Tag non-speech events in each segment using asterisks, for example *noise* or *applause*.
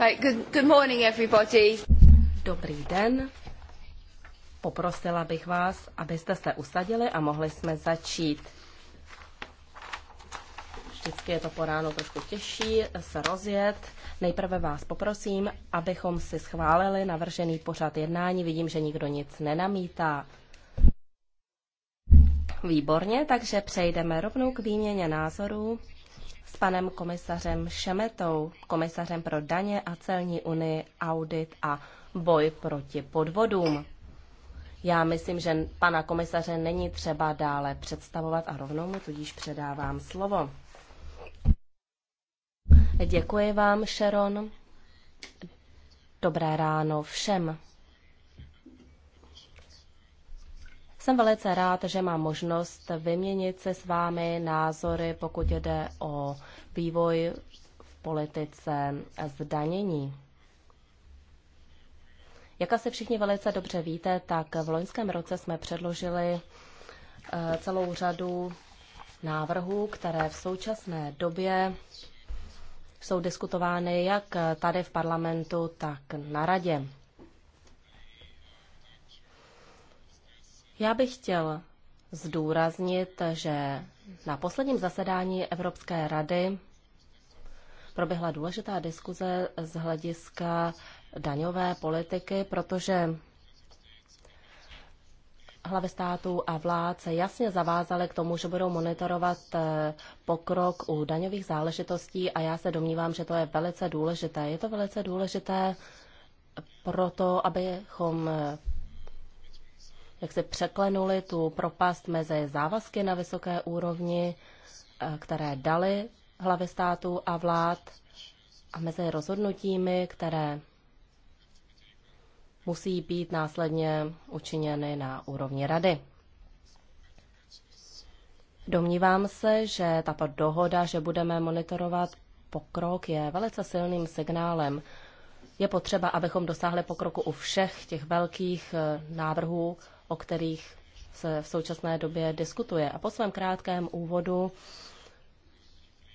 Right, good, good morning everybody. Dobrý den. Poprosila bych vás, abyste se usadili a mohli jsme začít. Vždycky je to po ránu trošku těžší se rozjet. Nejprve vás poprosím, abychom si schválili navržený pořad jednání. Vidím, že nikdo nic nenamítá. Výborně, takže přejdeme rovnou k výměně názorů s panem komisařem Šemetou, komisařem pro daně a celní unii, audit a boj proti podvodům. Já myslím, že pana komisaře není třeba dále představovat a rovnou mu tudíž předávám slovo. Děkuji vám, Sharon. Dobré ráno všem. Jsem velice rád, že mám možnost vyměnit se s vámi názory, pokud jde o vývoj v politice zdanění. Jak asi všichni velice dobře víte, tak v loňském roce jsme předložili eh, celou řadu návrhů, které v současné době jsou diskutovány jak tady v parlamentu, tak na radě. Já bych chtěl zdůraznit, že na posledním zasedání Evropské rady proběhla důležitá diskuze z hlediska daňové politiky, protože hlavy států a vlád se jasně zavázaly k tomu, že budou monitorovat eh, pokrok u daňových záležitostí a já se domnívám, že to je velice důležité. Je to velice důležité proto, abychom jak se překlenuli tu propast mezi závazky na vysoké úrovni, eh, které dali hlavy států a vlád a mezi rozhodnutími, které musí být následně učiněny na úrovni rady. Domnívám se, že tato dohoda, že budeme monitorovat pokrok, je velice silným signálem. Je potřeba, abychom dosáhli pokroku u všech těch velkých eh, návrhů, o kterých se v současné době diskutuje. A po svém krátkém úvodu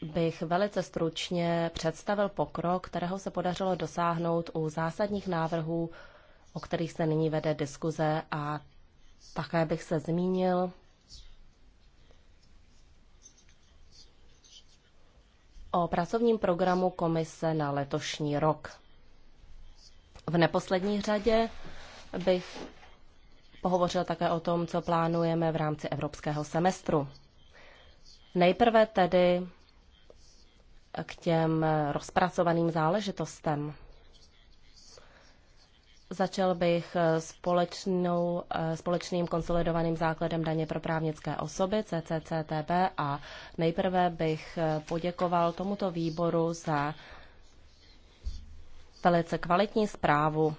bych velice stručně představil pokrok, kterého se podařilo dosáhnout u zásadních návrhů, o kterých se nyní vede diskuze a také bych se zmínil o pracovním programu Komise na letošní rok. V neposlední řadě bych pohovořil také o tom, co plánujeme v rámci evropského semestru. Nejprve tedy k těm rozpracovaným záležitostem. Začal bych společnou, společným konsolidovaným základem daně pro právnické osoby CCCTB a nejprve bych poděkoval tomuto výboru za velice kvalitní zprávu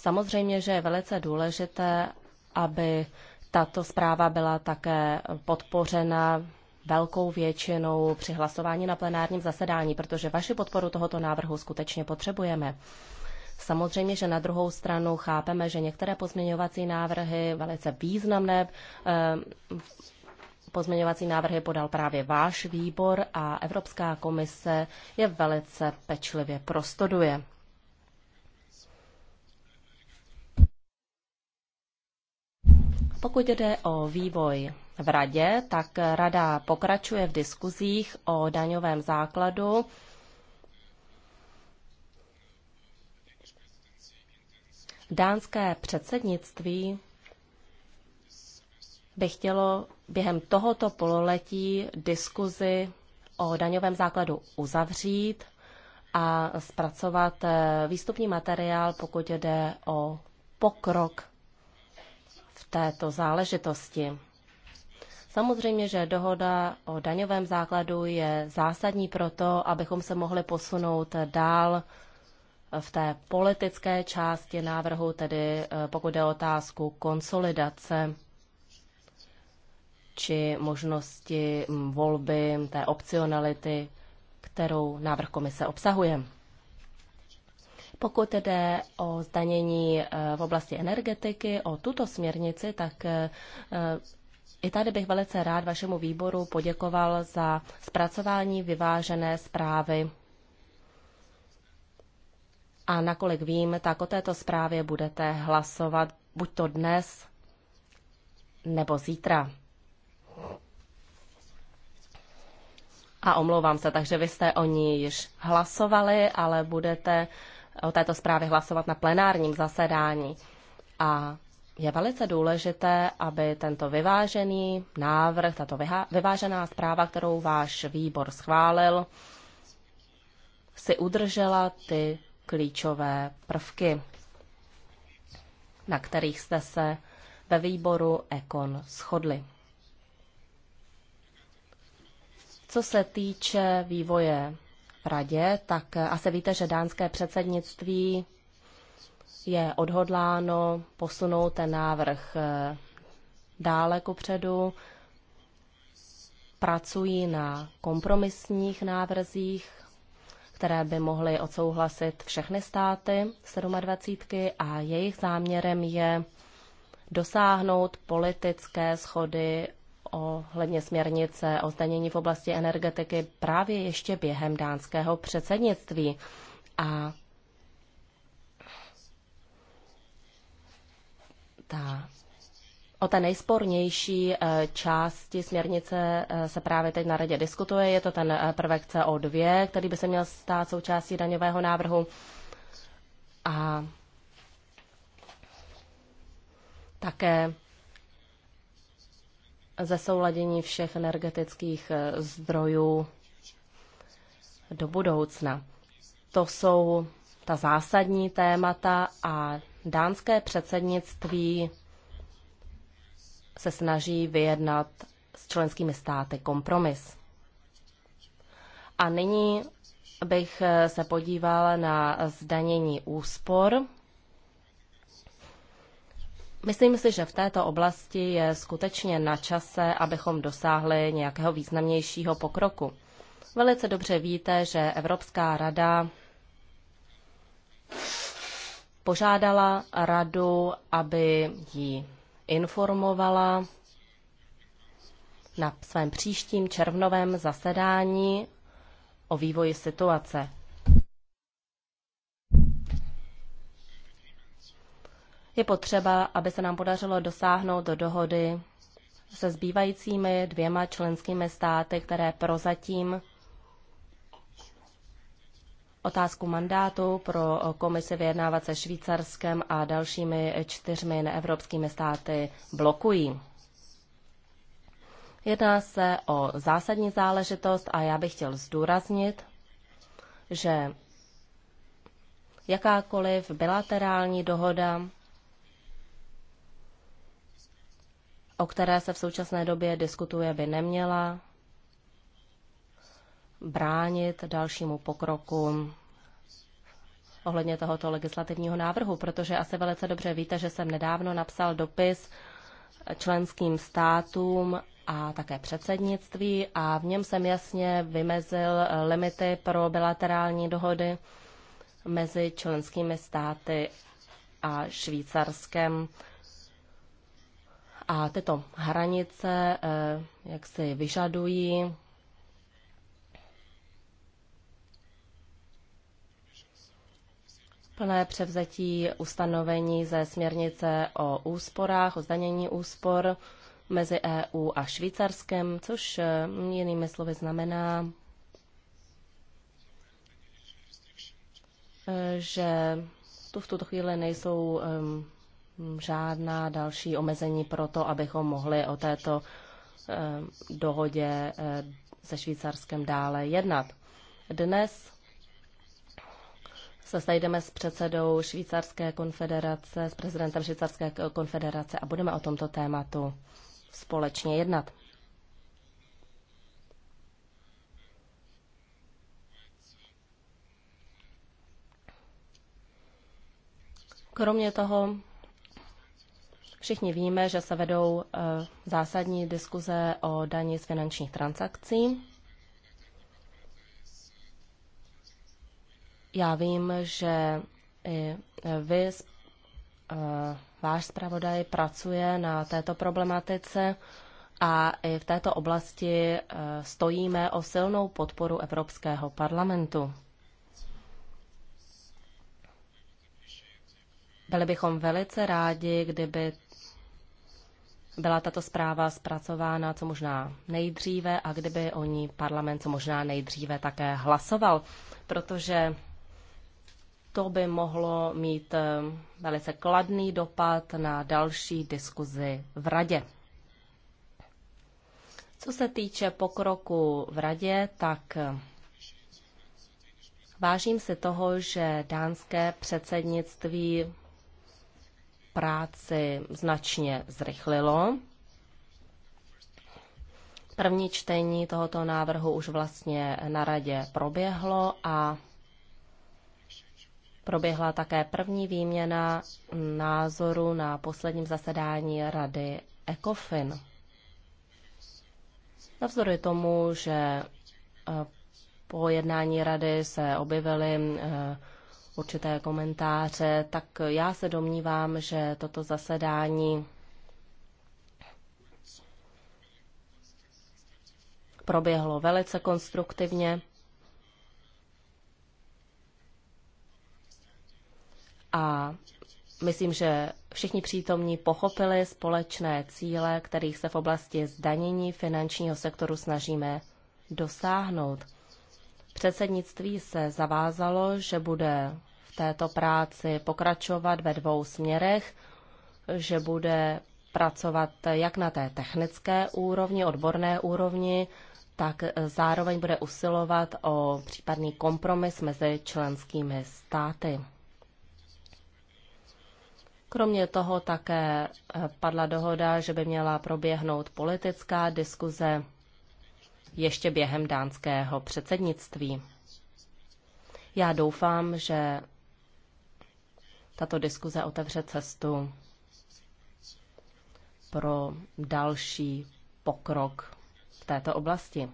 Samozřejmě, že je velice důležité, aby tato zpráva byla také podpořena velkou většinou při hlasování na plenárním zasedání, protože vaši podporu tohoto návrhu skutečně potřebujeme. Samozřejmě, že na druhou stranu chápeme, že některé pozměňovací návrhy, velice významné eh, pozměňovací návrhy podal právě váš výbor a Evropská komise je velice pečlivě prostuduje. Pokud jde o vývoj v radě, tak rada pokračuje v diskuzích o daňovém základu. Dánské předsednictví by chtělo během tohoto pololetí diskuzi o daňovém základu uzavřít a zpracovat eh, výstupní materiál, pokud jde o pokrok v této záležitosti. Samozřejmě, že dohoda o daňovém základu je zásadní proto, abychom se mohli posunout dál v té politické části návrhu, tedy eh, pokud je otázku konsolidace či možnosti mm, volby té opcionality, kterou návrh komise obsahuje. Pokud jde o zdanění eh, v oblasti energetiky, o tuto směrnici, tak eh, eh, i tady bych velice rád vašemu výboru poděkoval za zpracování vyvážené zprávy. A nakolik vím, tak o této zprávě budete hlasovat buď to dnes nebo zítra. A omlouvám se, takže vy jste o ní již hlasovali, ale budete uh, o této zprávě hlasovat na plenárním zasedání. A je velice důležité, aby tento vyvážený návrh, tato vyvážená zpráva, kterou váš výbor schválil, si udržela ty klíčové prvky, na kterých jste se ve výboru Ekon shodli. Co se týče vývoje radě, tak eh, asi víte, že dánské předsednictví je odhodláno posunout ten návrh eh, dále kupředu. Pracují na kompromisních návrzích, které by mohly odsouhlasit všechny státy 27 a jejich záměrem je dosáhnout politické schody ohledně směrnice o zdanění v oblasti energetiky právě ještě během dánského předsednictví. A ta O té nejspornější eh, části směrnice eh, se právě teď na radě diskutuje. Je to ten eh, prvek CO2, který by se měl stát součástí daňového návrhu. A také souladění všech energetických eh, zdrojů do budoucna. To jsou ta zásadní témata a dánské předsednictví se snaží vyjednat s členskými státy kompromis. A nyní bych eh, se podíval na zdanění úspor. Myslím si, že v této oblasti je skutečně na čase, abychom dosáhli nějakého významnějšího pokroku. Velice dobře víte, že Evropská rada požádala radu, aby ji informovala na svém příštím červnovém zasedání o vývoji situace. je potřeba, aby se nám podařilo dosáhnout do dohody se zbývajícími dvěma členskými státy, které prozatím otázku mandátu pro komisi vyjednávat se Švýcarskem a dalšími čtyřmi neevropskými státy blokují. Jedná se o zásadní záležitost a já bych chtěl zdůraznit, že jakákoliv bilaterální dohoda o které se v současné době diskutuje, by neměla bránit dalšímu pokroku ohledně tohoto legislativního návrhu, protože asi velice dobře víte, že jsem nedávno napsal dopis členským státům a také předsednictví a v něm jsem jasně vymezil limity pro bilaterální dohody mezi členskými státy a Švýcarskem a tyto hranice eh, jak si vyžadují plné převzetí ustanovení ze směrnice o úsporách, o zdanění úspor mezi EU a Švýcarskem, což eh, jinými slovy znamená, eh, že tu v tuto chvíli nejsou um, žádná další omezení pro to, abychom mohli o této eh, dohodě eh, se Švýcarskem dále jednat. Dnes se sejdeme s předsedou Švýcarské konfederace, s prezidentem Švýcarské konfederace a budeme o tomto tématu společně jednat. Kromě toho Všichni víme, že se vedou eh, zásadní diskuze o daní z finančních transakcí. Já vím, že i eh, vy, eh, váš zpravodaj, pracuje na této problematice a i v této oblasti stojíme o silnou podporu Evropského parlamentu. Byli bychom velice rádi, kdyby byla tato zpráva zpracována co možná nejdříve a kdyby o ní parlament co možná nejdříve také hlasoval, protože to by mohlo mít eh, velice kladný dopad na další diskuzi v radě. Co se týče pokroku v radě, tak eh, vážím si toho, že dánské předsednictví práci značně zrychlilo. První čtení tohoto návrhu už vlastně na radě proběhlo a proběhla také první výměna názoru na posledním zasedání rady ECOFIN. Navzdory tomu, že eh, po jednání rady se objevily eh, určité komentáře, tak já se domnívám, že toto zasedání proběhlo velice konstruktivně. A myslím, že všichni přítomní pochopili společné cíle, kterých se v oblasti zdanění finančního sektoru snažíme dosáhnout. Předsednictví se zavázalo, že bude v této práci pokračovat ve dvou směrech, že bude pracovat jak na té technické úrovni, odborné úrovni, tak zároveň bude usilovat o případný kompromis mezi členskými státy. Kromě toho také padla dohoda, že by měla proběhnout politická diskuze ještě během dánského předsednictví. Já doufám, že tato diskuze otevře cestu pro další pokrok v této oblasti.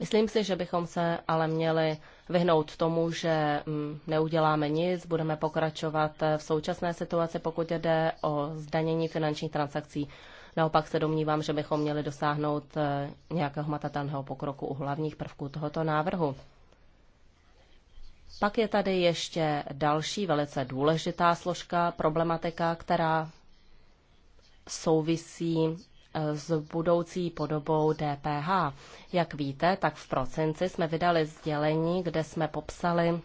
Myslím si, že bychom se ale měli vyhnout tomu, že mm, neuděláme nic, budeme pokračovat v současné situaci, pokud jde o zdanění finančních transakcí. Naopak se domnívám, že bychom měli dosáhnout eh, nějakého matatelného pokroku u hlavních prvků tohoto návrhu. Pak je tady ještě další velice důležitá složka, problematika, která souvisí eh, s budoucí podobou DPH. Jak víte, tak v prosinci jsme vydali sdělení, kde jsme popsali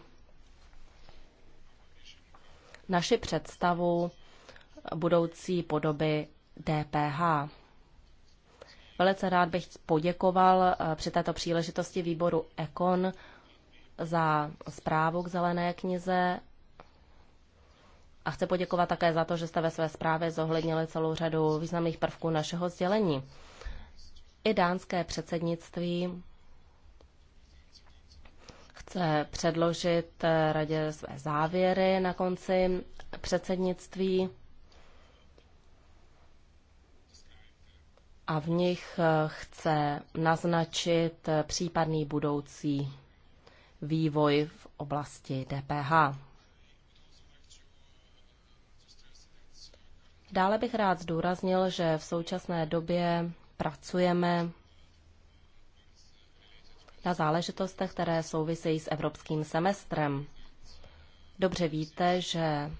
naši představu budoucí podoby DPH. Velice rád bych poděkoval eh, při této příležitosti výboru Econ za zprávu k zelené knize a chci poděkovat také za to, že jste ve své zprávě zohlednili celou řadu významných prvků našeho sdělení. I dánské předsednictví chce předložit eh, radě své závěry na konci předsednictví. a v nich eh, chce naznačit eh, případný budoucí vývoj v oblasti DPH. Dále bych rád zdůraznil, že v současné době pracujeme na záležitostech, které souvisejí s evropským semestrem. Dobře víte, že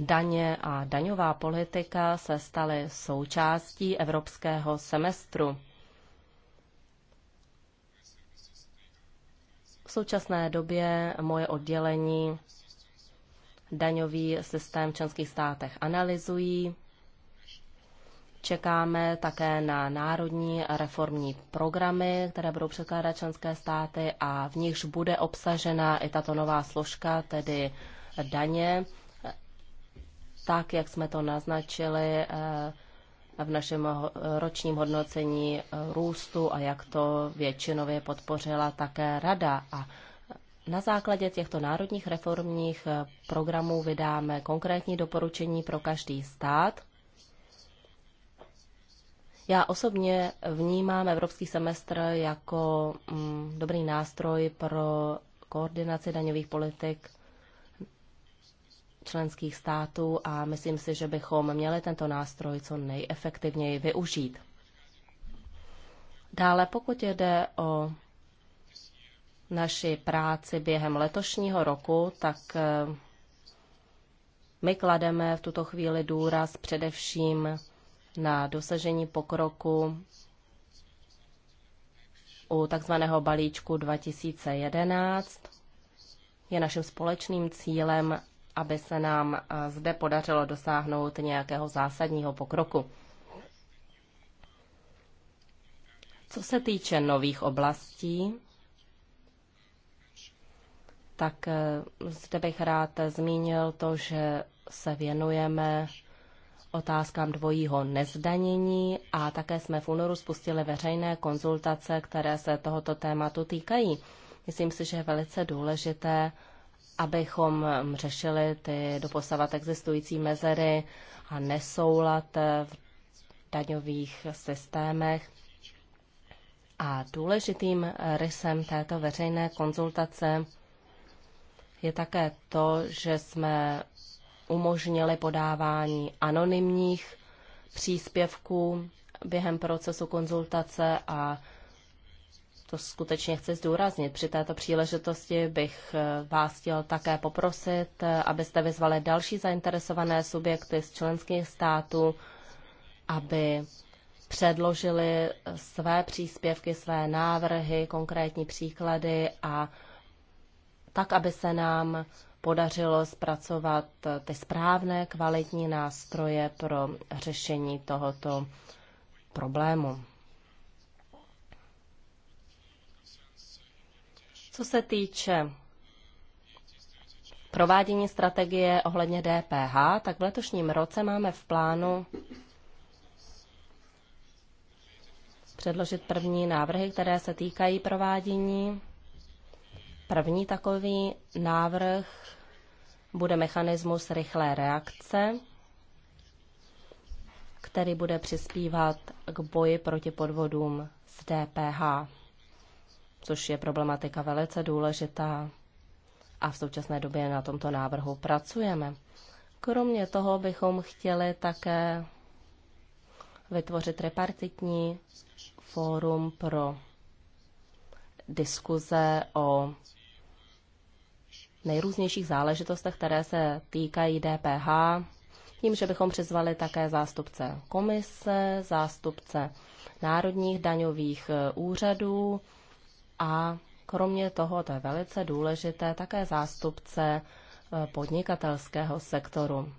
daně a daňová politika se staly součástí evropského semestru. V současné době moje oddělení daňový systém v členských státech analyzují. Čekáme také na národní reformní programy, které budou překládat členské státy a v nichž bude obsažena i tato nová složka, tedy daně tak, jak jsme to naznačili eh, v našem ročním hodnocení růstu a jak to většinově podpořila také rada. A na základě těchto národních reformních eh, programů vydáme konkrétní doporučení pro každý stát. Já osobně vnímám evropský semestr jako mm, dobrý nástroj pro koordinaci daňových politik členských států a myslím si, že bychom měli tento nástroj co nejefektivněji využít. Dále, pokud jde o naši práci během letošního roku, tak eh, my klademe v tuto chvíli důraz především na dosažení pokroku u takzvaného balíčku 2011. Je naším společným cílem aby se nám eh, zde podařilo dosáhnout nějakého zásadního pokroku. Co se týče nových oblastí, tak eh, zde bych rád zmínil to, že se věnujeme otázkám dvojího nezdanění a také jsme v únoru spustili veřejné konzultace, které se tohoto tématu týkají. Myslím si, že je velice důležité abychom mm, řešili ty doposavat existující mezery a nesoulad eh, v daňových systémech. A důležitým rysem této veřejné konzultace je také to, že jsme umožnili podávání anonymních příspěvků během procesu konzultace a to skutečně chci zdůraznit. Při této příležitosti bych eh, vás chtěl také poprosit, eh, abyste vyzvali další zainteresované subjekty z členských států, aby předložili eh, své příspěvky, své návrhy, konkrétní příklady a tak, aby se nám podařilo zpracovat ty správné kvalitní nástroje pro řešení tohoto problému. Co se týče provádění strategie ohledně DPH, tak v letošním roce máme v plánu předložit první návrhy, které se týkají provádění. První takový návrh bude mechanismus rychlé reakce, který bude přispívat k boji proti podvodům s DPH což je problematika velice důležitá a v současné době na tomto návrhu pracujeme. Kromě toho bychom chtěli také vytvořit repartitní fórum pro diskuze o nejrůznějších záležitostech, které se týkají DPH, tím, že bychom přizvali také zástupce komise, zástupce národních daňových eh, úřadů, a kromě toho, to je velice důležité, také zástupce e, podnikatelského sektoru.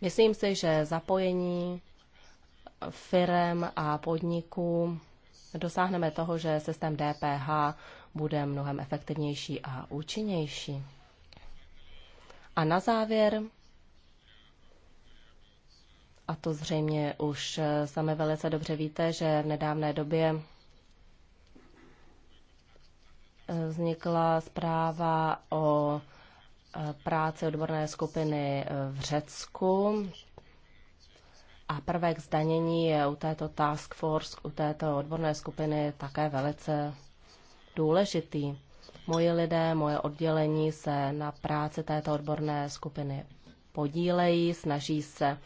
Myslím si, že zapojení firem a podniků dosáhneme toho, že systém DPH bude mnohem efektivnější a účinnější. A na závěr, a to zřejmě už sami velice dobře víte, že v nedávné době vznikla zpráva o e, práci odborné skupiny e, v Řecku. A prvek zdanění je u této task force, u této odborné skupiny také velice důležitý. Moji lidé, moje oddělení se na práci této odborné skupiny podílejí, snaží se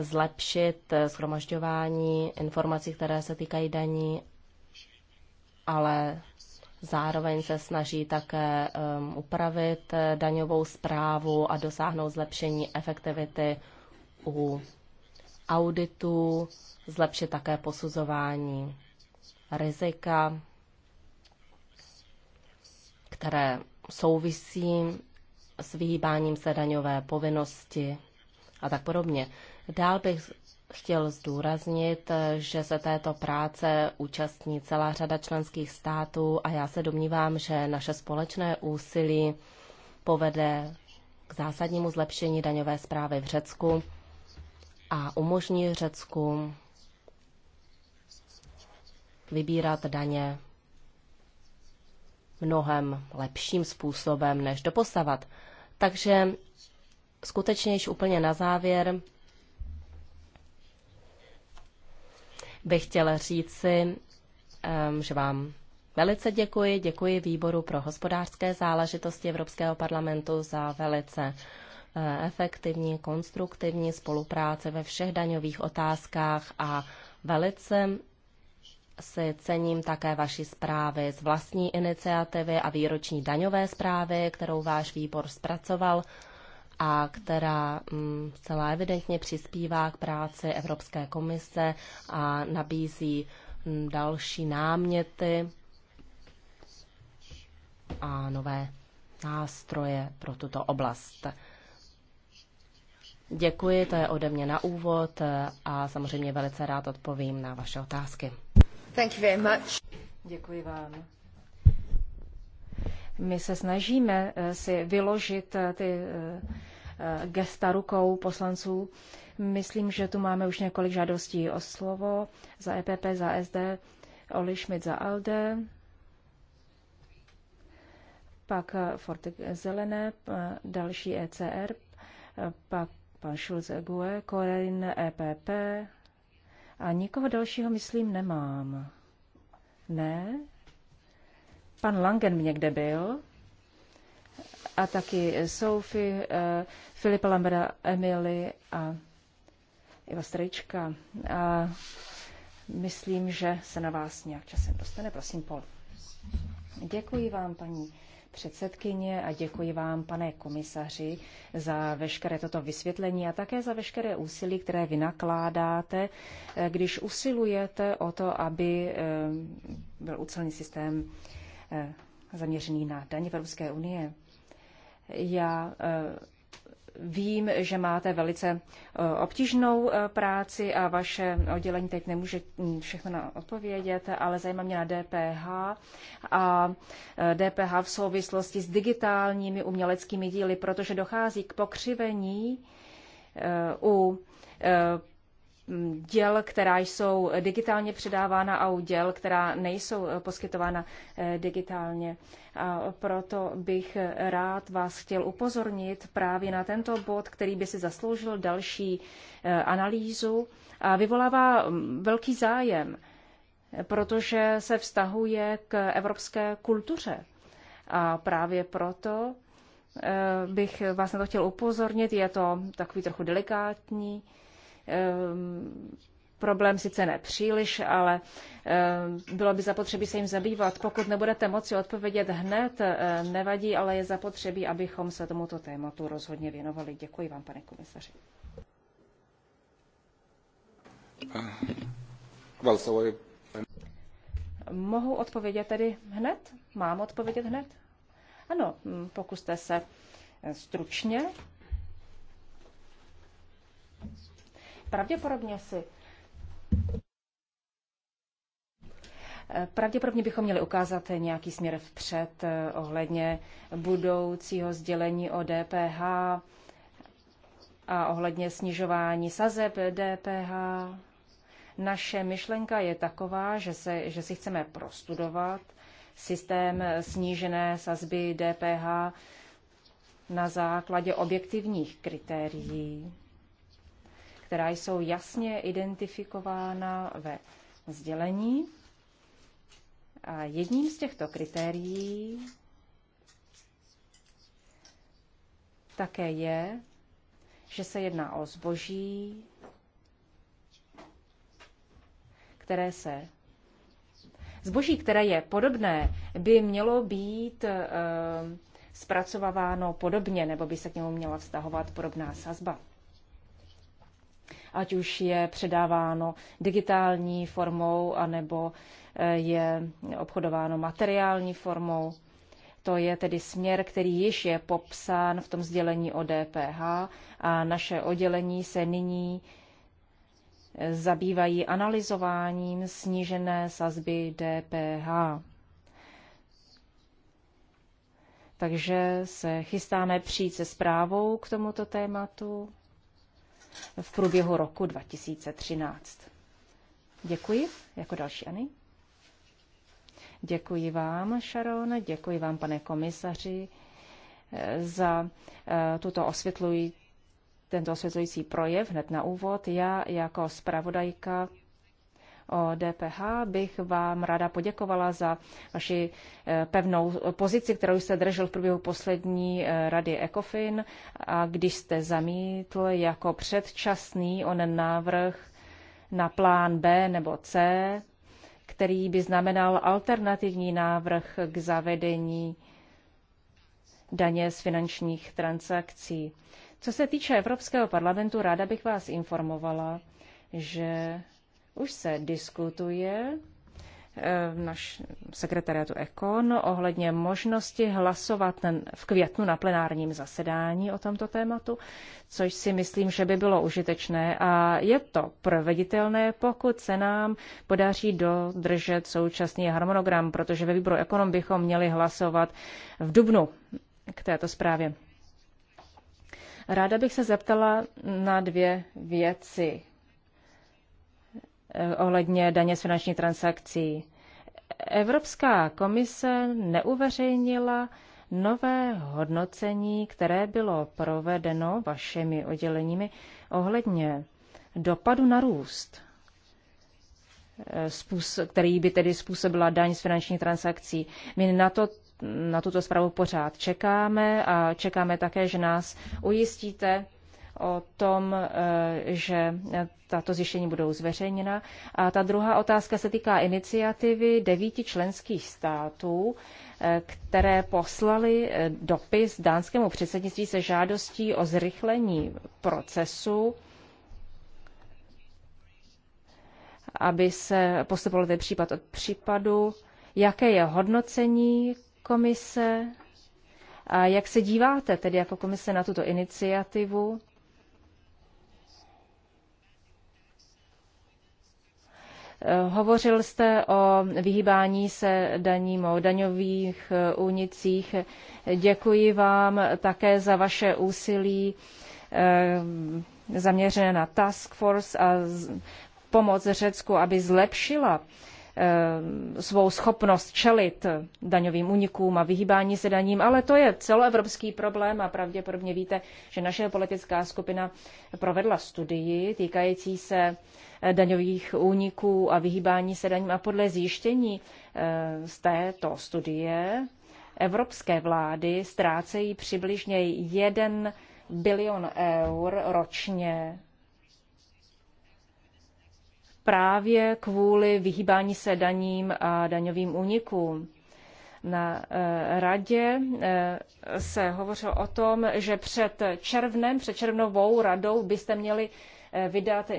zlepšit e, schromažďování informací, které se týkají daní, ale Zároveň se snaží také um, upravit eh, daňovou zprávu a dosáhnout zlepšení efektivity u auditu, zlepšit také posuzování rizika, které souvisí s vyhýbáním se daňové povinnosti a tak podobně. Dál bych chtěl zdůraznit, že se této práce účastní celá řada členských států a já se domnívám, že naše společné úsilí povede k zásadnímu zlepšení daňové zprávy v Řecku a umožní Řecku vybírat daně mnohem lepším způsobem než doposavat. Takže skutečně již úplně na závěr bych chtěla říci, že vám velice děkuji. Děkuji Výboru pro hospodářské záležitosti Evropského parlamentu za velice eh, efektivní, konstruktivní spolupráce ve všech daňových otázkách a velice si cením také vaší zprávy z vlastní iniciativy a výroční daňové zprávy, kterou váš výbor zpracoval a která mm, celá evidentně přispívá k práci Evropské komise a nabízí mm, další náměty a nové nástroje pro tuto oblast. Děkuji, to je ode mě na úvod a samozřejmě velice rád odpovím na vaše otázky. Thank you very much. Děkuji vám. My se snažíme eh, si vyložit eh, ty eh, Eh, gesta rukou poslanců. Myslím, že tu máme už několik žádostí o slovo za EPP, za SD, Oli Schmidt za ALDE, pak eh, Forte Zelené, eh, další ECR, pak pan Schulz GUE, Korein EPP a nikoho dalšího, myslím, nemám. Ne? Pan Langen někde byl? a taky Sophie, eh, Filipa Lambera, Emily a Iva Strejčka. A myslím, že se na vás nějak časem dostane. Prosím, Paul. Děkuji vám, paní předsedkyně a děkuji vám, pane komisaři, za veškeré toto vysvětlení a také za veškeré úsilí, které vy nakládáte, eh, když usilujete o to, aby eh, byl ucelný systém zaměřený na daně Evropské unie. Já eh, vím, že máte velice eh, obtížnou eh, práci a vaše oddělení teď nemůže mm, všechno odpovědět, ale zajímá mě na DPH a DPH v souvislosti s digitálními uměleckými díly, protože dochází k pokřivení u Mm, děl, která jsou digitálně předávána a u děl, která nejsou eh, poskytována eh, digitálně. A proto bych eh, rád vás chtěl upozornit právě na tento bod, který by si zasloužil další analýzu a vyvolává mm, velký zájem, protože se vztahuje k evropské kultuře. A právě proto bych vás na to chtěl upozornit, je to takový trochu delikátní Ehm, problém sice nepříliš, ale ehm, bylo by zapotřebí se jim zabývat. Pokud nebudete moci odpovědět hned, eh, nevadí, ale je zapotřebí, abychom se tomuto tématu rozhodně věnovali. Děkuji vám, pane komisaři. Mohu odpovědět tedy hned? Mám odpovědět hned? Ano, hm, pokuste se stručně pravděpodobně si eh, Pravděpodobně bychom měli ukázat nějaký směr vpřed eh, ohledně budoucího sdělení o DPH a ohledně snižování sazeb DPH. Naše myšlenka je taková, že, se, že si chceme prostudovat systém snížené sazby DPH na základě objektivních kritérií která jsou jasně identifikována ve sdělení. A jedním z těchto kritérií také je, že se jedná o zboží, které se Zboží, které je podobné, by mělo být e, zpracováváno podobně, nebo by se k němu měla vztahovat podobná sazba ať už je předáváno digitální formou, anebo eh, je obchodováno materiální formou. To je tedy směr, který již je popsán v tom sdělení o DPH a naše oddělení se nyní eh, zabývají analyzováním snížené sazby DPH. Takže se chystáme přijít se zprávou k tomuto tématu v průběhu roku 2013. Děkuji. Jako další Ani. Děkuji vám, Sharon, děkuji vám, pane komisaři, eh, za eh, tuto osvětlují, tento osvětlující projev hned na úvod. Já jako zpravodajka o DPH bych vám ráda poděkovala za vaši eh, pevnou pozici, kterou jste držel v průběhu poslední eh, rady ECOFIN a když jste zamítl jako předčasný onen návrh na plán B nebo C, který by znamenal alternativní návrh k zavedení daně z finančních transakcí. Co se týče Evropského parlamentu, ráda bych vás informovala, že už se diskutuje eh, v naš sekretariatu Ekon ohledně možnosti hlasovat v květnu na plenárním zasedání o tomto tématu, což si myslím, že by bylo užitečné a je to proveditelné, pokud se nám podaří dodržet současný harmonogram, protože ve výboru Ekonom bychom měli hlasovat v dubnu k této zprávě. Ráda bych se zeptala na dvě věci Eh, ohledně daně z finančních transakcí. Evropská komise neuveřejnila nové hodnocení, které bylo provedeno vašimi odděleními ohledně dopadu na růst, eh, který by tedy způsobila daň z finančních transakcí. My na, to, na tuto zprávu pořád čekáme a čekáme také, že nás ujistíte, o tom, eh, že tato zjištění budou zveřejněna. A ta druhá otázka se týká iniciativy devíti členských států, eh, které poslali eh, dopis dánskému předsednictví se žádostí o zrychlení procesu, aby se postupovalo ten případ od případu. Jaké je hodnocení komise? A jak se díváte tedy jako komise na tuto iniciativu? Eh, hovořil jste o vyhýbání se daním, o daňových eh, únicích. Děkuji vám také za vaše úsilí eh, zaměřené na task force a pomoc Řecku, aby zlepšila Eh, svou schopnost čelit daňovým unikům a vyhýbání se daním, ale to je celoevropský problém a pravděpodobně víte, že naše politická skupina provedla studii týkající se eh, daňových úniků a vyhýbání se daním a podle zjištění eh, z této studie evropské vlády ztrácejí přibližně 1 bilion eur ročně právě kvůli vyhýbání se daním a daňovým únikům. Na eh, radě eh, se hovořilo o tom, že před červnem, před červnovou radou byste měli eh, vydat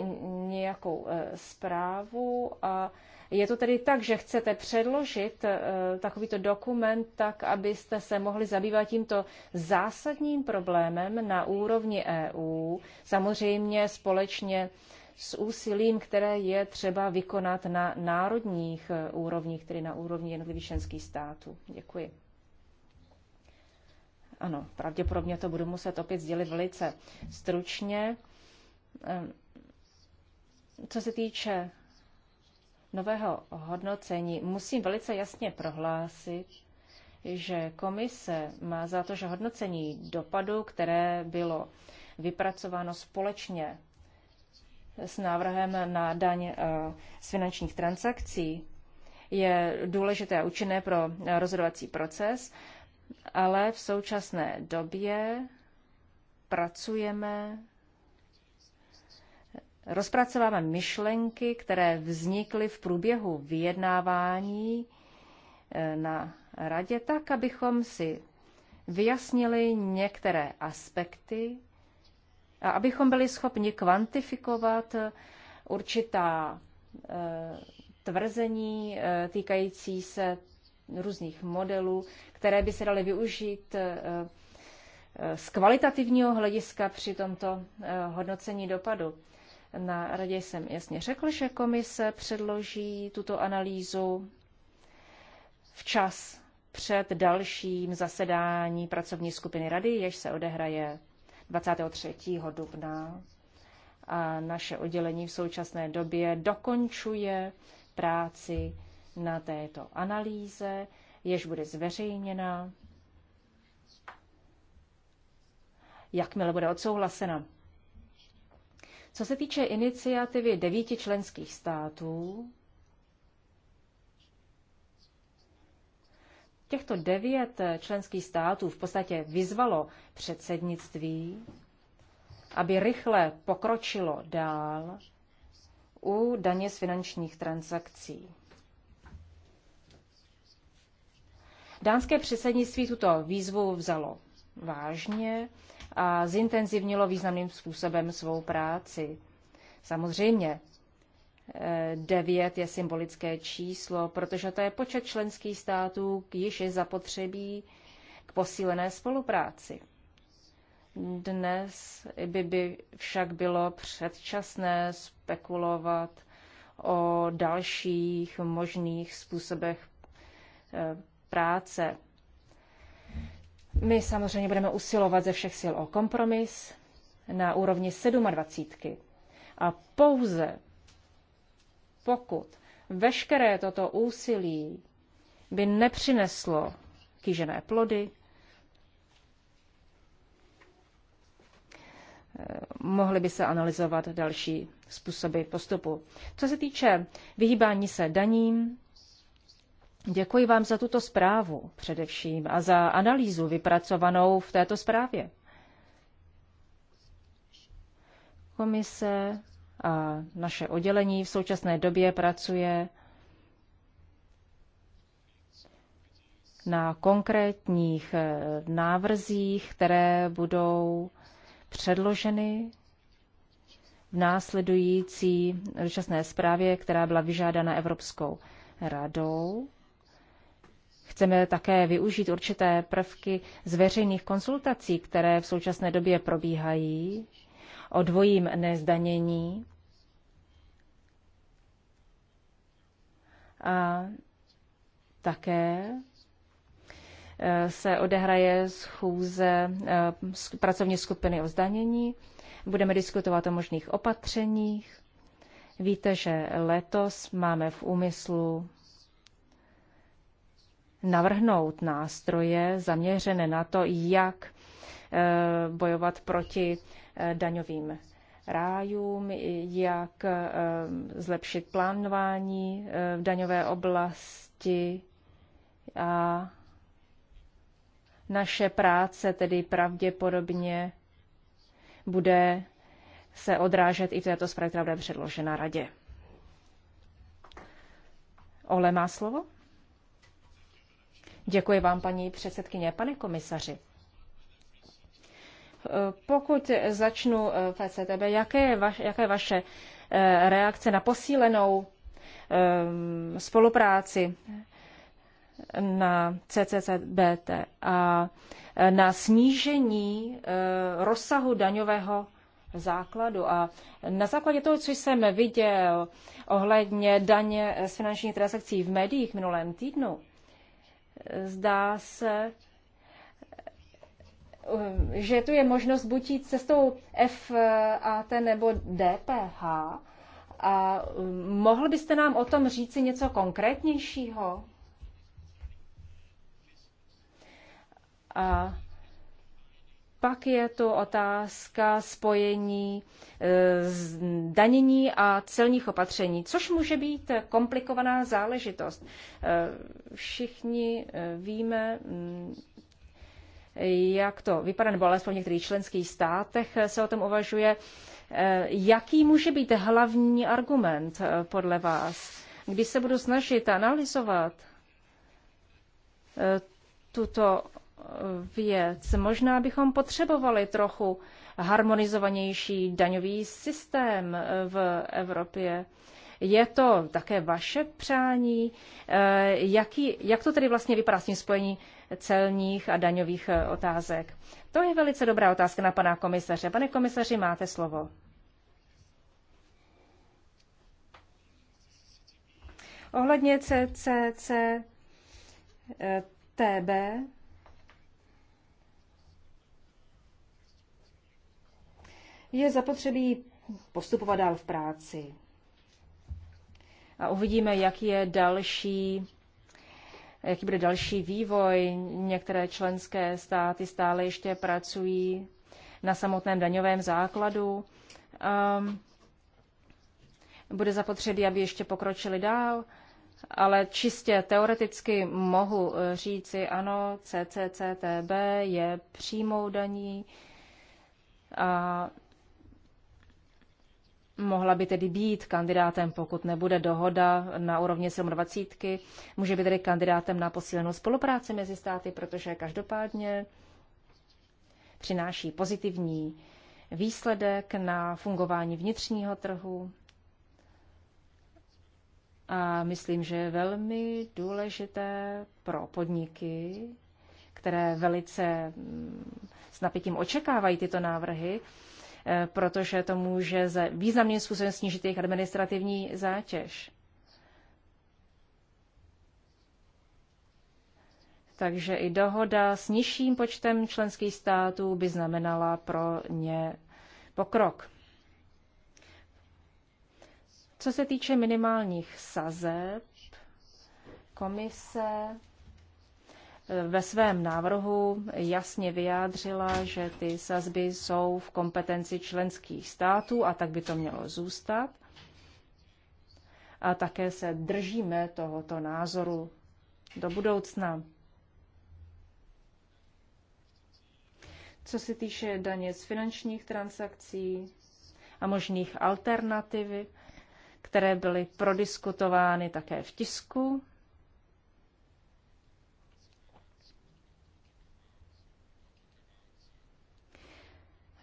nějakou zprávu a je to tedy tak, že chcete předložit takovýto dokument tak, abyste se mohli zabývat tímto zásadním problémem na úrovni EU, samozřejmě společně s úsilím, které je třeba vykonat na národních eh, úrovních, tedy na úrovni jednotlivých členských států. Děkuji. Ano, pravděpodobně to budu muset opět sdělit velice stručně. Ehm, co se týče nového hodnocení, musím velice jasně prohlásit, že komise má za to, že hodnocení dopadu, které bylo vypracováno společně s návrhem na daň eh, z finančních transakcí je důležité a účinné pro rozhodovací proces, ale v současné době pracujeme, rozpracováme myšlenky, které vznikly v průběhu vyjednávání eh, na radě, tak, abychom si vyjasnili některé aspekty a abychom byli schopni kvantifikovat eh, určitá eh, tvrzení eh, týkající se různých modelů, které by se daly využít z kvalitativního hlediska při tomto hodnocení dopadu. Na radě jsem jasně řekl, že komise předloží tuto analýzu včas před dalším zasedání pracovní skupiny rady, jež se odehraje 23. dubna. A naše oddělení v současné době dokončuje práci na této analýze, jež bude zveřejněna, jakmile bude odsouhlasena. Co se týče iniciativy devíti členských států, Těchto devět eh, členských států v podstatě vyzvalo předsednictví, aby rychle pokročilo dál u daně z finančních transakcí. Dánské předsednictví tuto výzvu vzalo vážně a zintenzivnilo významným způsobem svou práci. Samozřejmě 9 je symbolické číslo, protože to je počet členských států, již je zapotřebí k posílené spolupráci. Dnes by, by však bylo předčasné spekulovat o dalších možných způsobech eh, práce. My samozřejmě budeme usilovat ze všech sil o kompromis na úrovni 27. A pouze pokud veškeré toto úsilí by nepřineslo kýžené plody, eh, mohly by se analyzovat další způsoby postupu. Co se týče vyhýbání se daním, děkuji vám za tuto zprávu především a za analýzu vypracovanou v této zprávě. Komise a naše oddělení v současné době pracuje na konkrétních eh, návrzích, které budou předloženy v následující dočasné zprávě, která byla vyžádána Evropskou radou. Chceme také využít určité prvky z veřejných konsultací, které v současné době probíhají o dvojím nezdanění. A také eh, se odehraje schůze eh, pracovní skupiny o zdanění. Budeme diskutovat o možných opatřeních. Víte, že letos máme v úmyslu navrhnout nástroje zaměřené na to, jak eh, bojovat proti Eh, daňovým rájům, jak eh, zlepšit plánování eh, v daňové oblasti a naše práce tedy pravděpodobně bude se odrážet i v této zprávě, která bude předložena radě. Ole má slovo? Děkuji vám, paní předsedkyně. Pane komisaři, Eh, pokud začnu eh, v ECTB, jaké je vaše, jaké je vaše reakce na posílenou eh, spolupráci na CCCBT a na snížení rozsahu daňového základu. A na základě toho, co jsem viděl ohledně daně z finančních transakcí v médiích minulém týdnu, zdá se, Eh, že tu je možnost buď jít cestou FAT eh, nebo DPH. A eh, mohl byste nám o tom říci něco konkrétnějšího? A pak je tu otázka spojení z danění a celních opatření, což může být komplikovaná záležitost. Všichni víme, mm, jak to vypadá, nebo alespoň v některých členských státech se o tom uvažuje. Eh, jaký může být hlavní argument eh, podle vás, když se budu snažit analyzovat eh, tuto věc? Možná bychom potřebovali trochu harmonizovanější daňový systém v Evropě. Je to také vaše přání? Jaký, jak to tedy vlastně vypadá s tím spojení celních a daňových eh, otázek. To je velice dobrá otázka na pana komisaře. Pane komisaři, máte slovo. Ohledně CCCTB, eh, je zapotřebí postupovat dál v práci. A uvidíme, jaký je další jaký bude další vývoj. Některé členské státy stále ještě pracují na samotném daňovém základu. Um, bude zapotřebí, aby ještě pokročili dál, ale čistě teoreticky mohu eh, říci, ano, CCCTB je přímou daní a mohla by tedy být kandidátem, pokud nebude dohoda na úrovni 27. Může být tedy kandidátem na posílenou spolupráci mezi státy, protože každopádně přináší pozitivní výsledek na fungování vnitřního trhu. A myslím, že je velmi důležité pro podniky, které velice mm, s napětím očekávají tyto návrhy, Eh, protože to může významným způsobem snížit jejich administrativní zátěž. Takže i dohoda s nižším počtem členských států by znamenala pro ně pokrok. Co se týče minimálních sazeb, komise ve svém návrhu jasně vyjádřila, že ty sazby jsou v kompetenci členských států a tak by to mělo zůstat. A také se držíme tohoto názoru do budoucna. Co se týče daně z finančních transakcí a možných alternativ, které byly prodiskutovány také v tisku,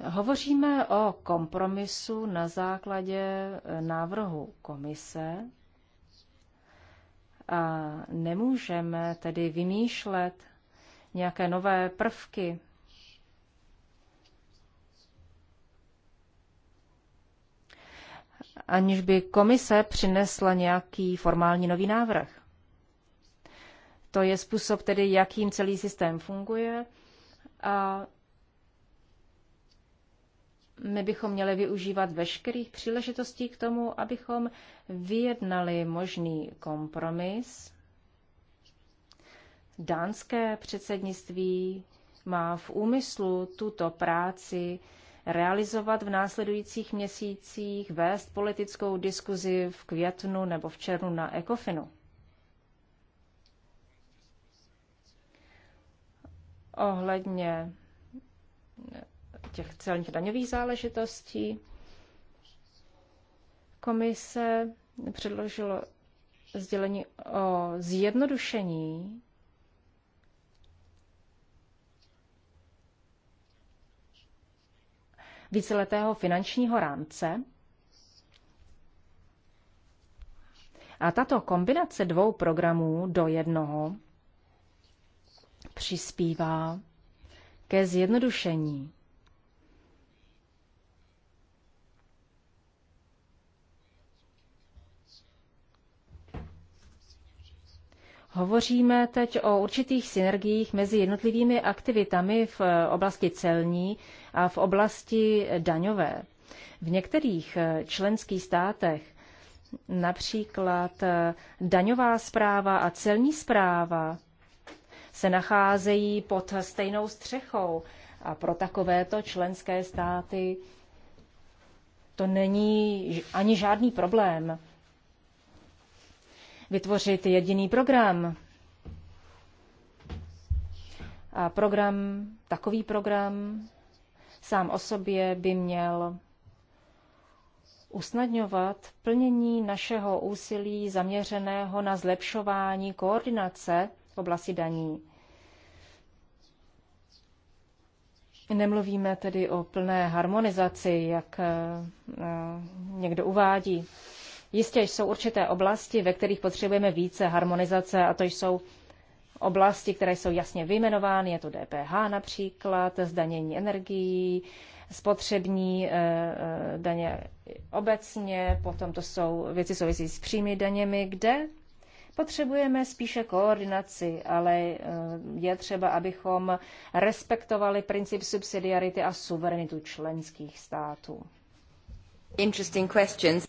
Hovoříme o kompromisu na základě e, návrhu komise a nemůžeme tedy vymýšlet nějaké nové prvky. aniž by komise přinesla nějaký formální nový návrh. To je způsob tedy, jakým celý systém funguje a my bychom měli využívat veškerých příležitostí k tomu, abychom vyjednali možný kompromis. Dánské předsednictví má v úmyslu tuto práci realizovat v následujících měsících, vést politickou diskuzi v květnu nebo v červnu na ECOFINu. Ohledně těch celních daňových záležitostí. Komise předložilo sdělení o zjednodušení víceletého finančního rámce. A tato kombinace dvou programů do jednoho přispívá ke zjednodušení Hovoříme teď o určitých synergiích mezi jednotlivými aktivitami v eh, oblasti celní a v oblasti daňové. V některých eh, členských státech například eh, daňová zpráva a celní zpráva se nacházejí pod stejnou střechou a pro takovéto členské státy to není ani žádný problém vytvořit jediný program. A program, takový program sám o sobě by měl usnadňovat plnění našeho úsilí zaměřeného na zlepšování koordinace v oblasti daní. Nemluvíme tedy o plné harmonizaci, jak eh, někdo uvádí. Jistě jsou určité oblasti, ve kterých potřebujeme více harmonizace a to jsou oblasti, které jsou jasně vyjmenovány, je to DPH například, zdanění energií, spotřební eh, eh, daně obecně, potom to jsou věci souvisí s přímými daněmi, kde potřebujeme spíše koordinaci, ale eh, je třeba, abychom respektovali princip subsidiarity a suverenitu členských států. Interesting questions.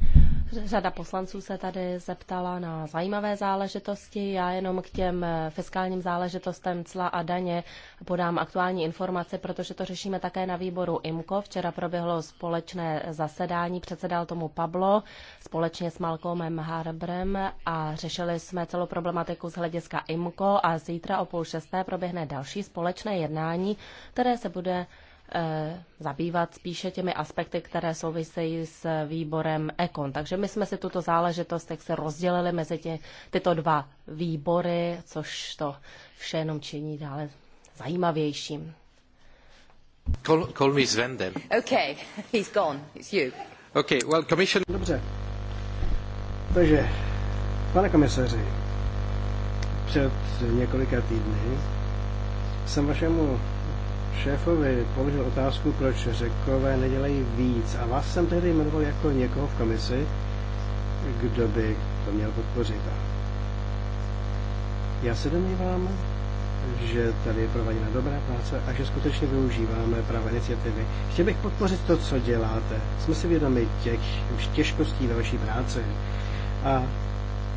Řada poslanců se tady zeptala na zajímavé záležitosti. Já jenom k těm eh, fiskálním záležitostem cla a daně podám aktuální informace, protože to řešíme také na výboru IMKO. Včera proběhlo společné zasedání, předsedal tomu Pablo společně s Malcolmem Harbrem a řešili jsme celou problematiku z hlediska IMKO a zítra o půl šesté proběhne další společné jednání, které se bude Eh, zabývat spíše těmi aspekty, které souvisejí s výborem EKON. Takže my jsme si tuto záležitost tak se rozdělili mezi tě, tyto dva výbory, což to vše jenom činí dále zajímavějším. Call, call me Sven then. Okay, *laughs* he's gone. It's you. Okay, well, commission... Dobře. Takže, pane komisaři, před několika týdny jsem vašemu šéfovi položil otázku, proč řekové nedělají víc. A vás jsem tehdy jmenoval jako někoho v komisi, kdo by to měl podpořit. Já se domnívám, že tady je prováděna dobrá práce a že skutečně využíváme práva iniciativy. Chtěl bych podpořit to, co děláte. Jsme si vědomi těch těžkostí ve vaší práci. A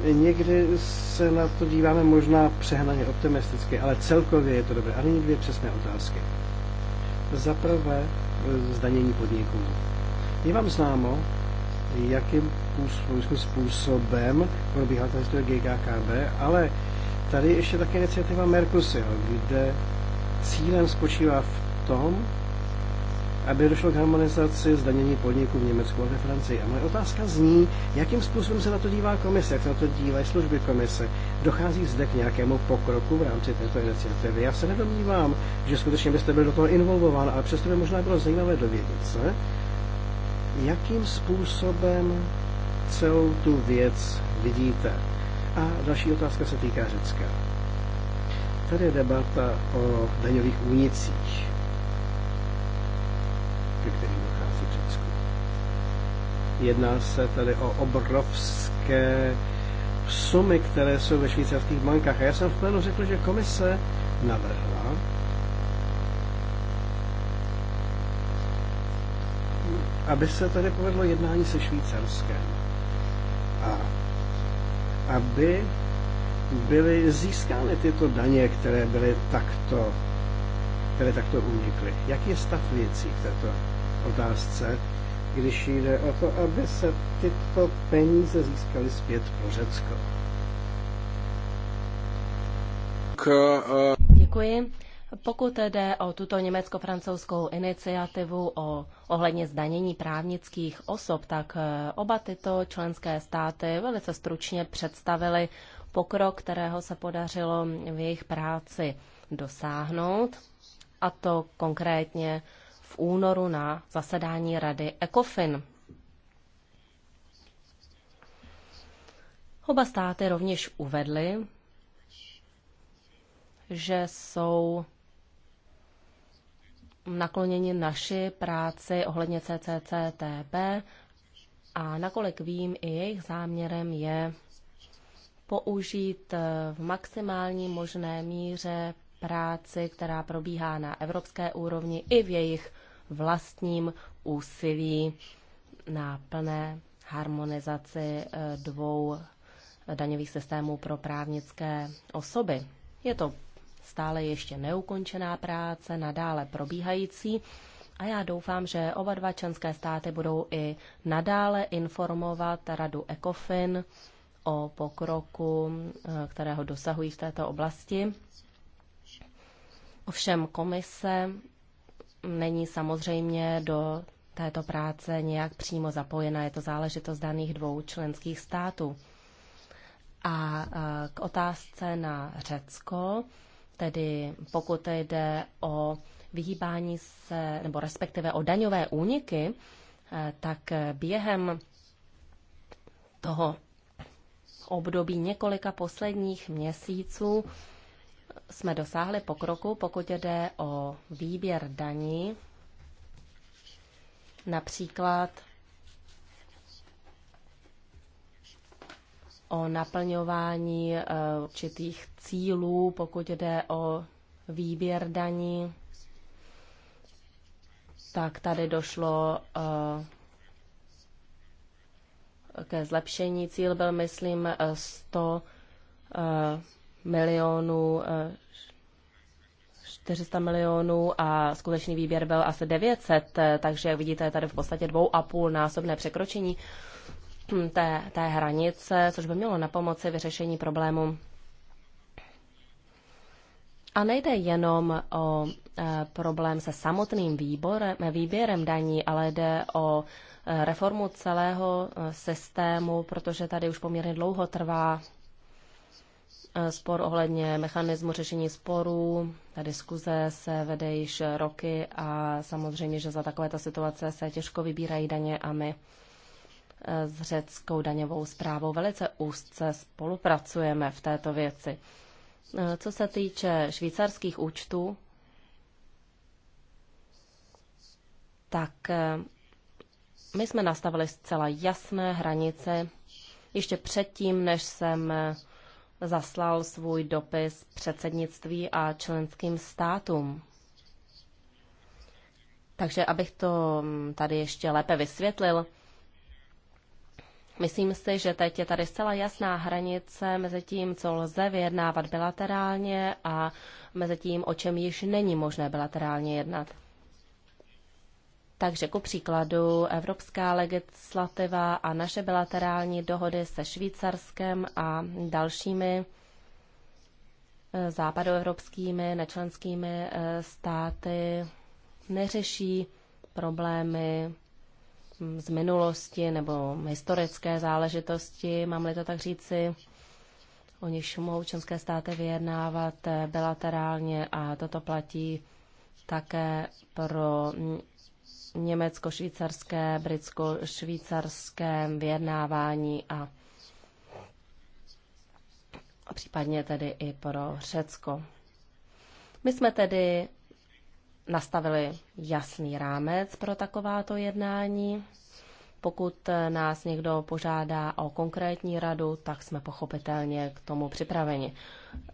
někdy se na to díváme možná přehnaně optimisticky, ale celkově je to dobré. A nyní dvě přesné otázky. Za prvé e, zdanění podniků. Je vám známo, jakým způsobem probíhá ta historie GKKB, ale tady ještě také iniciativa Mercosur, kde cílem spočívá v tom, aby došlo k harmonizaci zdanění podniků v Německu a ve Francii. A moje otázka zní, jakým způsobem se na to dívá komise, jak se na to dívají služby komise, Dochází zde k nějakému pokroku v rámci této iniciativy. Já se nedomnívám, že skutečně byste byl do toho involvován, ale přesto by možná bylo zajímavé dovědět se, jakým způsobem celou tu věc vidíte. A další otázka se týká Řecka. Tady je debata o daňových únicích, ke kterým dochází v Řecku. Jedná se tady o obrovské sumy, které jsou ve švýcarských bankách. A já jsem v plénu řekl, že komise navrhla aby se tady povedlo jednání se Švýcarskem a aby byly získány tyto daně, které byly takto, které takto unikly. Jaký je stav věcí v této otázce? když jde o to, aby se tyto peníze získaly zpět pro Řecko. Eh, Děkuji. Pokud jde o tuto německo-francouzskou iniciativu o ohledně zdanění právnických osob, tak eh, oba tyto členské státy velice stručně představili pokrok, kterého se podařilo v jejich práci dosáhnout, a to konkrétně v únoru na zasedání Rady ECOFIN. Oba státy rovněž uvedly, že jsou nakloněni naši práci ohledně CCCTB a nakolik vím, i jejich záměrem je použít v maximální možné míře práci, která probíhá na evropské úrovni i v jejich vlastním úsilí na plné harmonizaci eh, dvou daňových systémů pro právnické osoby. Je to stále ještě neukončená práce, nadále probíhající a já doufám, že oba dva členské státy budou i nadále informovat radu ECOFIN o pokroku, eh, kterého dosahují v této oblasti. Ovšem komise není samozřejmě do této práce nějak přímo zapojena. Je to záležitost daných dvou členských států. A k otázce na Řecko, tedy pokud jde o vyhýbání se, nebo respektive o daňové úniky, e, tak během toho období několika posledních měsíců jsme dosáhli pokroku, pokud jde o výběr daní. Například o naplňování eh, určitých cílů, pokud jde o výběr daní, tak tady došlo eh, ke zlepšení. Cíl byl, myslím, 100 eh, milionů 400 eh, milionů a skutečný výběr byl asi 900, eh, takže jak vidíte, je tady v podstatě dvou a půl násobné překročení hm, té, té hranice, což by mělo na pomoci vyřešení problému. A nejde jenom o eh, problém se samotným výborem, výběrem daní, ale jde o reformu celého systému, protože tady už poměrně dlouho trvá Eh, spor ohledně mechanismu řešení sporů. Ta diskuze se vede již roky a samozřejmě, že za takovéto situace se těžko vybírají daně a my eh, s řeckou daňovou zprávou velice úzce spolupracujeme v této věci. Eh, co se týče švýcarských účtů, tak my jsme nastavili zcela jasné hranice ještě předtím, než jsem zaslal svůj dopis předsednictví a členským státům. Takže abych to mm, tady ještě lépe vysvětlil, myslím si, že teď je tady zcela jasná hranice mezi tím, co lze vyjednávat bilaterálně a mezi tím, o čem již není možné bilaterálně jednat. Takže ku příkladu evropská legislativa a naše bilaterální dohody se Švýcarskem a dalšími eh, západoevropskými nečlenskými eh, státy neřeší problémy hm, z minulosti nebo historické záležitosti, mám-li to tak říci, o nichž mohou členské státy vyjednávat eh, bilaterálně a toto platí také pro německo-švýcarské, britsko-švýcarském vyjednávání a případně tedy i pro Řecko. My jsme tedy nastavili jasný rámec pro takováto jednání. Pokud eh, nás někdo požádá o konkrétní radu, tak jsme pochopitelně k tomu připraveni.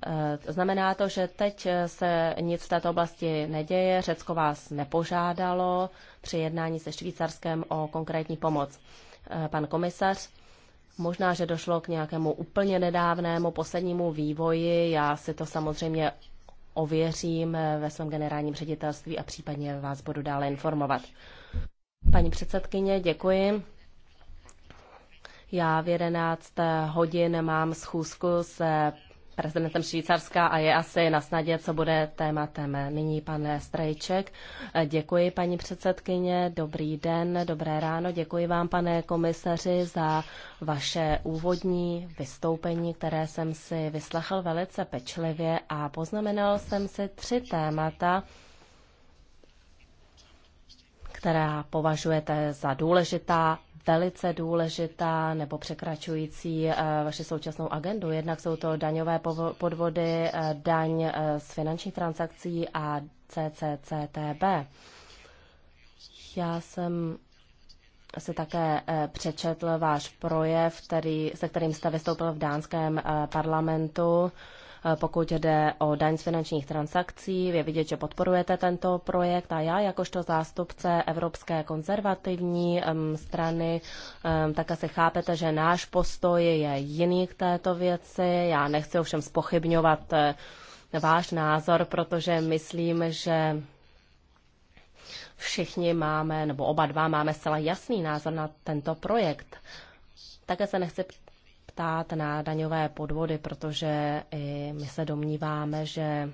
Eh, znamená to, že teď eh, se nic v této oblasti neděje. Řecko vás nepožádalo při jednání se Švýcarskem o konkrétní pomoc. Pan komisař, možná, že došlo k nějakému úplně nedávnému poslednímu vývoji. Já si to samozřejmě ověřím ve svém generálním ředitelství a případně vás budu dále informovat. Paní předsedkyně, děkuji. Já v 11 hodin mám schůzku s prezidentem Švýcarska a je asi na snadě, co bude tématem. Nyní pan Strejček. Děkuji, paní předsedkyně, dobrý den, dobré ráno. Děkuji vám, pane komisaři, za vaše úvodní vystoupení, které jsem si vyslechl velice pečlivě a poznamenal jsem si tři témata, která považujete za důležitá, velice důležitá nebo překračující eh, vaši současnou agendu. Jednak jsou to daňové podvody, eh, daň eh, z finančních transakcí a CCCTB. Já jsem si také přečetl váš projev, který, se kterým jste vystoupil v dánském parlamentu Eh, pokud jde o daň z finančních transakcí. Je vidět, že podporujete tento projekt a já jakožto zástupce Evropské konzervativní strany tak asi chápete, že náš postoj je jiný k této věci. Já nechci ovšem spochybňovat eh, váš názor, protože myslím, že všichni máme, nebo oba dva máme zcela jasný názor na tento projekt. Také se nechci stát na daňové podvody, protože i my se domníváme, že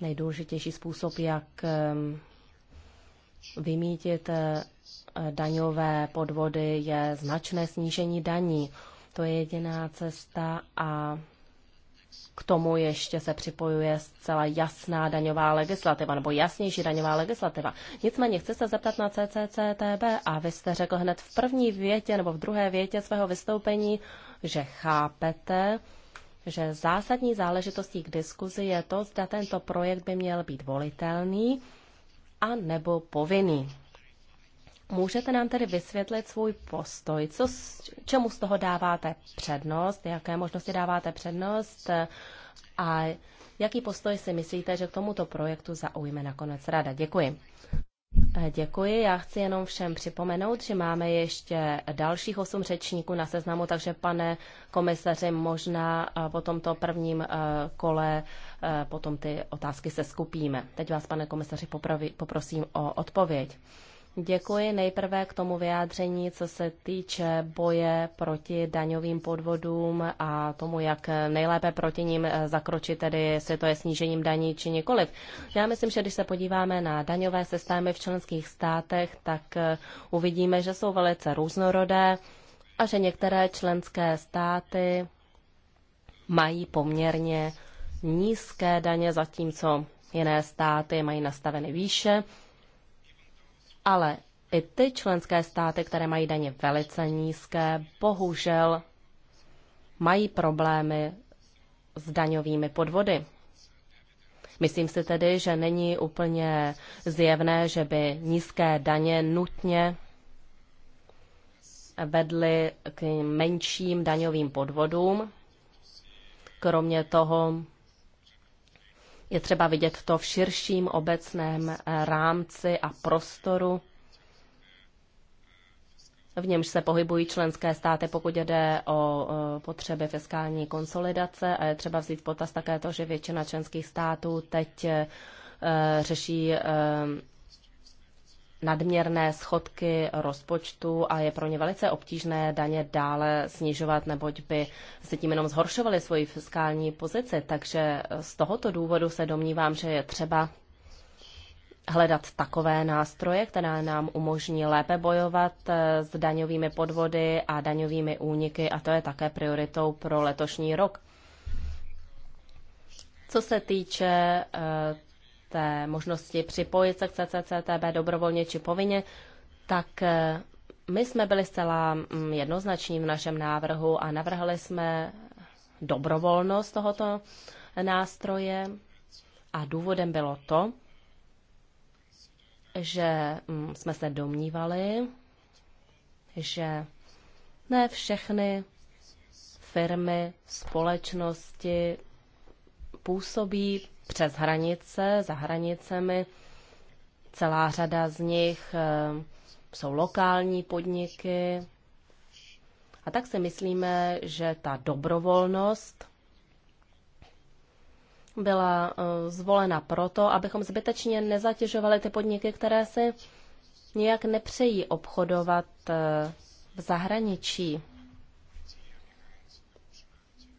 nejdůležitější způsob, jak vymítit eh, daňové podvody, je značné snížení daní. To je jediná cesta a k tomu ještě se připojuje zcela jasná daňová legislativa, nebo jasnější daňová legislativa. Nicméně chci se zeptat na CCCTB a vy jste řekl hned v první větě nebo v druhé větě svého vystoupení, že chápete, že zásadní záležitostí k diskuzi je to, zda tento projekt by měl být volitelný a nebo povinný. Můžete nám tedy vysvětlit svůj postoj, co, čemu z toho dáváte přednost, jaké možnosti dáváte přednost a jaký postoj si myslíte, že k tomuto projektu zaujme nakonec rada. Děkuji. E, děkuji. Já chci jenom všem připomenout, že máme ještě dalších osm řečníků na seznamu, takže pane komisaři, možná e, po tomto prvním e, kole potom ty otázky se skupíme. Teď vás, pane komisaři, poprosím o odpověď. Děkuji nejprve k tomu vyjádření, co se týče boje proti daňovým podvodům a tomu, jak nejlépe proti ním zakročit, tedy jestli to je snížením daní či nikoliv. Já myslím, že když se podíváme na daňové systémy v členských státech, tak eh, uvidíme, že jsou velice různorodé a že některé členské státy mají poměrně nízké daně, zatímco jiné státy mají nastaveny výše ale i ty členské státy, které mají daně velice nízké, bohužel mají problémy s daňovými podvody. Myslím si tedy, že není úplně zjevné, že by nízké daně nutně vedly k menším daňovým podvodům. Kromě toho je třeba vidět to v širším obecném eh, rámci a prostoru, v němž se pohybují členské státy, pokud jde o eh, potřeby fiskální konsolidace. A je třeba vzít v potaz také to, že většina členských států teď eh, řeší nadměrné schodky rozpočtu a je pro ně velice obtížné daně dále snižovat, neboť by se tím jenom zhoršovaly svoji fiskální pozici. Takže z tohoto důvodu se domnívám, že je třeba hledat takové nástroje, které nám umožní lépe bojovat eh, s daňovými podvody a daňovými úniky a to je také prioritou pro letošní rok. Co se týče eh, té možnosti připojit se k CCCTB dobrovolně či povinně, tak eh, my jsme byli zcela mm, jednoznační v našem návrhu a navrhli jsme dobrovolnost tohoto nástroje a důvodem bylo to, že mm, jsme se domnívali, že ne všechny firmy, společnosti působí přes hranice, za hranicemi. Celá řada z nich eh, jsou lokální podniky. A tak si myslíme, že ta dobrovolnost byla eh, zvolena proto, abychom zbytečně nezatěžovali ty podniky, které si nějak nepřejí obchodovat eh, v zahraničí.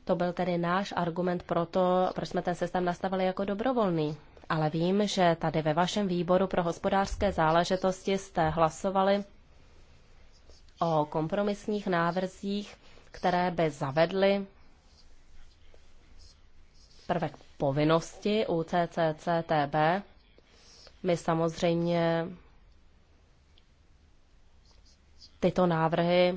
To byl tedy náš argument pro to, proč jsme ten systém nastavili jako dobrovolný. Ale vím, že tady ve vašem výboru pro hospodářské záležitosti jste hlasovali o kompromisních návrzích, které by zavedly prvek povinnosti u CCCTB. My samozřejmě tyto návrhy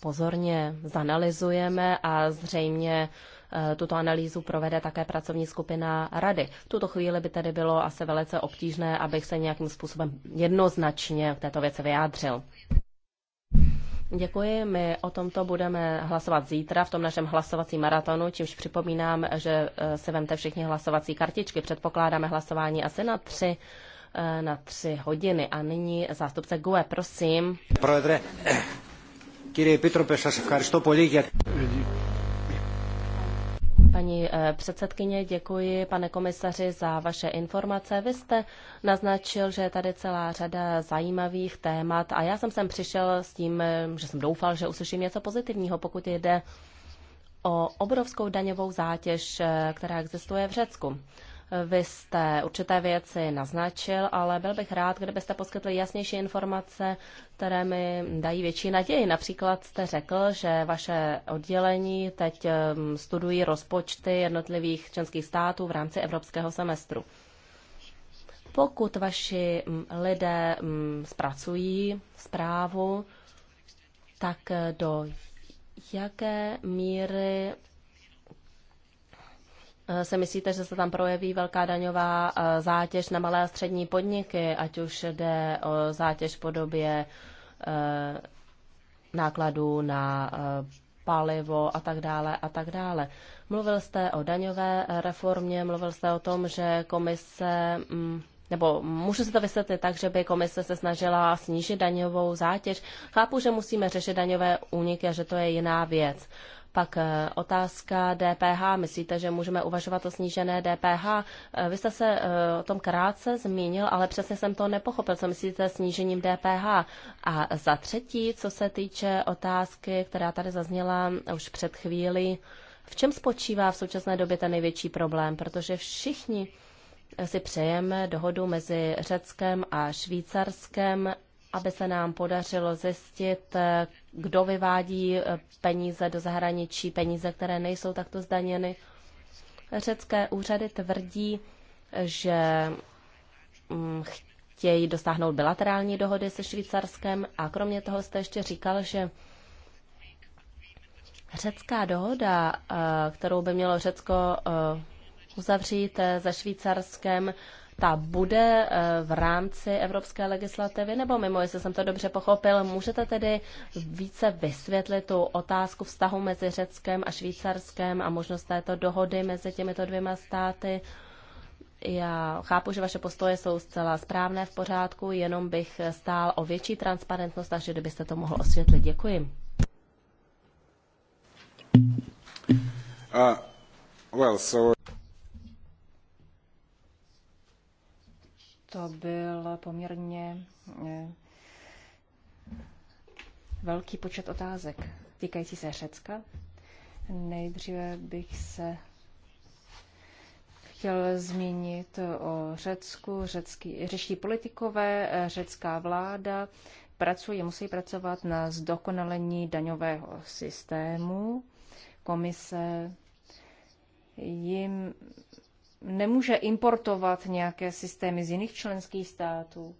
pozorně zanalizujeme a zřejmě eh, tuto analýzu provede také pracovní skupina rady. V tuto chvíli by tedy bylo asi velice obtížné, abych se nějakým způsobem jednoznačně k této věci vyjádřil. Děkuji. My o tomto budeme hlasovat zítra v tom našem hlasovacím maratonu, čímž připomínám, že eh, se vemte všichni hlasovací kartičky. Předpokládáme hlasování asi na tři eh, na tři hodiny. A nyní zástupce GUE, prosím. Provedre. Κύριε Επίτροπε, σας ευχαριστώ πολύ για... Paní eh, předsedkyně, děkuji pane komisaři za vaše informace. Vy jste naznačil, že je tady celá řada zajímavých témat a já jsem sem přišel s tím, eh, že jsem doufal, že uslyším něco pozitivního, pokud jde o obrovskou daňovou zátěž, eh, která existuje v Řecku. Vy jste určité věci naznačil, ale byl bych rád, kdybyste poskytli jasnější informace, které mi dají větší naději. Například jste řekl, že vaše oddělení teď um, studují rozpočty jednotlivých členských států v rámci evropského semestru. Pokud vaši um, lidé um, zpracují zprávu, tak do jaké míry Eh, se myslíte, že se tam projeví velká daňová eh, zátěž na malé a střední podniky, ať už jde o zátěž v podobě eh, nákladů na palivo a tak dále a tak dále. Mluvil jste o daňové reformě, mluvil jste o tom, že komise mm, nebo můžu si to vysvětlit tak, že by komise se snažila snížit daňovou zátěž. Chápu, že musíme řešit daňové úniky a že to je jiná věc. Pak eh, otázka DPH. Myslíte, že můžeme uvažovat o snížené DPH? Eh, vy jste se eh, o tom krátce zmínil, ale přesně jsem to nepochopil. Co myslíte snížením DPH? A za třetí, co se týče otázky, která tady zazněla už před chvíli, v čem spočívá v současné době ten největší problém? Protože všichni si přejeme dohodu mezi Řeckem a Švýcarskem aby se nám podařilo zjistit, eh, kdo vyvádí eh, peníze do zahraničí, peníze, které nejsou takto zdaněny. Řecké úřady tvrdí, že mm, chtějí dosáhnout bilaterální dohody se Švýcarskem a kromě toho jste ještě říkal, že řecká dohoda, eh, kterou by mělo Řecko uzavřít se Švýcarskem, ta bude eh, v rámci evropské legislativy, nebo mimo, jestli jsem to dobře pochopil, můžete tedy více vysvětlit tu otázku vztahu mezi Řeckem a Švýcarskem a možnost této dohody mezi těmito dvěma státy? Já chápu, že vaše postoje jsou zcela správné v pořádku, jenom bych stál o větší transparentnost, takže kdybyste to mohl osvětlit. Děkuji. Uh, well, so... to byl poměrně eh, velký počet otázek týkající se Řecka. Nejdříve bych se chtěl zmínit o Řecku, řecký, řeští politikové, eh, řecká vláda pracuje, musí pracovat na zdokonalení daňového systému. Komise jim nemůže importovat nějaké systémy z jiných členských států.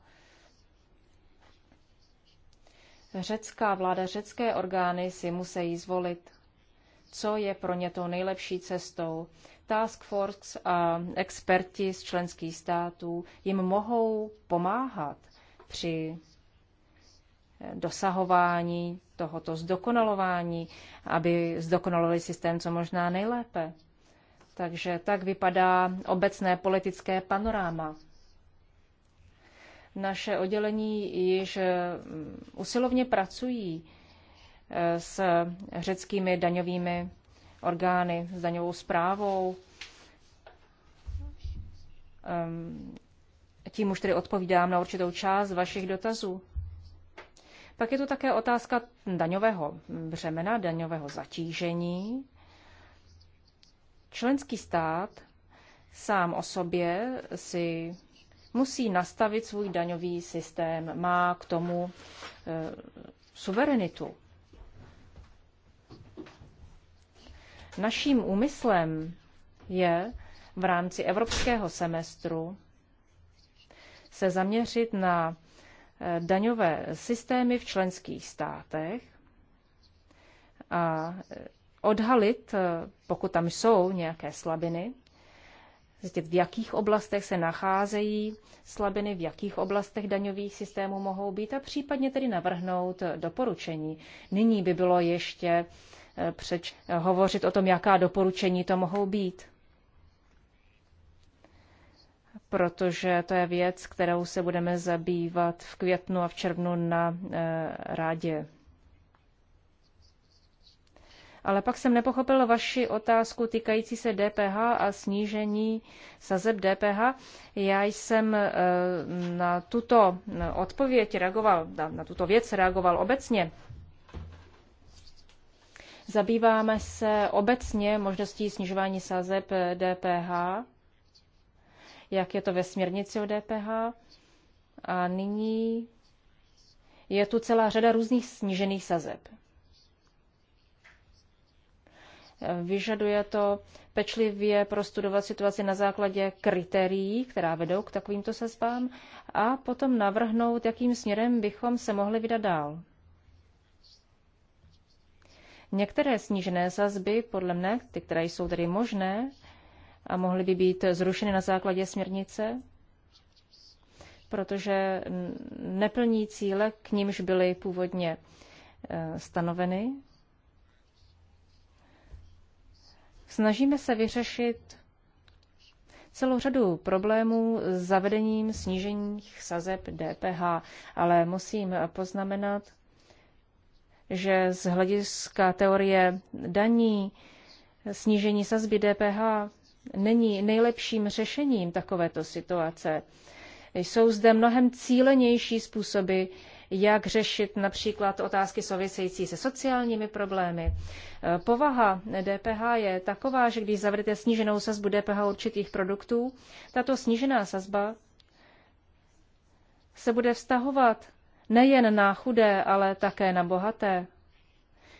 Řecká vláda, řecké orgány si musí zvolit, co je pro ně tou nejlepší cestou. Task Force a experti z členských států jim mohou pomáhat při dosahování tohoto zdokonalování, aby zdokonalovali systém co možná nejlépe. Takže tak vypadá obecné politické panoráma. Naše oddělení již eh, usilovně pracují eh, s řeckými daňovými orgány, s daňovou zprávou. Ehm, tím už tedy odpovídám na určitou část vašich dotazů. Pak je tu také otázka daňového břemena, daňového zatížení. Členský stát sám o sobě si musí nastavit svůj daňový systém, má k tomu e, suverenitu. Naším úmyslem je v rámci evropského semestru se zaměřit na e, daňové systémy v členských státech a odhalit, eh, pokud tam jsou nějaké slabiny, zjistit, v jakých oblastech se nacházejí slabiny, v jakých oblastech daňových systémů mohou být a případně tedy navrhnout eh, doporučení. Nyní by bylo ještě eh, přeč hovořit o tom, jaká doporučení to mohou být. Protože to je věc, kterou se budeme zabývat v květnu a v červnu na rádě. Ale pak jsem nepochopil vaši otázku týkající se DPH a snížení sazeb DPH. Já jsem eh, na tuto odpověď reagoval, na tuto věc reagoval obecně. Zabýváme se obecně možností snižování sazeb DPH, eh, jak je to ve směrnici o DPH. A nyní je tu celá řada různých snížených sazeb. Vyžaduje to pečlivě prostudovat situaci na základě kritérií, která vedou k takovýmto sazbám, a potom navrhnout, jakým směrem bychom se mohli vydat dál. Některé snížené sazby, podle mne, ty, které jsou tedy možné a mohly by být zrušeny na základě směrnice, protože neplní cíle, k nímž byly původně eh, stanoveny, Snažíme se vyřešit celou řadu problémů s zavedením snížených sazeb DPH, ale musím poznamenat, že z hlediska teorie daní snížení sazby DPH není nejlepším řešením takovéto situace. Jsou zde mnohem cílenější způsoby, jak řešit například otázky související se sociálními problémy. Eh, povaha DPH je taková, že když zavedete sníženou sazbu DPH určitých produktů, tato snížená sazba se bude vztahovat nejen na chudé, ale také na bohaté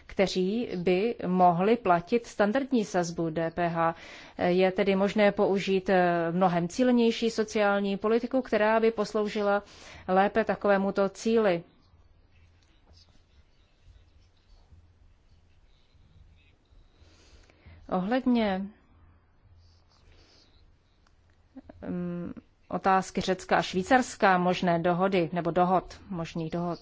kteří by mohli platit standardní sazbu DPH. Je tedy možné použít eh, mnohem cílnější sociální politiku, která by posloužila lépe takovémuto cíli. Ohledně mm, otázky Řecka a Švýcarska možné dohody nebo dohod, možný dohod.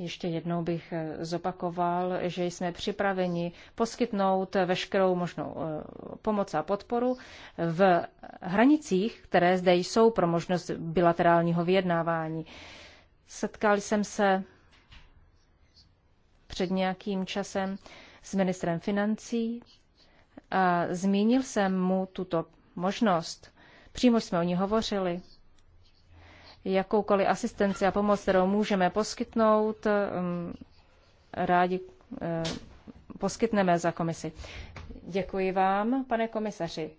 Ještě jednou bych eh, zopakoval, že jsme připraveni poskytnout veškerou možnou eh, pomoc a podporu v hranicích, které zde jsou pro možnost bilaterálního vyjednávání. Setkal jsem se před nějakým časem s ministrem financí a zmínil jsem mu tuto možnost. Přímo jsme o ní hovořili jakoukoliv asistenci a pomoc, kterou můžeme poskytnout, um, rádi eh, poskytneme za komisi. Děkuji vám, pane komisaři.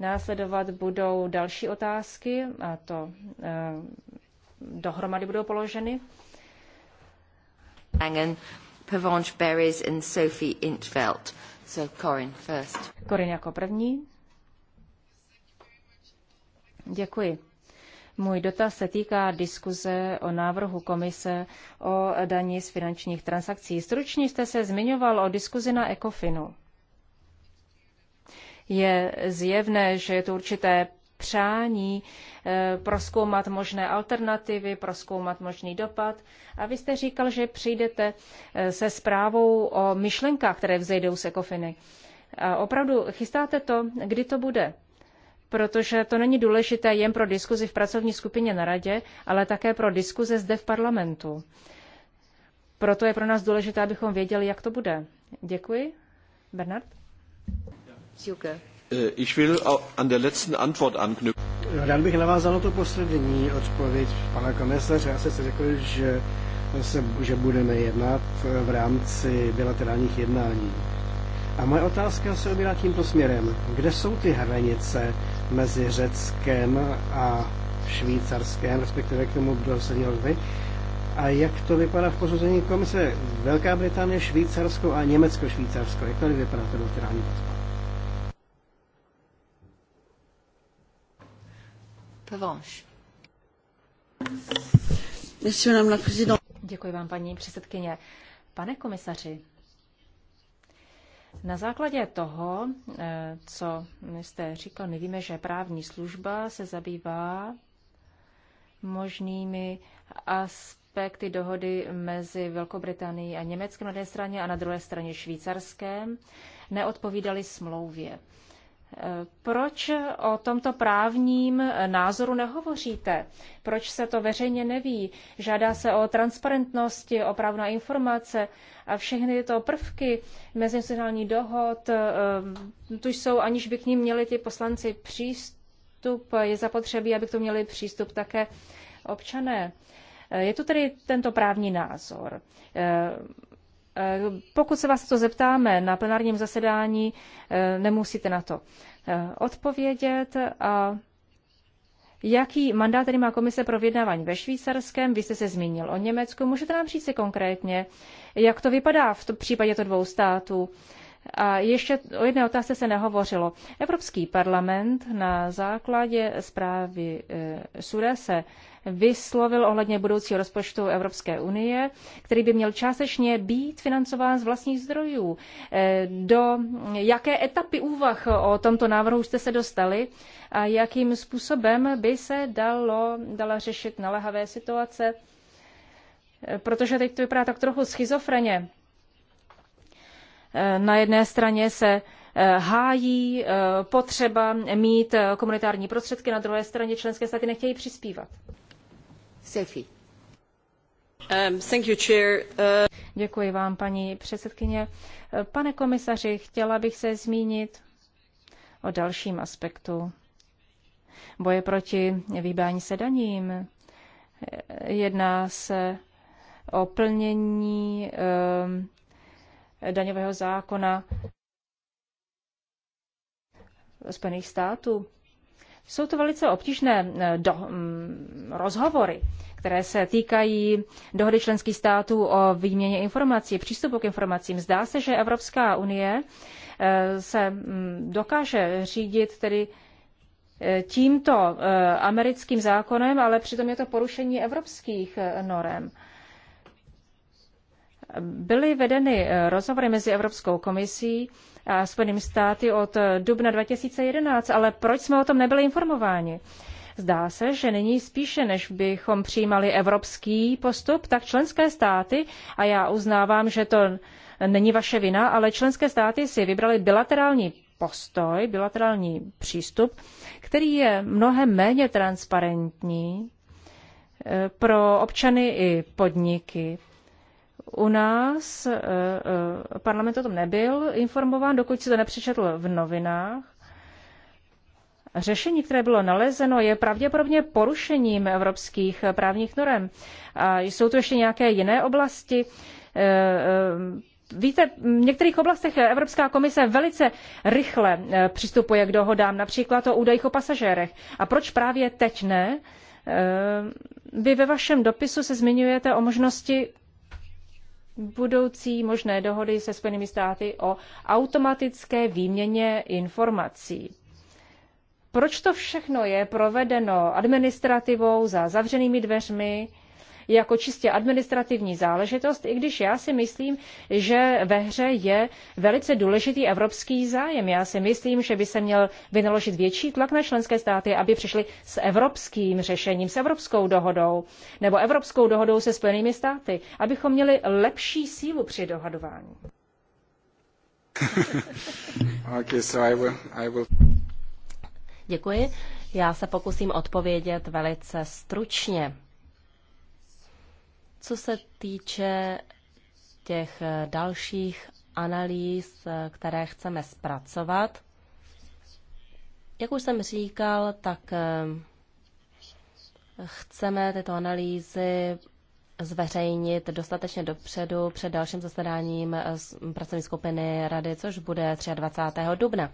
Následovat budou další otázky, a to eh, dohromady budou položeny. Langen, Pavanche Berries and Sophie Intveld. So Corin first. Corin jako první. Děkuji. Můj dotaz se týká diskuze o návrhu komise o daní z finančních transakcí. Stručně jste se zmiňoval o diskuzi na ECOFINu. Je zjevné, že je to určité přání eh, proskoumat možné alternativy, proskoumat možný dopad. A vy jste říkal, že přijdete eh, se zprávou o myšlenkách, které vzejdou z Ecofiny. A opravdu chystáte to, kdy to bude? protože to není důležité jen pro diskuzi v pracovní skupině na radě, ale také pro diskuze zde v parlamentu. Proto je pro nás důležité, abychom věděli, jak to bude. Děkuji. Bernard? Silke. Eh, ich will an der letzten Antwort anknüpfen. Rád bych navázal na to poslední odpověď pana komisaře. Já se řekl, že, se, že budeme jednat v rámci bilaterálních jednání. A moje otázka se obírá tímto směrem. Kde jsou ty hranice mezi Řeckem a Švýcarskem, respektive k tomu dosadil vy. A jak to vypadá v posouzení komise? Velká Británie, Švýcarsko a Německo-Švýcarsko. Jak tady vypadá ten bilaterální vazba? Děkuji vám, paní předsedkyně. Pane komisaři, na základě toho, eh, co jste říkal, my víme, že právní služba se zabývá možnými aspekty dohody mezi Velkou Británií a Německem na jedné straně a na druhé straně Švýcarskem, neodpovídaly smlouvě. Proč o tomto právním názoru nehovoříte? Proč se to veřejně neví? Žádá se o transparentnosti, o právo na informace a všechny tyto prvky mezinárodní dohod, eh, tu jsou, aniž by k ním měli ti poslanci přístup. Je zapotřebí, aby k tomu měli přístup také občané. Eh, je tu tedy tento právní názor. Eh, pokud se vás to zeptáme na plenárním zasedání, eh, nemusíte na to eh, odpovědět. A jaký mandát tedy má komise pro vyjednávání ve Švýcarském? Vy jste se zmínil o Německu. Můžete nám říct si konkrétně, jak to vypadá v případě to dvou států? A ještě o jedné otázce se nehovořilo. Evropský parlament na základě zprávy eh, SURE se vyslovil ohledně budoucího rozpočtu Evropské unie, který by měl částečně být financován z vlastních zdrojů. Eh, do jaké etapy úvah o tomto návrhu jste se dostali a jakým způsobem by se dalo, dala řešit naléhavé situace? Eh, protože teď to vypadá tak trochu schizofreně Eh, na jedné straně se eh, hájí eh, potřeba mít komunitární prostředky, na druhé straně členské státy nechtějí přispívat. Sophie. Um, thank you, chair. Uh... Děkuji vám, paní předsedkyně. Pane komisaři, chtěla bych se zmínit o dalším aspektu boje proti výbání se daním. Jedná se o plnění um, daňového zákona Spojených států. Jsou to velice obtížné eh, do, um, rozhovory, které se týkají dohody členských států o výměně informací, přístupu k informacím. Zdá se, že Evropská unie eh, se mm, dokáže řídit tedy eh, tímto americkým zákonem, ale přitom je to porušení evropských norem. Byly vedeny eh, rozhovory mezi Evropskou komisí a Spojenými státy od eh, dubna 2011, ale proč jsme o tom nebyli informováni? Zdá se, že nyní spíše, než bychom přijímali evropský postup, tak členské státy, a já uznávám, že to není vaše vina, ale členské státy si vybrali bilaterální postoj, bilaterální přístup, který je mnohem méně transparentní eh, pro občany i podniky, u nás eh, eh, parlament o tom nebyl informován, dokud se to nepřečetl v novinách. Řešení, které bylo nalezeno, je pravděpodobně porušením evropských právních norem. A jsou tu ještě nějaké jiné oblasti? Eh, víte, v některých oblastech Evropská komise velice rychle přistupuje k dohodám, například o údajích o pasažérech. A proč právě teď ne? Vy ve vašem dopisu se zmiňujete o možnosti budoucí možné dohody se Spojenými státy o automatické výměně informací. Proč to všechno je provedeno administrativou za zavřenými dveřmi jako čistě administrativní záležitost, i když já si myslím, že ve hře je velice důležitý evropský zájem. Já si myslím, že by se měl vynaložit větší tlak na členské státy, aby přišli s evropským řešením, s evropskou dohodou nebo evropskou dohodou se Spojenými státy, abychom měli lepší sílu při dohadování. *laughs* okay, so I will, I will... Děkuji. Já se pokusím odpovědět velice stručně. Co se týče těch eh, dalších analýz, eh, které chceme zpracovat, jak už jsem říkal, tak eh, chceme tyto analýzy zveřejnit dostatečně dopředu před dalším zasedáním pracovní skupiny rady, což bude 23. dubna.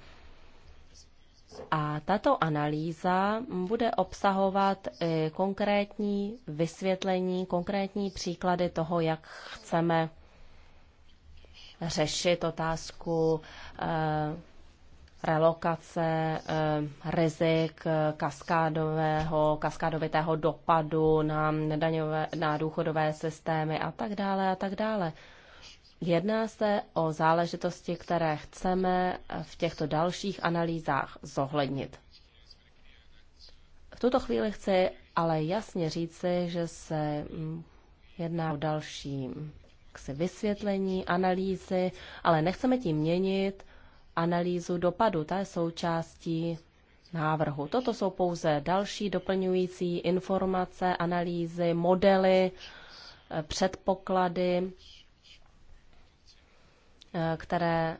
A tato analýza bude obsahovat konkrétní vysvětlení, konkrétní příklady toho, jak chceme řešit otázku eh, relokace eh, rizik kaskádového, kaskádovitého dopadu na, daňové, na důchodové systémy a tak dále a tak dále. Jedná se o záležitosti, které chceme v těchto dalších analýzách zohlednit. V tuto chvíli chci ale jasně říci, že se mm, jedná o další jaksi, vysvětlení, analýzy, ale nechceme tím měnit analýzu dopadu. Ta je součástí návrhu. Toto jsou pouze další doplňující informace, analýzy, modely, eh, předpoklady, Eh, které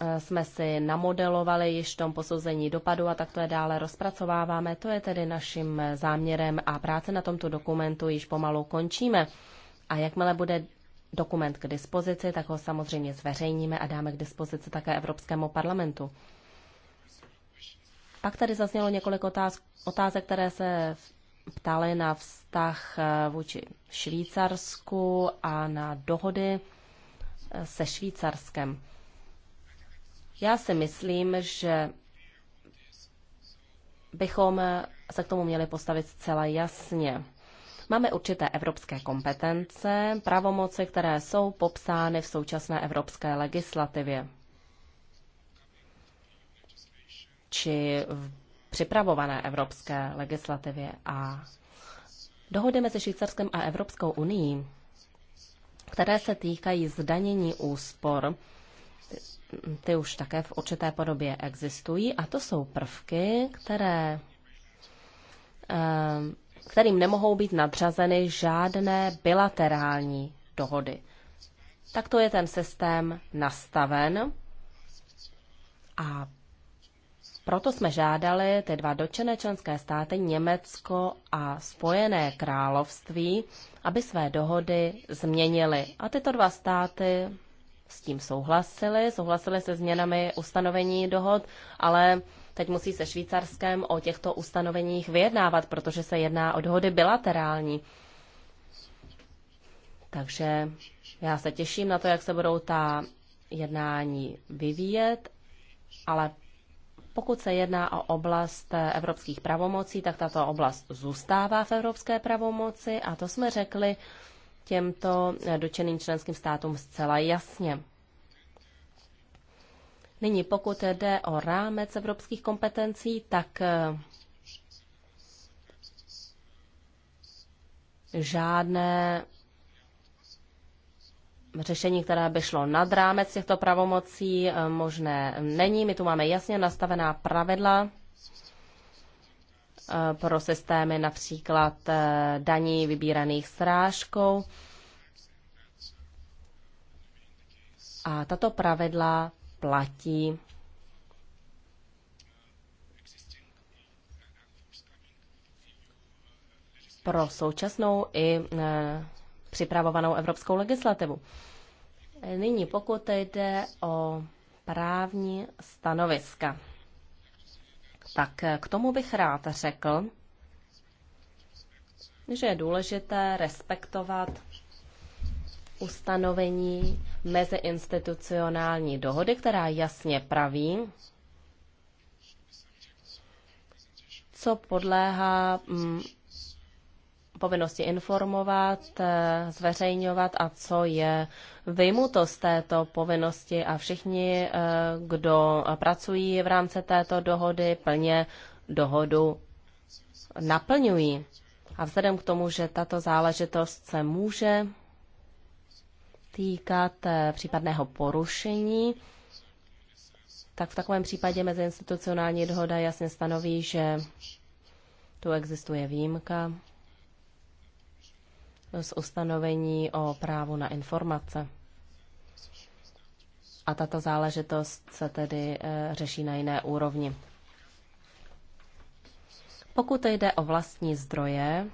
eh, jsme si namodelovali již v tom posouzení dopadu a tak to je dále rozpracováváme. To je tedy naším záměrem a práce na tomto dokumentu již pomalu končíme. A jakmile bude dokument k dispozici, tak ho samozřejmě zveřejníme a dáme k dispozici také Evropskému parlamentu. Pak tady zaznělo několik otázk, otázek, které se ptaly na vztah eh, vůči Švýcarsku a na dohody se Švýcarskem. Já si myslím, že bychom se k tomu měli postavit zcela jasně. Máme určité evropské kompetence, pravomoci, které jsou popsány v současné evropské legislativě či v připravované evropské legislativě a dohody mezi Švýcarskem a Evropskou unii které se týkají zdanění úspor, ty už také v určité podobě existují a to jsou prvky, které, eh, kterým nemohou být nadřazeny žádné bilaterální dohody. Takto je ten systém nastaven a proto jsme žádali ty dva dočené členské státy, Německo a Spojené království, aby své dohody změnily. A tyto dva státy s tím souhlasili, souhlasili se změnami ustanovení dohod, ale teď musí se Švýcarském o těchto ustanoveních vyjednávat, protože se jedná o dohody bilaterální. Takže já se těším na to, jak se budou ta jednání vyvíjet, ale pokud se jedná o oblast eh, evropských pravomocí, tak tato oblast zůstává v evropské pravomoci a to jsme řekli těmto eh, dočeným členským státům zcela jasně. Nyní, pokud jde o rámec evropských kompetencí, tak eh, žádné řešení, které by šlo nad rámec těchto pravomocí, eh, možné není. My tu máme jasně nastavená pravidla eh, pro systémy například eh, daní vybíraných srážkou. A tato pravidla platí pro současnou i připravovanou evropskou legislativu. Nyní pokud jde o právní stanoviska, tak k tomu bych rád řekl, že je důležité respektovat ustanovení meziinstitucionální dohody, která jasně praví, co podléhá mm, povinnosti informovat, eh, zveřejňovat a co je vymuto z této povinnosti a všichni, eh, kdo pracují v rámci této dohody, plně dohodu naplňují. A vzhledem k tomu, že tato záležitost se může týkat eh, případného porušení, tak v takovém případě meziinstitucionální dohoda jasně stanoví, že tu existuje výjimka z ustanovení o právu na informace. A tato záležitost se tedy e, řeší na jiné úrovni. Pokud jde o vlastní zdroje,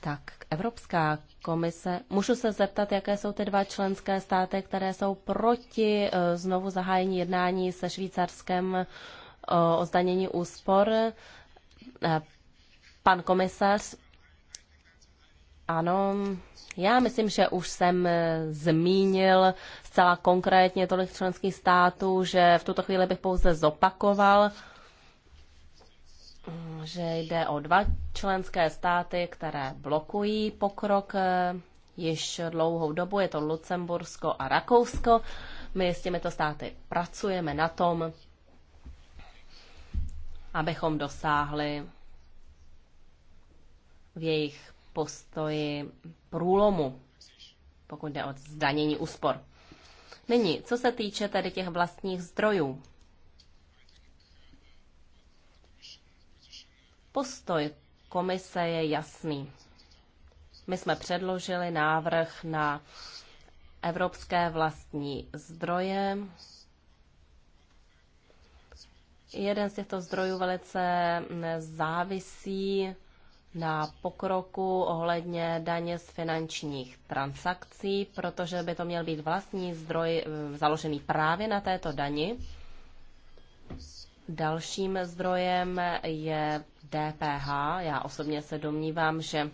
tak Evropská komise. Můžu se zeptat, jaké jsou ty dva členské státy, které jsou proti e, znovu zahájení jednání se Švýcarskem e, o zdanění úspor? Pan komisař ano, já myslím, že už jsem eh, zmínil zcela konkrétně tolik členských států, že v tuto chvíli bych pouze zopakoval, že jde o dva členské státy, které blokují pokrok eh, již dlouhou dobu, je to Lucembursko a Rakousko. My s těmito státy pracujeme na tom, abychom dosáhli v jejich postoji průlomu, pokud jde o zdanění úspor. Nyní, co se týče tedy těch vlastních zdrojů. Postoj komise je jasný. My jsme předložili návrh na evropské vlastní zdroje. Jeden z těchto zdrojů velice závisí na pokroku ohledně daně z finančních transakcí, protože by to měl být vlastní zdroj eh, založený právě na této dani. Dalším zdrojem je DPH. Já osobně se domnívám, že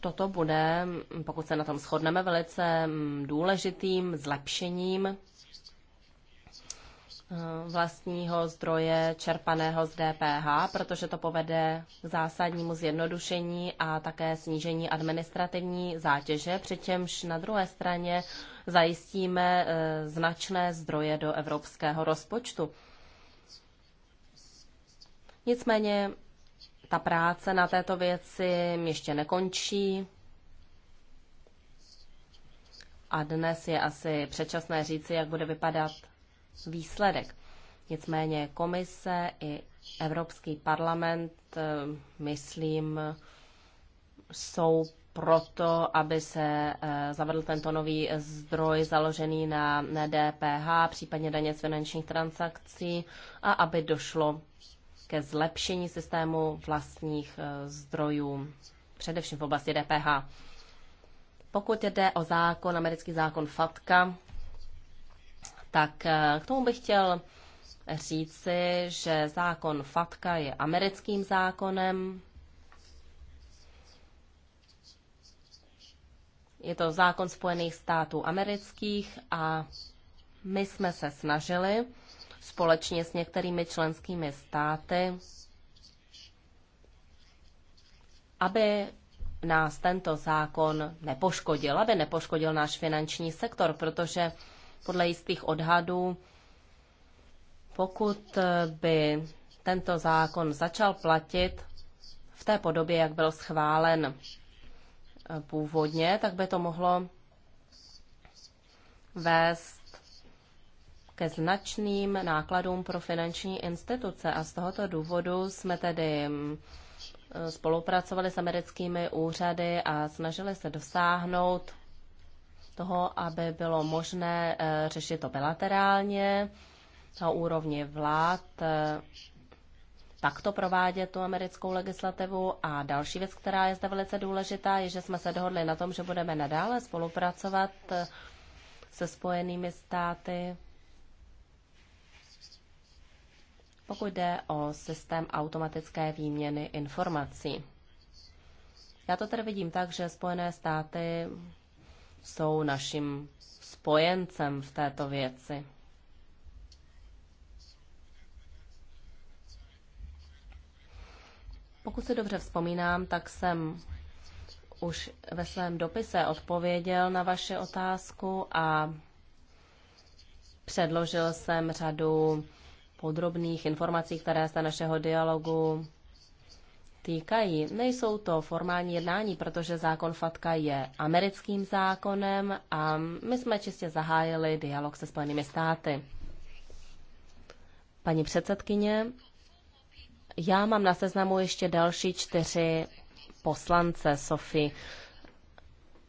toto bude, mm, pokud se na tom shodneme, velice mm, důležitým zlepšením vlastního zdroje čerpaného z DPH, protože to povede k zásadnímu zjednodušení a také snížení administrativní zátěže, přičemž na druhé straně zajistíme eh, značné zdroje do evropského rozpočtu. Nicméně ta práce na této věci ještě nekončí. A dnes je asi předčasné říci, jak bude vypadat výsledek. Nicméně komise i Evropský parlament, eh, myslím, jsou proto, aby se eh, zavedl tento nový zdroj založený na DPH, případně daně z finančních transakcí a aby došlo ke zlepšení systému vlastních eh, zdrojů, především v oblasti DPH. Pokud jde o zákon, americký zákon FATCA, tak eh, k tomu bych chtěl říci, že zákon FATKA je americkým zákonem. Je to zákon Spojených států amerických a my jsme se snažili společně s některými členskými státy, aby nás tento zákon nepoškodil, aby nepoškodil náš finanční sektor, protože podle jistých odhadů, pokud by tento zákon začal platit v té podobě, jak byl schválen původně, tak by to mohlo vést ke značným nákladům pro finanční instituce. A z tohoto důvodu jsme tedy mm, spolupracovali s americkými úřady a snažili se dosáhnout toho, aby bylo možné eh, řešit to bilaterálně na úrovni vlád, eh, takto provádět tu americkou legislativu. A další věc, která je zde velice důležitá, je, že jsme se dohodli na tom, že budeme nadále spolupracovat eh, se Spojenými státy, pokud jde o systém automatické výměny informací. Já to tedy vidím tak, že Spojené státy jsou naším spojencem v této věci. Pokud si dobře vzpomínám, tak jsem už ve svém dopise odpověděl na vaši otázku a předložil jsem řadu podrobných informací, které z našeho dialogu týkají. Nejsou to formální jednání, protože zákon FATKA je americkým zákonem a my jsme čistě zahájili dialog se Spojenými státy. Paní předsedkyně, já mám na seznamu ještě další čtyři poslance, Sofie,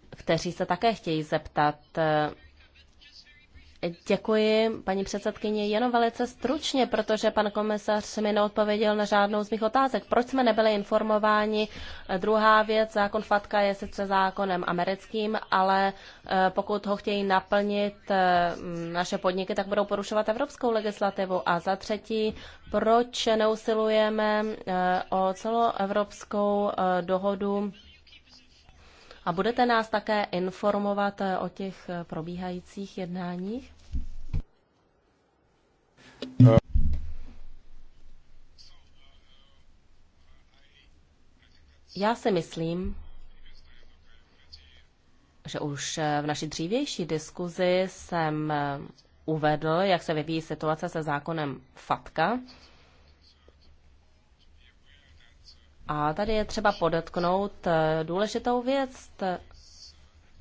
kteří se také chtějí zeptat Děkuji, paní předsedkyně, jenom velice stručně, protože pan komisař mi neodpověděl na žádnou z mých otázek. Proč jsme nebyli informováni? Druhá věc, zákon FATKA je sice zákonem americkým, ale eh, pokud ho chtějí naplnit eh, naše podniky, tak budou porušovat evropskou legislativu. A za třetí, proč neusilujeme eh, o celoevropskou dohodu a budete nás také informovat eh, o těch eh, probíhajících jednáních? Já si myslím, že už eh, v naší dřívější diskuzi jsem uvedl, jak se vyvíjí situace se zákonem FATKA. A tady je třeba podotknout eh, důležitou věc,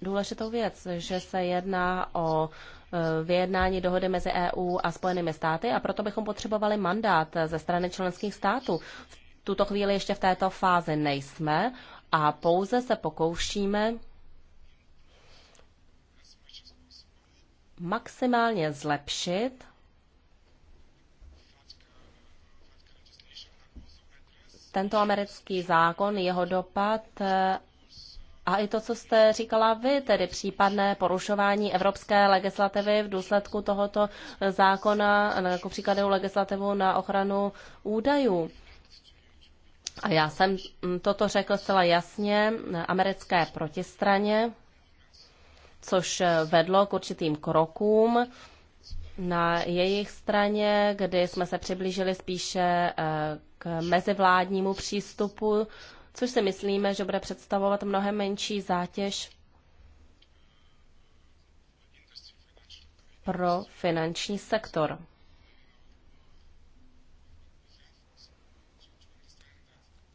důležitou věc, že se jedná o eh, vyjednání dohody mezi EU a Spojenými státy a proto bychom potřebovali mandát eh, ze strany členských států. V tuto chvíli ještě v této fázi nejsme a pouze se pokoušíme maximálně zlepšit tento americký zákon, jeho dopad eh, a i to, co jste říkala vy, tedy případné porušování evropské legislativy v důsledku tohoto zákona, eh, jako příkladu legislativu na ochranu údajů. A já jsem mm, toto řekl zcela jasně americké protistraně, což eh, vedlo k určitým krokům na jejich straně, kdy jsme se přiblížili spíše k mezivládnímu přístupu, což si myslíme, že bude představovat mnohem menší zátěž pro finanční sektor.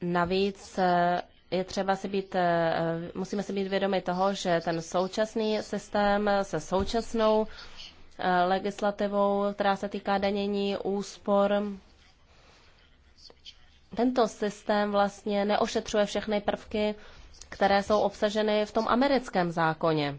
Navíc eh, je třeba si být, eh, musíme si být vědomi toho, že ten současný systém se současnou eh, legislativou, která se týká danění úspor, tento systém vlastně neošetřuje všechny prvky, které jsou obsaženy v tom americkém zákoně.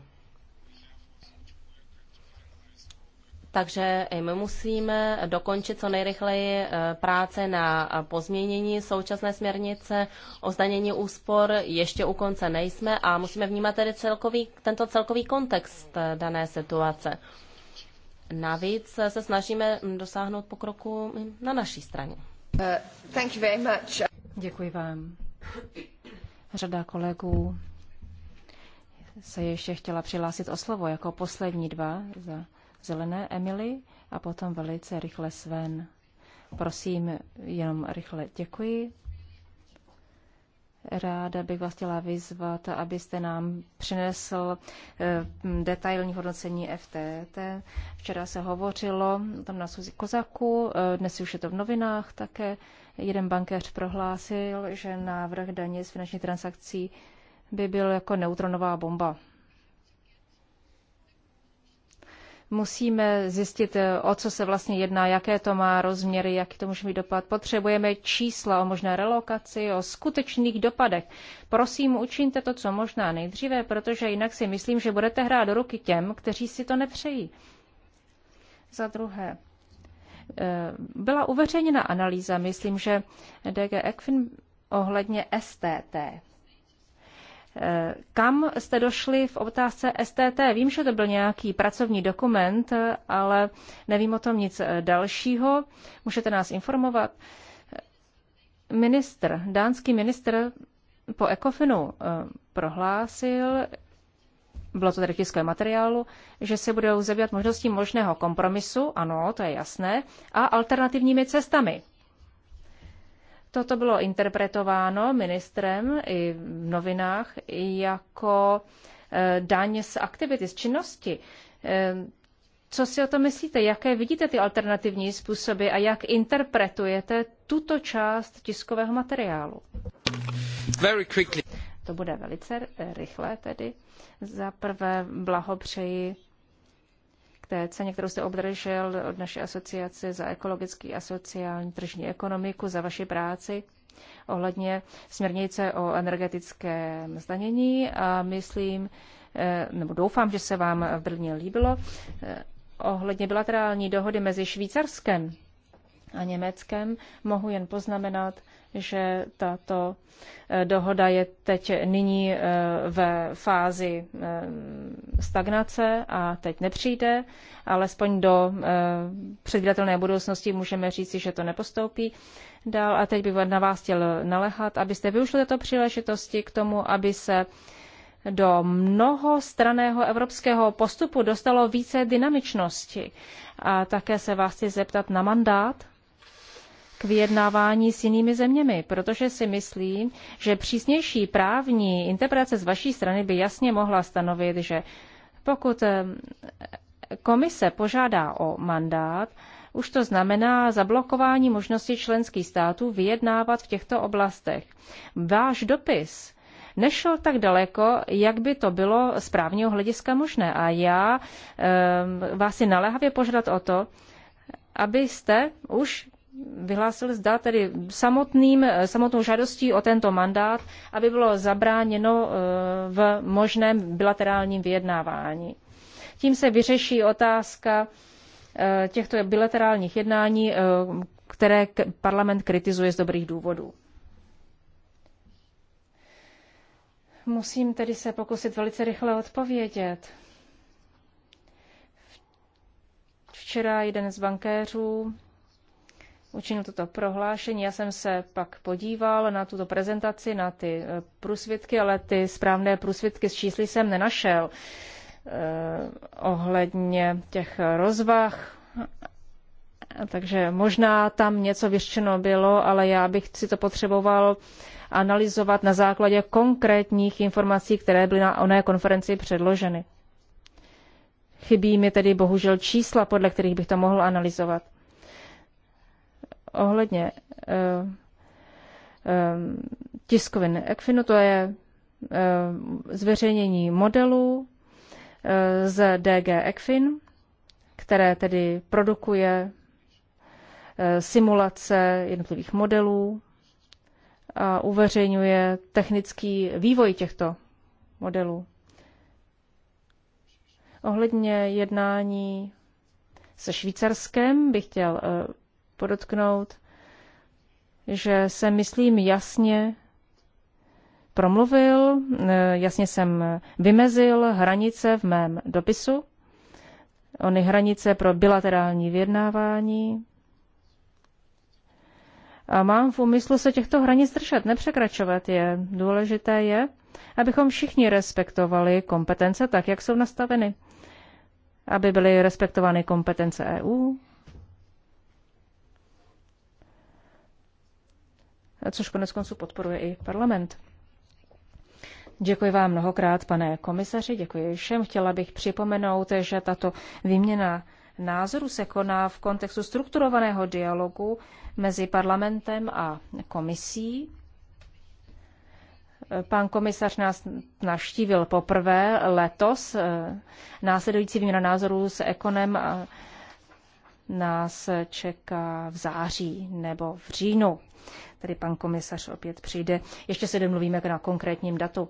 Takže i my musíme dokončit co nejrychleji eh, práce na pozměnění současné směrnice o zdanění úspor. Ještě u konce nejsme a musíme vnímat tedy celkový, tento celkový kontext eh, dané situace. Navíc se snažíme dosáhnout pokroku na naší straně. Děkuji vám. Řada kolegů se ještě chtěla přihlásit o slovo jako poslední dva za zelené Emily a potom velice rychle Sven. Prosím, jenom rychle děkuji. Ráda bych vás chtěla vyzvat, abyste nám přinesl eh, detailní hodnocení FTT. Včera se hovořilo tam na Suzy Kozaku, eh, dnes už je to v novinách také. Jeden bankéř prohlásil, že návrh daně z finančních transakcí by byl jako neutronová bomba. Musíme zjistit, eh, o co se vlastně jedná, jaké to má rozměry, jaký to může mít dopad. Potřebujeme čísla o možné relokaci, o skutečných dopadech. Prosím, učiňte to, co možná nejdříve, protože jinak si myslím, že budete hrát do ruky těm, kteří si to nepřejí. Za druhé, eh, byla uveřejněna analýza, myslím, že DG Ekfin ohledně STT. Kam jste došli v otázce STT? Vím, že to byl nějaký pracovní dokument, ale nevím o tom nic dalšího. Můžete nás informovat? Ministr, dánský ministr po ECOFINu eh, prohlásil, bylo to tedy tiskové materiálu, že se budou zabývat možností možného kompromisu, ano, to je jasné, a alternativními cestami. Toto bylo interpretováno ministrem i v novinách jako e, daň z aktivity, z činnosti. E, co si o to myslíte? Jaké vidíte ty alternativní způsoby a jak interpretujete tuto část tiskového materiálu? Very quickly. To bude velice rychlé tedy. Za prvé blahopřeji té ceně, kterou jste obdržel od naší asociace za ekologický a sociální tržní ekonomiku, za vaši práci ohledně směrnice o energetickém zdanění a myslím, eh, nebo doufám, že se vám v Brně líbilo, eh, ohledně bilaterální dohody mezi Švýcarskem a Německem mohu jen poznamenat, že tato eh, dohoda je teď nyní eh, ve fázi eh, stagnace a teď nepřijde, alespoň do předvídatelné budoucnosti můžeme říci, že to nepostoupí dál. A teď bych na vás chtěl nalehat, abyste využili této příležitosti k tomu, aby se do mnohostraného evropského postupu dostalo více dynamičnosti. A také se vás chci zeptat na mandát k vyjednávání s jinými zeměmi, protože si myslím, že přísnější právní interpretace z vaší strany by jasně mohla stanovit, že pokud eh, komise požádá o mandát, už to znamená zablokování možnosti členských států vyjednávat v těchto oblastech. Váš dopis nešel tak daleko, jak by to bylo z právního hlediska možné. A já e, vás si naléhavě požadat o to, abyste už vyhlásil, zda tedy samotným, eh, samotnou žádostí o tento mandát, aby bylo zabráněno eh, v možném bilaterálním vyjednávání. Tím se vyřeší otázka eh, těchto bilaterálních jednání, které parlament kritizuje z dobrých důvodů. Musím tedy se pokusit velice rychle odpovědět. Včera jeden z bankéřů učinil toto prohlášení. Já jsem se pak podíval na tuto prezentaci, na ty eh, průsvědky, ale ty správné průsvědky s čísly jsem nenašel eh, ohledně těch rozvah. Takže možná tam něco vyřčeno bylo, ale já bych si to potřeboval analyzovat na základě konkrétních informací, které byly na oné konferenci předloženy. Chybí mi tedy bohužel čísla, podle kterých bych to mohl analyzovat ohledně eh, eh, tiskovin Equinu, to je eh, zveřejnění modelů z DG Ekfin, které tedy produkuje simulace jednotlivých modelů a uveřejňuje technický vývoj těchto modelů. Ohledně jednání se Švýcarskem bych chtěl podotknout, že jsem, myslím, jasně promluvil, eh, jasně jsem vymezil hranice v mém dopisu, ony hranice pro bilaterální vyjednávání. A mám v úmyslu se těchto hranic držet, nepřekračovat je. Důležité je, abychom všichni respektovali kompetence tak, jak jsou nastaveny. Aby byly respektovány kompetence EU, což konec konců podporuje i parlament. Děkuji vám mnohokrát, pane komisaři, děkuji všem. Chtěla bych připomenout, že tato výměna názoru se koná v kontextu strukturovaného dialogu mezi parlamentem a komisí. Pan komisař nás navštívil poprvé letos. Následující výměna názorů s Ekonem nás čeká v září nebo v říjnu. Tady pan komisař opět přijde. Ještě se domluvíme jako na konkrétním datu.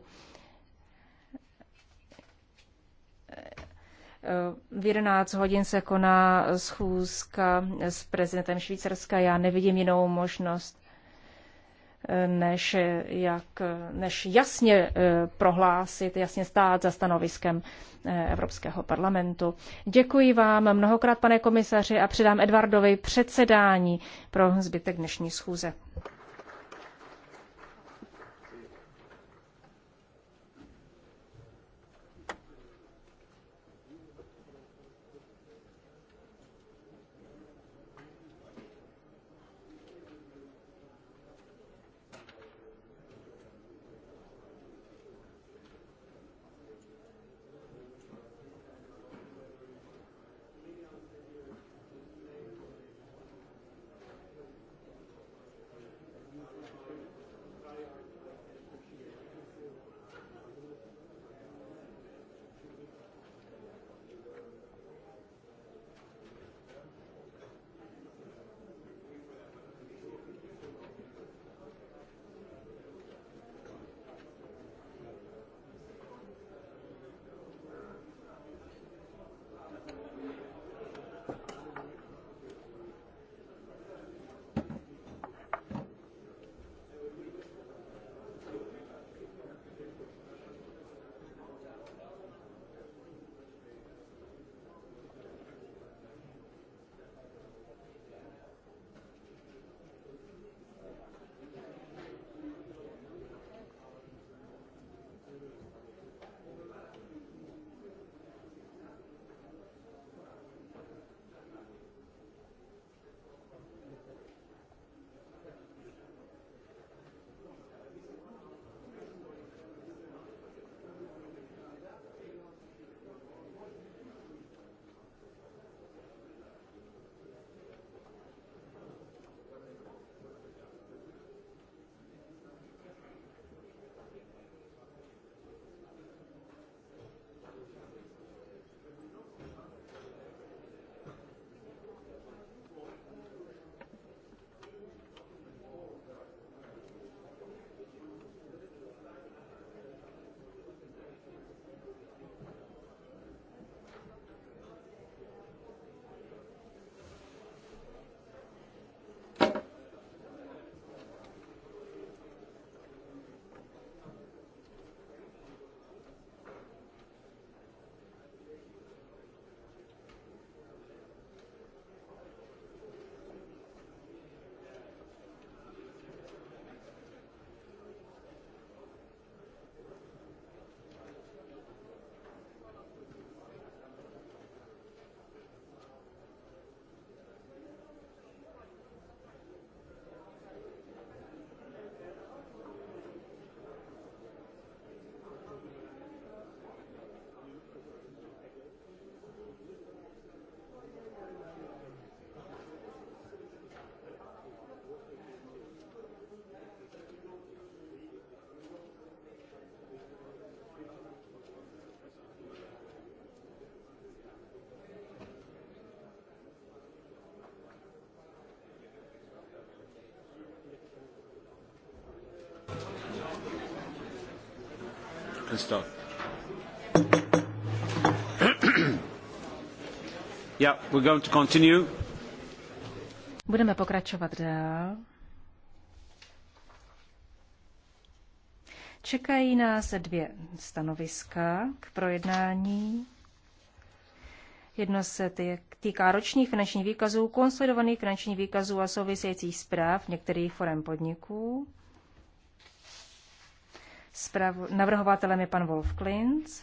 V 11 hodin se koná schůzka s prezidentem Švýcarska. Já nevidím jinou možnost, než, jak, než jasně eh, prohlásit, jasně stát za stanoviskem eh, Evropského parlamentu. Děkuji vám mnohokrát, pane komisaři, a předám Edvardovi předsedání pro zbytek dnešní schůze. *clears throat* yeah, we're going to continue. Budeme pokračovat dál. Čekají nás dvě stanoviska k projednání. Jedno se týká ročních finančních výkazů, konsolidovaných finančních výkazů a souvisejících zpráv některých forem podniků. Sprav- navrhovatelem je pan Wolf Klintz.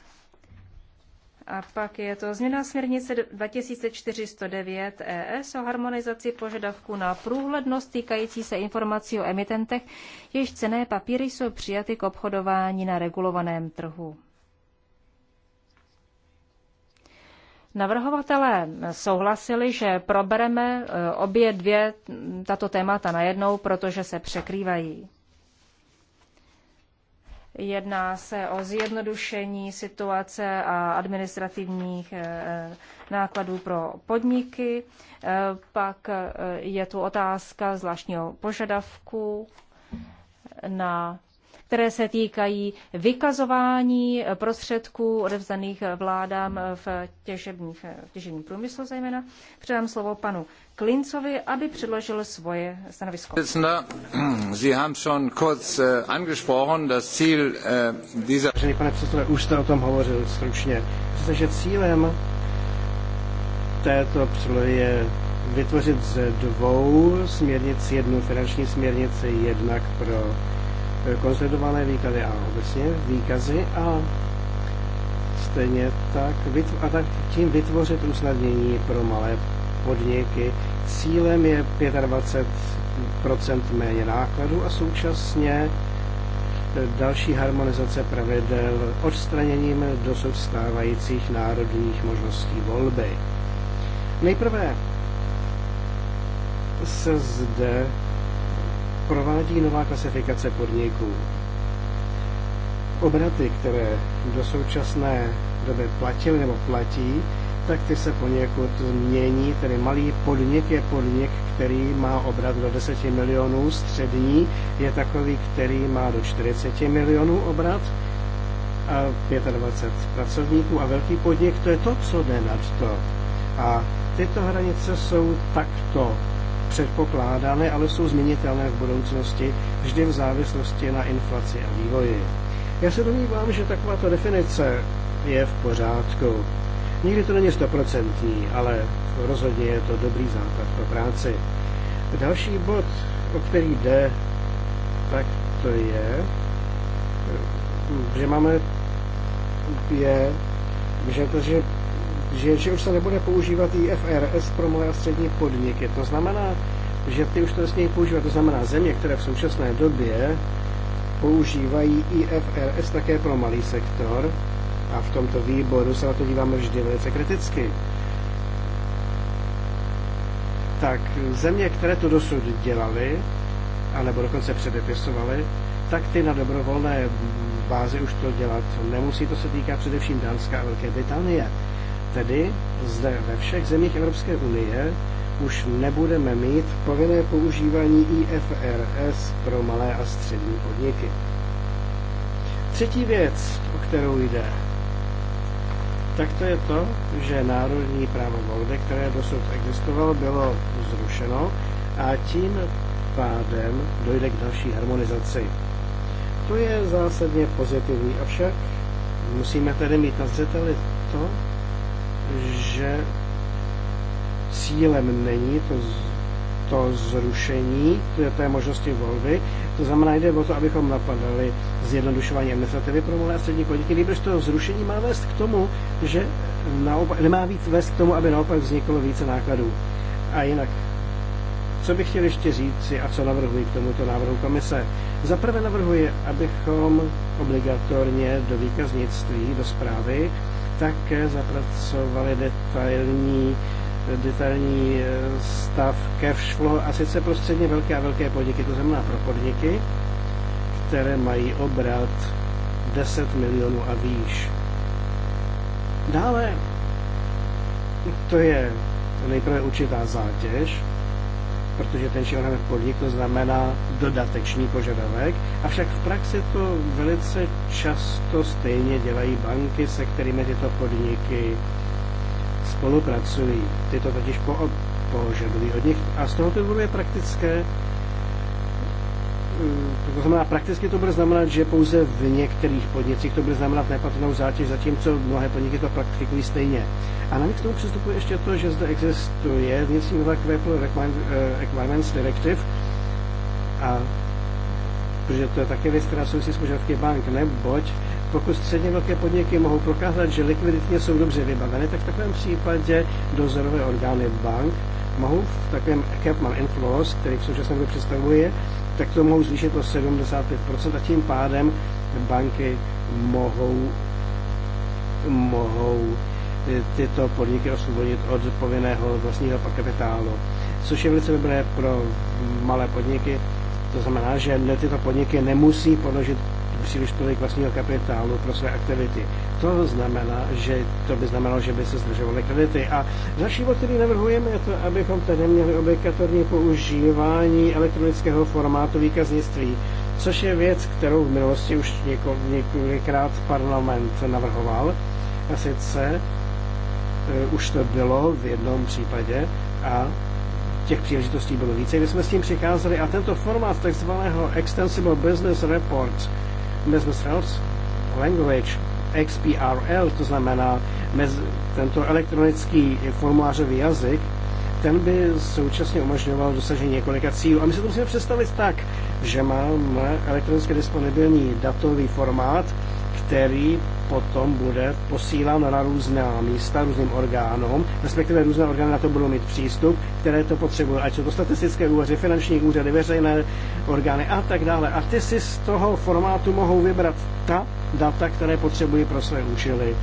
A pak je to změna směrnice 2409 ES o harmonizaci požadavků na průhlednost týkající se informací o emitentech, jež cené papíry jsou přijaty k obchodování na regulovaném trhu. Navrhovatelé souhlasili, že probereme e, obě dvě tato témata najednou, protože se překrývají. Jedná se o zjednodušení situace a administrativních eh, eh, nákladů pro podniky. Eh, pak je tu otázka zvláštního požadavku na které se týkají vykazování prostředků odevzdaných vládám v těžebních, těžebním průmyslu zejména. Předám slovo panu Klincovi, aby předložil svoje stanovisko. Sie haben schon kurz eh, angesprochen, das Ziel eh, dieser... Vážený pane předsedo, už jste o tom hovořil stručně. Protože cílem této přílohy je vytvořit ze dvou směrnic jednu finanční směrnici, jednak pro Eh, konsolidované výkazy a obecně výkazy a stejně tak, a tak tím vytvořit usnadnění pro malé podniky. Cílem je 25% méně nákladů a současně eh, další harmonizace pravidel odstraněním dosud stávajících národních možností volby. Nejprve se zde provádí nová klasifikace podniků. Obraty, které do současné doby platily nebo platí, tak ty se poněkud mění, tedy malý podnik je podnik, který má obrat do 10 milionů, střední je takový, který má do 40 milionů obrat, a 25 pracovníků a velký podnik, to je to, co jde nad to. A tyto hranice jsou takto předpokládané, ale jsou změnitelné v budoucnosti vždy v závislosti na inflaci a vývoji. Já se domnívám, že takováto definice je v pořádku. Nikdy to není stoprocentní, ale rozhodně je to dobrý základ pro práci. Další bod, o který jde, tak to je, že máme, je, že, to, že že, že už se nebude používat IFRS pro malé a střední podniky. To znamená, že ty už to nesmějí používat. To znamená, země, které v současné době používají IFRS také pro malý sektor, a v tomto výboru se na to díváme vždy velice kriticky, tak země, které to dosud dělali, anebo dokonce předepisovali, tak ty na dobrovolné bázi už to dělat nemusí. To se týká především Dánska a Velké Británie. Tedy zde ve všech zemích Evropské unie už nebudeme mít povinné používání IFRS pro malé a střední podniky. Třetí věc, o kterou jde, tak to je to, že národní právo volby, které dosud existovalo, bylo zrušeno a tím pádem dojde k další harmonizaci. To je zásadně pozitivní, avšak musíme tedy mít na zřeteli to, že cílem není to, to zrušení té možnosti volby. To znamená, jde o to, abychom napadali zjednodušování administrativy pro malé a střední podniky, kdybyž to zrušení má vést k tomu, že naopak, nemá víc vést k tomu, aby naopak vzniklo více nákladů. A jinak, co bych chtěl ještě říci a co navrhuji k tomuto návrhu komise? Za prvé navrhuji, abychom obligatorně do výkaznictví, do zprávy také zapracovali detailní detailní eh, stav ke flow a sice prostředně velké a velké podniky, to znamená pro podniky, které mají obrat 10 milionů a výš. Dále to je nejprve určitá zátěž, protože ten podnik to znamená dodatečný požadavek, avšak v praxi to velice často stejně dělají banky, se kterými tyto podniky spolupracují. Ty to totiž po, požadují od nich a z toho důvodu je praktické, Mm, to znamená, prakticky to bude znamenat, že pouze v některých podnicích to bude znamenat nepatrnou zátěž, zatímco mnohé podniky to praktikují stejně. A navíc k tomu přistupuje ještě to, že zde existuje vnitřní nová Crapple eh, Requirements Directive, a protože to je také věc, která souvisí s požadavky bank, neboť pokud středně velké podniky mohou prokázat, že likviditně jsou dobře vybaveny, tak v takovém případě dozorové orgány bank mohou v takovém Capman inflows, který v současné době představuje, tak to mohou zvýšit o 75% a tím pádem banky mohou, mohou eh, tyto podniky osvobodit od povinného vlastního kapitálu, což je velice dobré pro malé podniky. To znamená, že tyto podniky nemusí podložit příliš tolik vlastního kapitálu pro své aktivity. To znamená, že to by znamenalo, že by se zdržovaly kredity. A další bod, který navrhujeme, je to, abychom tady měli obligatorní používání elektronického formátu výkaznictví, což je věc, kterou v minulosti už něko, několikrát parlament navrhoval. A sice eh, už to bylo v jednom případě a těch příležitostí bylo více, kdy jsme s tím přicházeli a tento formát takzvaného Extensible Business Report Business Routes Language XBRL, to znamená mez, tento elektronický formulářový jazyk, ten by současně umožňoval dosažení několika cílů. A my si to musíme představit tak, že máme elektronicky disponibilní datový formát, který potom bude posílán na různá místa, různým orgánům, respektive různé orgány na to budou mít přístup, které to potřebují, ať jsou to statistické úřady, finanční úřady, veřejné orgány a tak dále. A ty si z toho formátu mohou vybrat ta data, které potřebují pro své účely.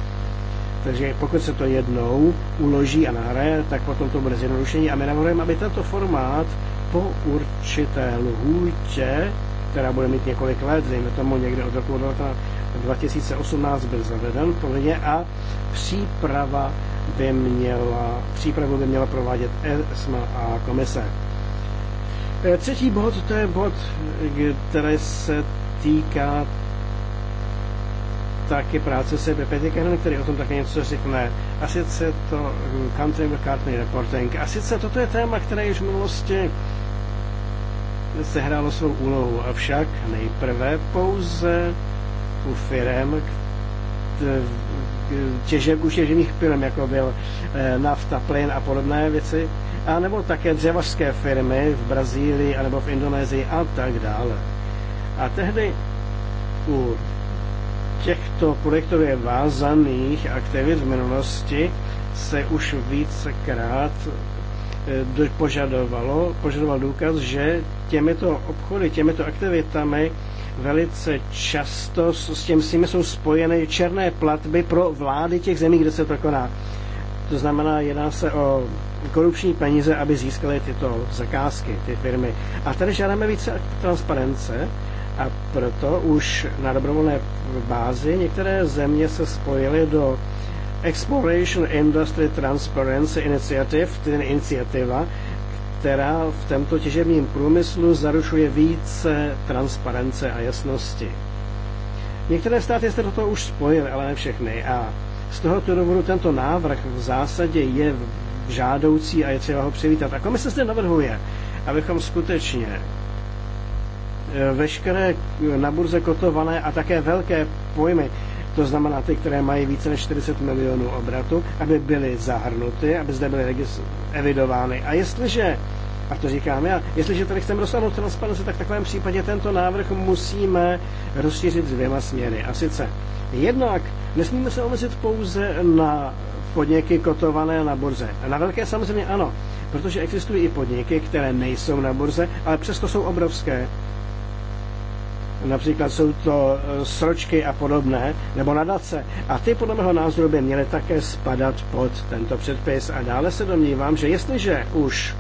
Takže pokud se to jednou uloží a nahraje, tak potom to bude zjednodušení. A my navrhujeme, aby tento formát po určité lhůtě, která bude mít několik let, dejme tomu někde od roku 19, 2018 byl zaveden plně a příprava by měla, přípravu by měla provádět ESMA a komise. E, třetí bod, to je bod, který se týká taky práce se Petikenen, který o tom také něco řekne. A sice to hm, Country McCartney Reporting. A sice toto je téma, které již v minulosti sehrálo svou úlohu, avšak nejprve pouze u firm, těžeb, u těžebních firm, jako byl eh, nafta, plyn a podobné věci, a nebo také dřevařské firmy v Brazílii, anebo v Indonésii a tak dále. A tehdy u těchto projektově vázaných aktivit v minulosti se už vícekrát Eh, požadovalo, požadoval důkaz, že těmito obchody, těmito aktivitami velice často s těm sími jsou spojeny černé platby pro vlády těch zemí, kde se to koná. To znamená, jedná se o korupční peníze, aby získaly tyto zakázky, ty firmy. A tady žádáme více transparence a proto už na dobrovolné bázi některé země se spojily do Exploration Industry Transparency Initiative, tedy iniciativa, která v tomto těžebním průmyslu zaručuje více transparence a jasnosti. Některé státy se do toho už spojily, ale ne všechny. A z tohoto důvodu tento návrh v zásadě je žádoucí a je třeba ho přivítat. A komise zde navrhuje, abychom skutečně e, veškeré na burze kotované a také velké pojmy to znamená ty, které mají více než 40 milionů obratu, aby byly zahrnuty, aby zde byly evidovány. A jestliže, a to říkám já, jestliže tady chceme dosáhnout transparenci, tak v takovém případě tento návrh musíme rozšířit dvěma směry. A sice jednak nesmíme se omezit pouze na podniky kotované na burze. Na velké samozřejmě ano, protože existují i podniky, které nejsou na burze, ale přesto jsou obrovské například jsou to e, sročky a podobné, nebo nadace. A ty podle mého názoru by měly také spadat pod tento předpis. A dále se domnívám, že jestliže už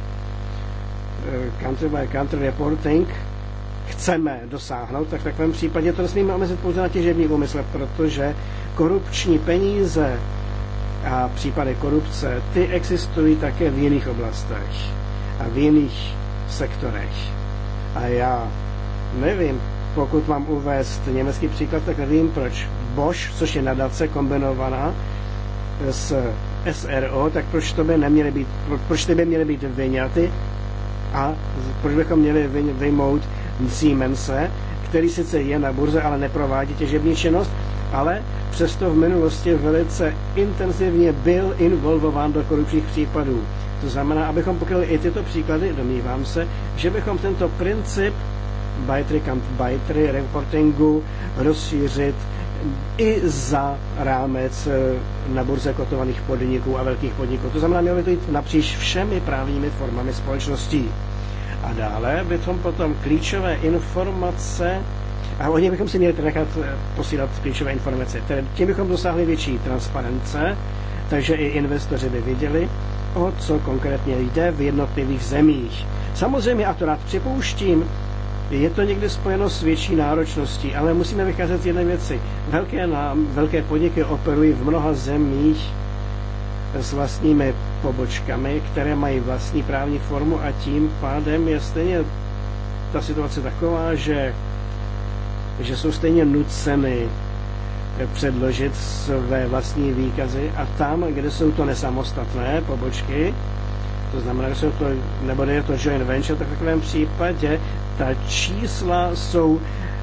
e, country by country reporting chceme dosáhnout, tak v takovém případě to nesmíme omezit pouze na těžební úmysl, protože korupční peníze a případy korupce, ty existují také v jiných oblastech a v jiných sektorech. A já nevím, pokud mám uvést německý příklad, tak nevím proč Bosch, což je nadace kombinovaná s SRO, tak proč to by neměly být, proč ty by měly být vyňaty a proč bychom měli vyjmout Siemense, který sice je na burze, ale neprovádí těžební činnost, ale přesto v minulosti velice intenzivně byl involvován do korupčních případů. To znamená, abychom pokryli i tyto příklady, domnívám se, že bychom tento princip bajtry camp bajtry reportingu rozšířit i za rámec e, na burze kotovaných podniků a velkých podniků. To znamená, mělo by to jít napříč všemi právními formami společností. A dále bychom potom klíčové informace a o ně bychom si měli nechat e, posílat klíčové informace. tím bychom dosáhli větší transparence, takže i investoři by viděli, o co konkrétně jde v jednotlivých zemích. Samozřejmě, a to rád připouštím, je to někdy spojeno s větší náročností, ale musíme vycházet z jedné věci. Velké, nám, velké podniky operují v mnoha zemích s vlastními pobočkami, které mají vlastní právní formu a tím pádem je stejně ta situace taková, že, že jsou stejně nuceny předložit své vlastní výkazy a tam, kde jsou to nesamostatné pobočky, to znamená, že to, nebo je to joint venture, tak v takovém případě ta čísla jsou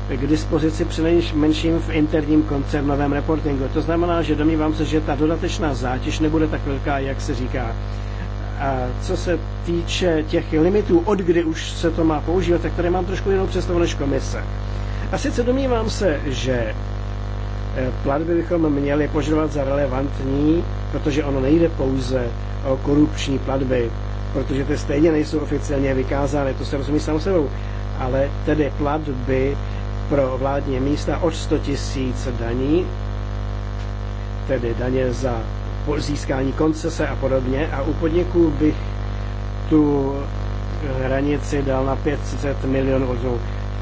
k dispozici přinejmenším v interním koncernovém reportingu. To znamená, že domnívám se, že ta dodatečná zátěž nebude tak velká, jak se říká. A co se týče těch limitů, od kdy už se to má používat, tak tady mám trošku jinou představu než komise. A sice domnívám se, že eh, platby bychom měli požadovat za relevantní, protože ono nejde pouze korupční platby, protože ty stejně nejsou oficiálně vykázány, to se rozumí samo sebou, ale tedy platby pro vládní místa od 100 tisíc daní, tedy daně za získání koncese a podobně. A u podniků bych tu eh, hranici dal na 500 milionů odnů.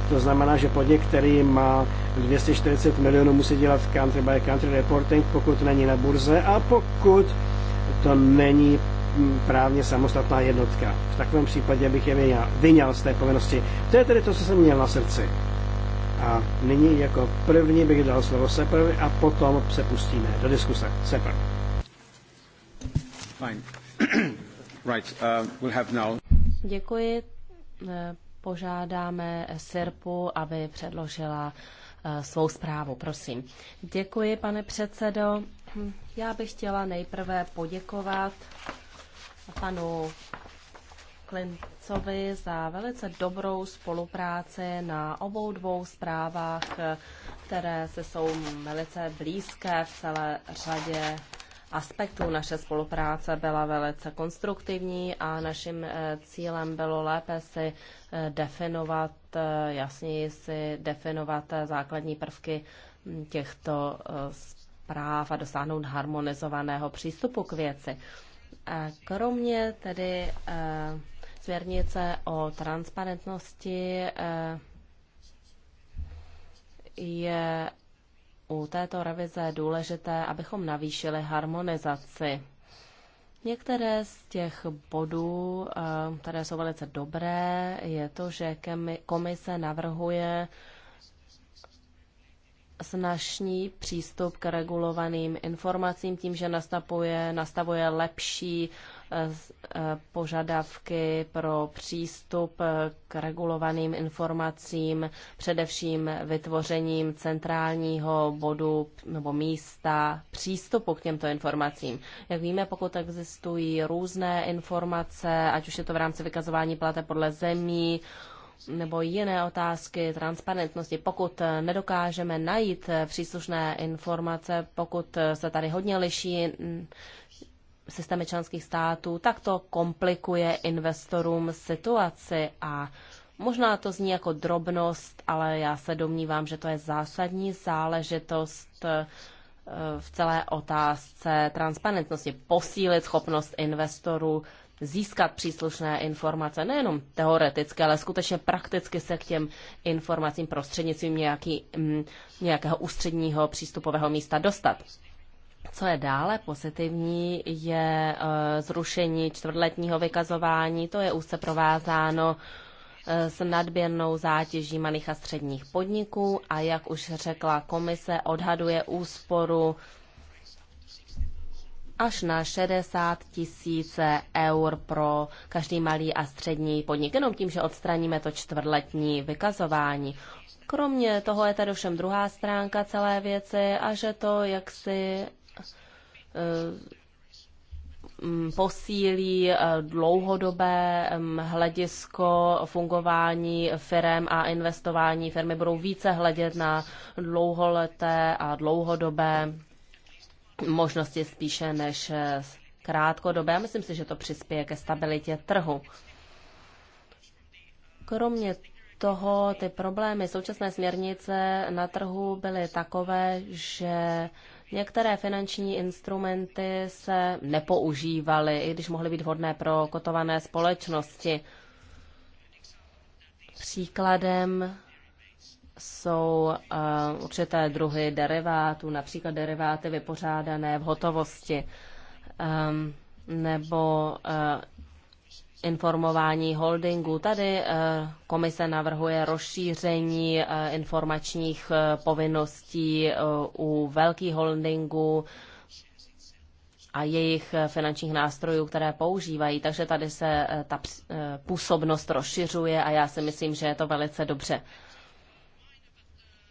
To znamená, že podnik, který má 240 milionů, musí dělat country by country reporting, pokud není na burze a pokud to není mm, právně samostatná jednotka. V takovém případě bych je vyňal z té povinnosti. To je tedy to, co jsem měl na srdci. A nyní jako první bych dal slovo Seprovi a potom se pustíme do diskuse. Sepr. Fine. *clears throat* right, uh, we'll have now... Děkuji. Eh, požádáme Sirpu, aby předložila eh, svou zprávu. Prosím. Děkuji, pane předsedo. Já bych chtěla nejprve poděkovat panu Klincovi za velice dobrou spolupráci na obou dvou zprávách, které se jsou velice blízké v celé řadě aspektů. Naše spolupráce byla velice konstruktivní a naším eh, cílem bylo lépe si eh, definovat, eh, jasněji si definovat základní prvky hm, těchto zpráv práv a dosáhnout harmonizovaného přístupu k věci. Kromě tedy eh, směrnice o transparentnosti eh, je u této revize důležité, abychom navýšili harmonizaci. Některé z těch bodů, eh, které jsou velice dobré, je to, že komise navrhuje snažší přístup k regulovaným informacím tím, že nastavuje, nastavuje lepší eh, eh, požadavky pro přístup eh, k regulovaným informacím, především vytvořením centrálního bodu nebo místa přístupu k těmto informacím. Jak víme, pokud existují různé informace, ať už je to v rámci vykazování plate podle zemí, nebo jiné otázky transparentnosti, pokud eh, nedokážeme najít eh, příslušné informace, pokud eh, se tady hodně liší mm, systémy členských států, tak to komplikuje investorům situaci a možná to zní jako drobnost, ale já se domnívám, že to je zásadní záležitost v celé otázce transparentnosti, posílit schopnost investorů získat příslušné informace, nejenom teoreticky, ale skutečně prakticky se k těm informacím prostřednictvím nějaký, mm, nějakého ústředního přístupového místa dostat. Co je dále pozitivní, je e, zrušení čtvrtletního vykazování. To je úzce provázáno e, s nadběrnou zátěží malých a středních podniků a jak už řekla komise, odhaduje úsporu až na 60 tisíce eur pro každý malý a střední podnik, jenom tím, že odstraníme to čtvrtletní vykazování. Kromě toho je tady ovšem druhá stránka celé věci a že to jaksi eh, mm, posílí eh, dlouhodobé mm, hledisko fungování firm a investování. Firmy budou více hledět na dlouholeté a dlouhodobé možnosti spíše než krátkodobé. Já myslím si, že to přispěje ke stabilitě trhu. Kromě toho ty problémy současné směrnice na trhu byly takové, že některé finanční instrumenty se nepoužívaly, i když mohly být vhodné pro kotované společnosti. Příkladem jsou eh, určité druhy derivátů, například deriváty vypořádané v hotovosti ehm, nebo eh, informování holdingu. Tady eh, komise navrhuje rozšíření informačních povinností u velkých holdingů a jejich finančních nástrojů, které používají. Takže tady se ta působnost rozšiřuje a já si myslím, že je to velice dobře.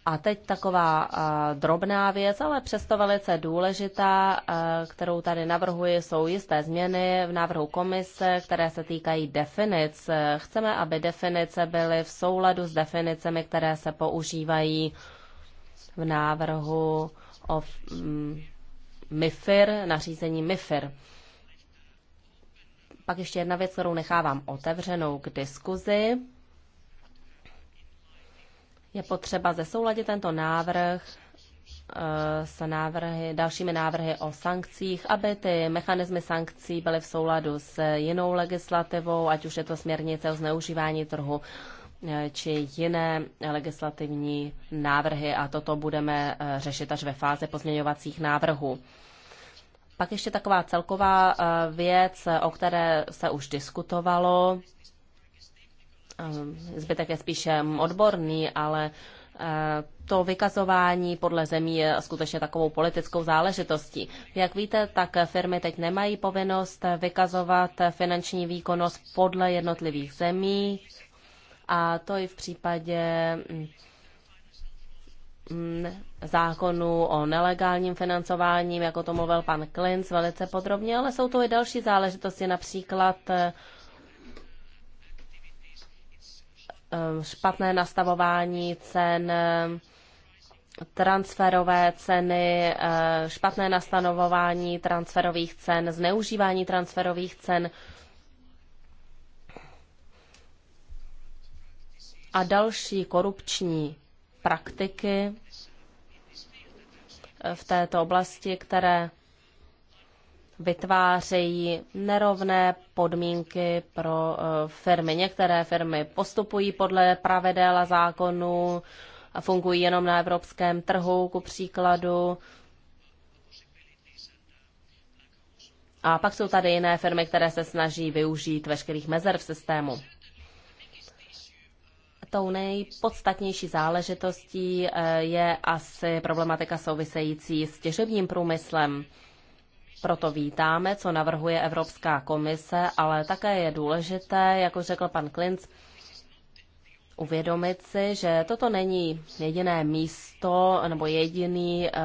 A teď taková drobná věc, ale přesto velice důležitá, kterou tady navrhuji, jsou jisté změny v návrhu komise, které se týkají definic. Chceme, aby definice byly v souladu s definicemi, které se používají v návrhu o mm, MIFIR, nařízení MIFIR. Pak ještě jedna věc, kterou nechávám otevřenou k diskuzi. Je potřeba zesouladit tento návrh eh, s návrhy, dalšími návrhy o sankcích, aby ty mechanismy sankcí byly v souladu s jinou legislativou, ať už je to směrnice o zneužívání trhu eh, či jiné legislativní návrhy a toto budeme eh, řešit až ve fázi pozměňovacích návrhů. Pak ještě taková celková věc, o které se už diskutovalo Ehm, zbytek je spíše ehm, odborný, ale eh, to vykazování podle zemí je skutečně takovou politickou záležitostí. Jak víte, tak firmy teď nemají povinnost vykazovat finanční výkonnost podle jednotlivých zemí a to i v případě mm, mm, zákonu o nelegálním financování, jako to mluvil pan Klinc velice podrobně, ale jsou to i další záležitosti, například eh, Eh, špatné nastavování cen, eh, transferové ceny, eh, špatné nastanovování transferových cen, zneužívání transferových cen a další korupční praktiky v této oblasti, které vytvářejí nerovné podmínky pro eh, firmy. Některé firmy postupují podle pravidel a zákonů a fungují jenom na evropském trhu, ku příkladu. A pak jsou tady jiné firmy, které se snaží využít veškerých mezer v systému. Tou nejpodstatnější záležitostí eh, je asi problematika související s těžebním průmyslem. Proto vítáme, co navrhuje Evropská komise, ale také je důležité, jako řekl pan Klinc, uvědomit si, že toto není jediné místo nebo jediný, eh,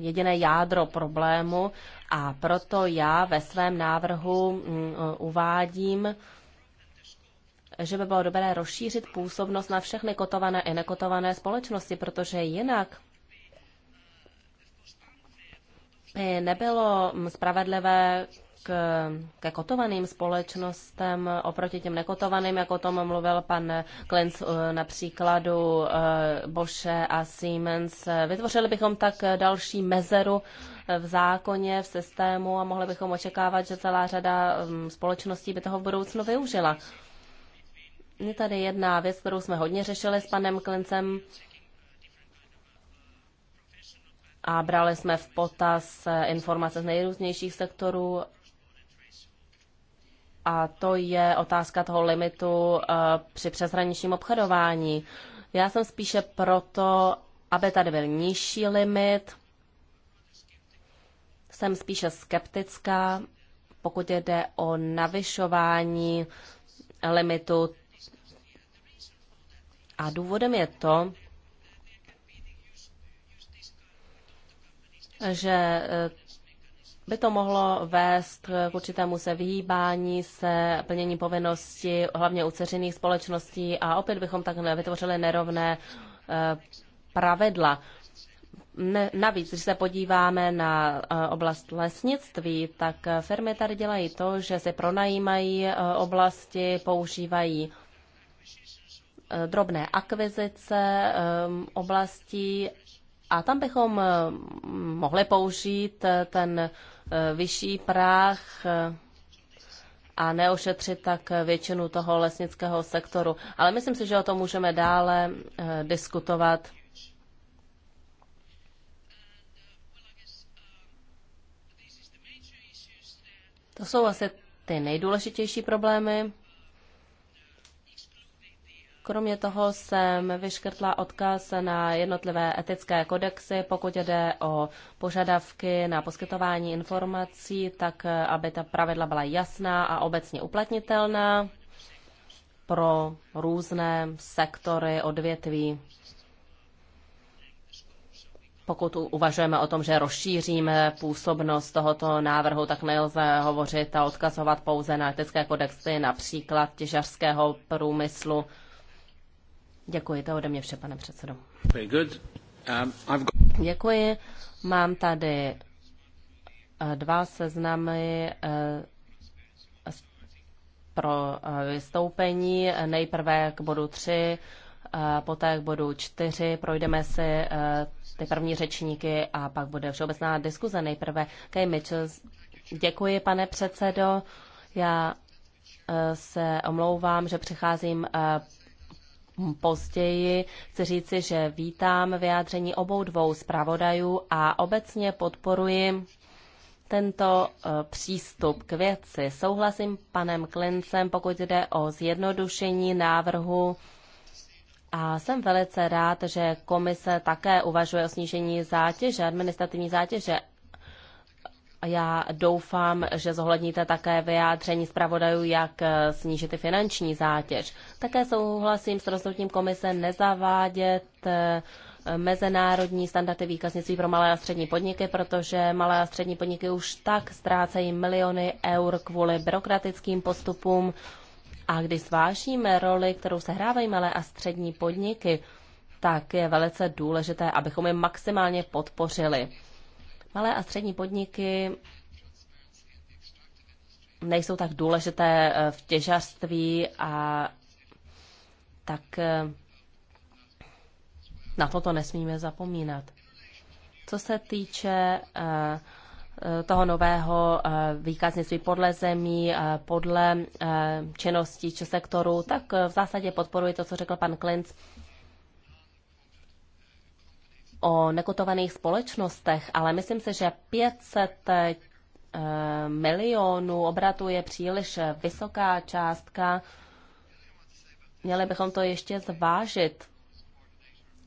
jediné jádro problému a proto já ve svém návrhu mm, uvádím, že by bylo dobré rozšířit působnost na všechny kotované i nekotované společnosti, protože jinak nebylo spravedlivé k, ke kotovaným společnostem oproti těm nekotovaným, jako o tom mluvil pan Klenc eh, na příkladu eh, Boše a Siemens. Vytvořili bychom tak další mezeru eh, v zákoně, v systému a mohli bychom očekávat, že celá řada mm, společností by toho v budoucnu využila. Je tady jedna věc, kterou jsme hodně řešili s panem Klincem, a brali jsme v potaz eh, informace z nejrůznějších sektorů. A to je otázka toho limitu eh, při přeshraničním obchodování. Já jsem spíše proto, aby tady byl nižší limit. Jsem spíše skeptická, pokud jde o navyšování limitu. A důvodem je to, že eh, by to mohlo vést k určitému se vyhýbání se plnění povinnosti, hlavně u ceřených společností a opět bychom tak vytvořili nerovné eh, pravidla. Ne, navíc, když se podíváme na eh, oblast lesnictví, tak firmy tady dělají to, že si pronajímají oblasti, používají drobné akvizice oblastí a tam bychom eh, mohli použít eh, ten eh, vyšší práh a neošetřit tak většinu toho lesnického sektoru. Ale myslím si, že o tom můžeme dále diskutovat. To jsou asi ty nejdůležitější problémy. Kromě toho jsem vyškrtla odkaz na jednotlivé etické kodexy, pokud jde o požadavky na poskytování informací, tak aby ta pravidla byla jasná a obecně uplatnitelná pro různé sektory, odvětví. Pokud uvažujeme o tom, že rozšíříme působnost tohoto návrhu, tak nelze hovořit a odkazovat pouze na etické kodexy například těžařského průmyslu Děkuji, to ode mě vše, pane předsedo. Very good. Um, I've got... Děkuji. Mám tady eh, dva seznamy eh, pro eh, vystoupení. Nejprve k bodu 3, poté k bodu 4. Projdeme si ty první řečníky a pak bude všeobecná diskuze. Nejprve Kay Mitchell. Děkuji, pane předsedo. Já se omlouvám, že přicházím později. Chci říci, že vítám vyjádření obou dvou zpravodajů a obecně podporuji tento e, přístup k věci. Souhlasím panem Klincem, pokud jde o zjednodušení návrhu a jsem velice rád, že komise také uvažuje o snížení zátěže, administrativní zátěže já doufám, že zohledníte také vyjádření zpravodajů, jak eh, snížit finanční zátěž. Také souhlasím s rozhodnutím komise nezavádět eh, mezinárodní standardy výkaznictví pro malé a střední podniky, protože malé a střední podniky už tak ztrácejí miliony eur kvůli byrokratickým postupům. A když zvážíme roli, kterou sehrávají malé a střední podniky, tak je velice důležité, abychom je maximálně podpořili. Malé a střední podniky nejsou tak důležité eh, v těžařství a tak eh, na toto nesmíme zapomínat. Co se týče eh, toho nového výkaznictví podle zemí, podle činností či sektoru, tak v zásadě podporuji to, co řekl pan Klinc o nekotovaných společnostech, ale myslím si, že 500 eh, milionů obratů je příliš vysoká částka. Měli bychom to ještě zvážit.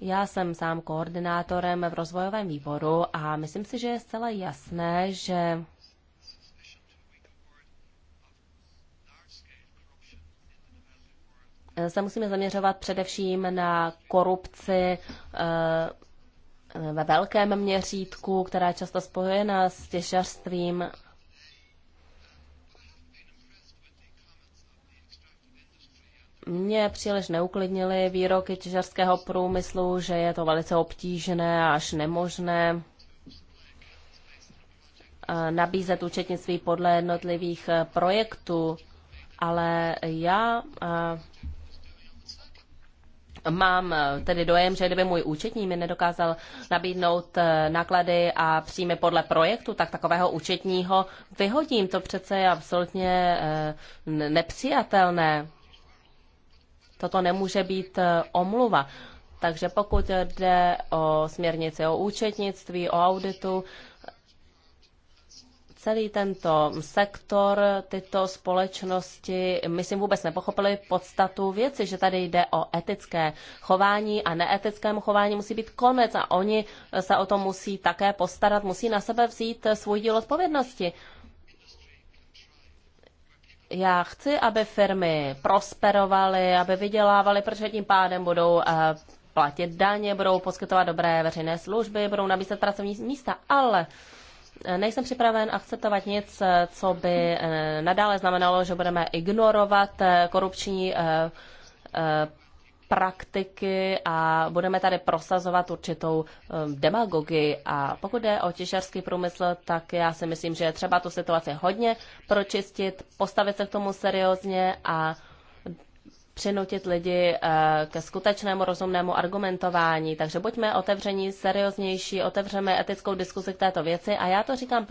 Já jsem sám koordinátorem v rozvojovém výboru a myslím si, že je zcela jasné, že se musíme zaměřovat především na korupci eh, ve velkém měřítku, která je často spojena s těžařstvím. Mě příliš neuklidnily výroky těžařského průmyslu, že je to velice obtížné až nemožné eh, nabízet účetnictví podle jednotlivých eh, projektů, ale já eh, Mám eh, tedy dojem, že kdyby můj účetní mi nedokázal nabídnout eh, náklady a příjmy podle projektu, tak takového účetního vyhodím. To přece je absolutně eh, nepřijatelné. Toto nemůže být omluva. Takže pokud jde o směrnici o účetnictví, o auditu, celý tento sektor, tyto společnosti, myslím, vůbec nepochopili podstatu věci, že tady jde o etické chování a neetickému chování musí být konec a oni se o to musí také postarat, musí na sebe vzít svůj díl odpovědnosti. Já chci, aby firmy prosperovaly, aby vydělávaly, protože tím pádem budou eh, platit daně, budou poskytovat dobré veřejné služby, budou nabízet pracovní místa, ale Eh, nejsem připraven akceptovat nic, eh, co by eh, nadále znamenalo, že budeme ignorovat korupční praktiky a budeme tady prosazovat určitou demagogii. A pokud je o těžerský průmysl, tak já si myslím, že je třeba tu situaci hodně pročistit, postavit se k tomu seriózně a přinutit lidi eh, ke skutečnému rozumnému argumentování. Takže buďme otevření, serióznější, otevřeme etickou diskuzi k této věci a já to říkám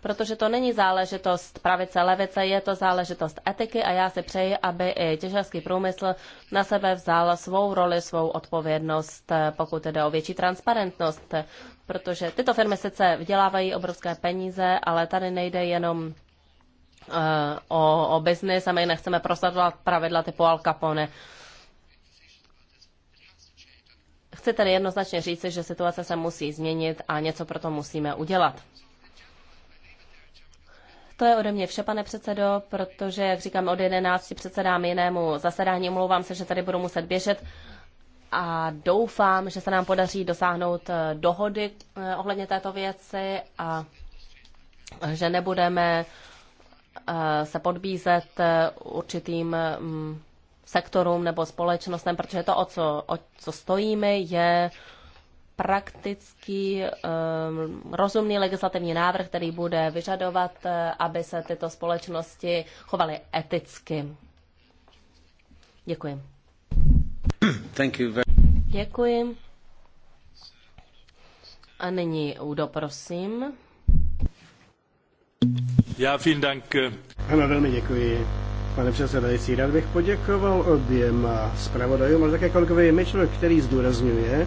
protože to není záležitost pravice levice, je to záležitost etiky a já si přeji, aby i těžarský průmysl na sebe vzal svou roli, svou odpovědnost, eh, pokud jde o větší transparentnost, protože tyto firmy sice vydělávají obrovské peníze, ale tady nejde jenom o, o biznis a my nechceme prosazovat pravidla typu Al Capone. Chci tedy jednoznačně říci, že situace se musí změnit a něco proto musíme udělat. To je ode mě vše, pane předsedo, protože, jak říkám, od 11 předsedám jinému zasedání. Omlouvám se, že tady budu muset běžet a doufám, že se nám podaří dosáhnout eh, dohody eh, ohledně této věci a že nebudeme uh, Eh, se podbízet eh, určitým mm, sektorům nebo společnostem, protože to, o co, o co stojíme, je praktický um, rozumný legislativní návrh, který bude vyžadovat, aby se tyto společnosti chovaly eticky. Děkuji. *clears throat* Thank you very... Děkuji. A nyní Udo, prosím. Já eh. Ano, velmi děkuji. Pane předsedající, rád bych poděkoval oběma zpravodajům, ale také kolegovi Mitchellu, který zdůrazňuje,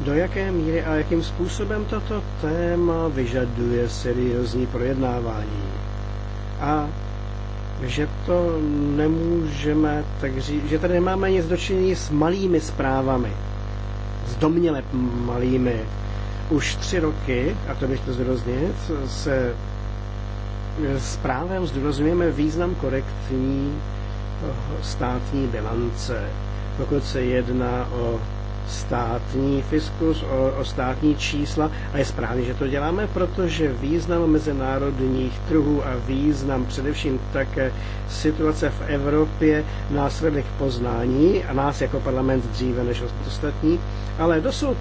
do jaké míry a jakým způsobem toto téma vyžaduje seriózní projednávání. A že to nemůžeme tak říct, že tady nemáme nic dočinění s malými zprávami, s domněle malými. Už tři roky, a to bych to zdůraznit, se s právem zdůrazňujeme význam korektní státní bilance. Pokud se jedná o státní fiskus, o, o státní čísla a je správně, že to děláme, protože význam mezinárodních trhů a význam především také situace v Evropě nás vedly k poznání a nás jako parlament dříve než ostatní, ale dosud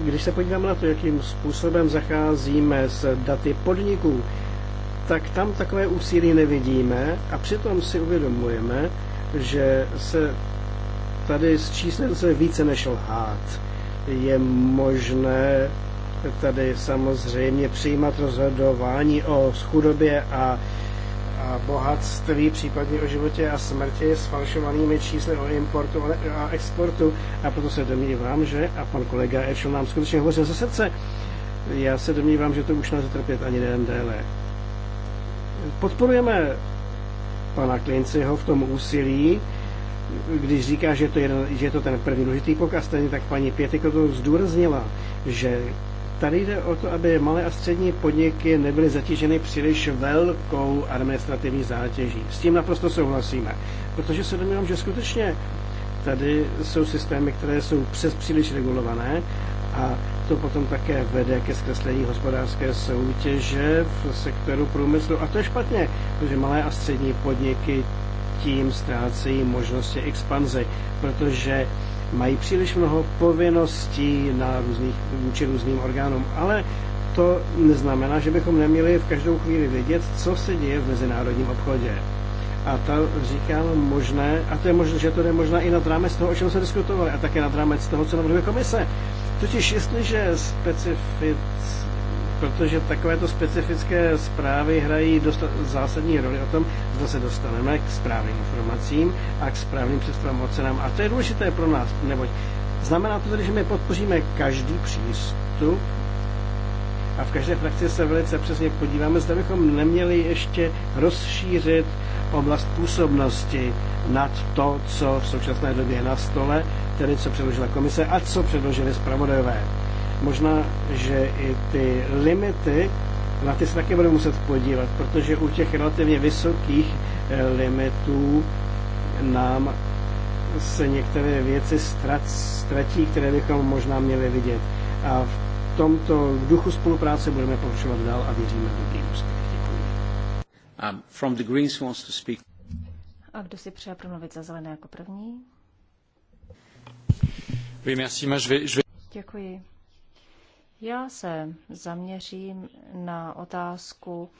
když se podíváme na to, jakým způsobem zacházíme s daty podniků, tak tam takové úsilí nevidíme a přitom si uvědomujeme, že se tady s číslem se více než lhát. Je možné tady samozřejmě přijímat rozhodování o chudobě a a bohatství, případně o životě a smrti s falšovanými čísly o importu a exportu. A proto se domnívám, že, a pan kolega Ešel nám skutečně hovořil ze srdce, já se domnívám, že to už nelze trpět ani den déle. Podporujeme pana Klinciho v tom úsilí, když říká, že, to je, že je to ten první důležitý pokaz, stejně tak paní Pětyko to zdůraznila, že Tady jde o to, aby malé a střední podniky nebyly zatíženy příliš velkou administrativní zátěží. S tím naprosto souhlasíme, protože se domnívám, že skutečně tady jsou systémy, které jsou přes příliš regulované a to potom také vede ke zkreslení hospodářské soutěže v sektoru průmyslu. A to je špatně, protože malé a střední podniky tím ztrácejí možnosti expanze, protože mají příliš mnoho povinností na různých, vůči různým orgánům, ale to neznamená, že bychom neměli v každou chvíli vědět, co se děje v mezinárodním obchodě. A to říkám možné, a to je možné, že to je možná i nad rámec toho, o čem se diskutovali, a také nad rámec toho, co navrhuje komise. Totiž jestliže specific, protože takovéto specifické zprávy hrají dost zásadní roli o tom, zda se dostaneme k správným informacím a k správným představám o cenám. A to je důležité pro nás, neboť znamená to tedy, že my podpoříme každý přístup a v každé frakci se velice přesně podíváme, zda bychom neměli ještě rozšířit oblast působnosti nad to, co v současné době je na stole, tedy co předložila komise a co předložili zpravodajové. Možná, že i ty limity, na ty se taky budeme muset podívat, protože u těch relativně vysokých eh, limitů nám se některé věci ztratí, které bychom možná měli vidět. A v tomto duchu spolupráce budeme pokračovat dál a věříme v dobrý úspěch. Děkuji. Um, from the Greens wants to speak. A kdo si přeje promluvit za zelené jako první? Oui, merci, je vais, Děkuji. Já se zaměřím na otázku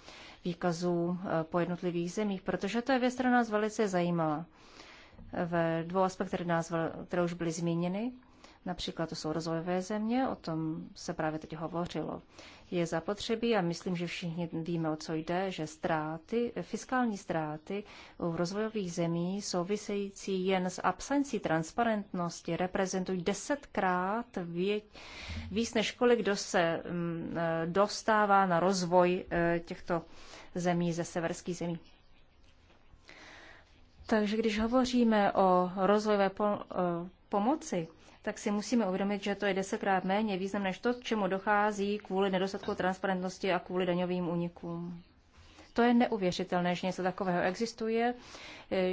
výkazů eh, po jednotlivých zemích, protože to je věc, která nás velice zajímala. Ve dvou aspektech, které už byly zmíněny, Například to jsou rozvojové země, o tom se právě teď hovořilo. Je zapotřebí, a myslím, že všichni víme, o co jde, že ztráty, fiskální ztráty v rozvojových zemí související jen s absencí transparentnosti reprezentují desetkrát vě, víc, než kolik kdo se mm, eh, dostává na rozvoj eh, těchto zemí ze severských zemí. Takže když hovoříme o rozvojové eh, pomoci, tak si musíme uvědomit, že to je desetkrát méně význam než to, čemu dochází kvůli nedostatku transparentnosti a kvůli daňovým únikům. To je neuvěřitelné, že něco takového existuje,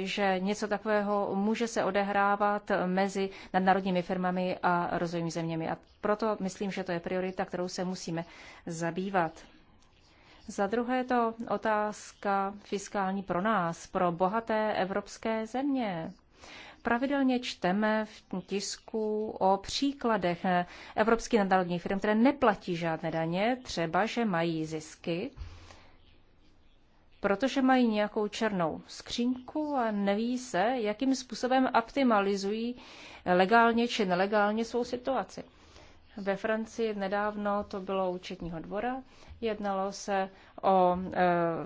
že něco takového může se odehrávat mezi nadnárodními firmami a rozvojovými zeměmi. A proto myslím, že to je priorita, kterou se musíme zabývat. Za druhé je to otázka fiskální pro nás, pro bohaté evropské země. Pravidelně čteme v tisku o příkladech evropských nadnárodních firm, které neplatí žádné daně, třeba že mají zisky, protože mají nějakou černou skřínku a neví se, jakým způsobem optimalizují legálně či nelegálně svou situaci. Ve Francii nedávno to bylo účetního dvora. Jednalo se o e,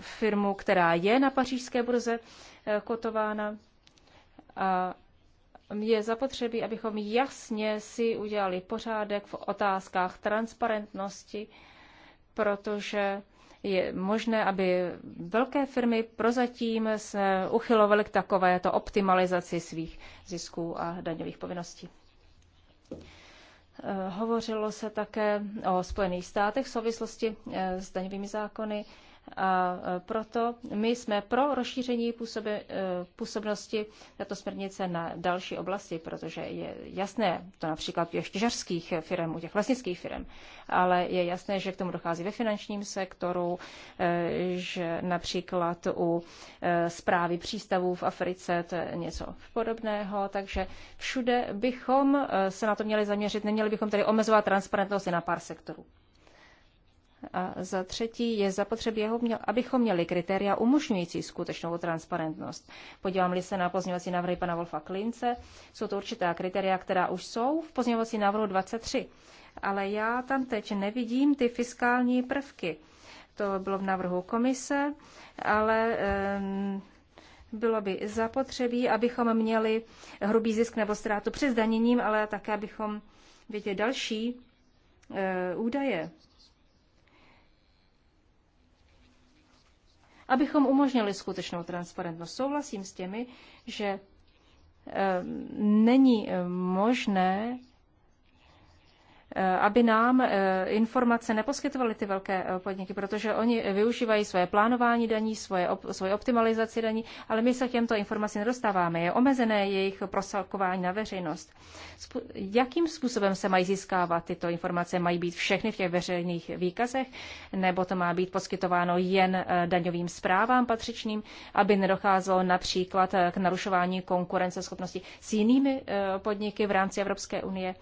firmu, která je na pařížské burze e, kotována. A je zapotřebí, abychom jasně si udělali pořádek v otázkách transparentnosti, protože je možné, aby velké firmy prozatím se uchylovaly k takovéto optimalizaci svých zisků a daňových povinností. Eh, hovořilo se také o Spojených státech v souvislosti eh, s daňovými zákony. A proto my jsme pro rozšíření působe, působnosti této směrnice na další oblasti, protože je jasné, to například u těžařských firm, u těch vlastnických firm, ale je jasné, že k tomu dochází ve finančním sektoru, e, že například u zprávy e, přístavů v Africe to je něco podobného, takže všude bychom e, se na to měli zaměřit, neměli bychom tedy omezovat transparentnost na pár sektorů. A za třetí je zapotřebí, abychom měli kritéria umožňující skutečnou transparentnost. Podívám-li se na pozměňovací návrhy pana Wolfa Klince, jsou to určitá kritéria, která už jsou v pozměňovací návrhu 23. Ale já tam teď nevidím ty fiskální prvky. To bylo v návrhu komise, ale ehm, bylo by zapotřebí, abychom měli hrubý zisk nebo ztrátu před zdaněním, ale také abychom věděli další ehm, údaje abychom umožnili skutečnou transparentnost. Souhlasím s těmi, že eh, není eh, možné Eh, aby nám eh, informace neposkytovaly ty velké eh, podniky, protože oni využívají svoje plánování daní, svoje, op, svoje optimalizaci daní, ale my se k těmto informacím nedostáváme. Je omezené jejich prosalkování na veřejnost. Sp- jakým způsobem se mají získávat tyto informace? Mají být všechny v těch veřejných výkazech, nebo to má být poskytováno jen daňovým zprávám patřičným, aby nedocházelo například k narušování konkurenceschopnosti s jinými podniky v rámci Evropské unie?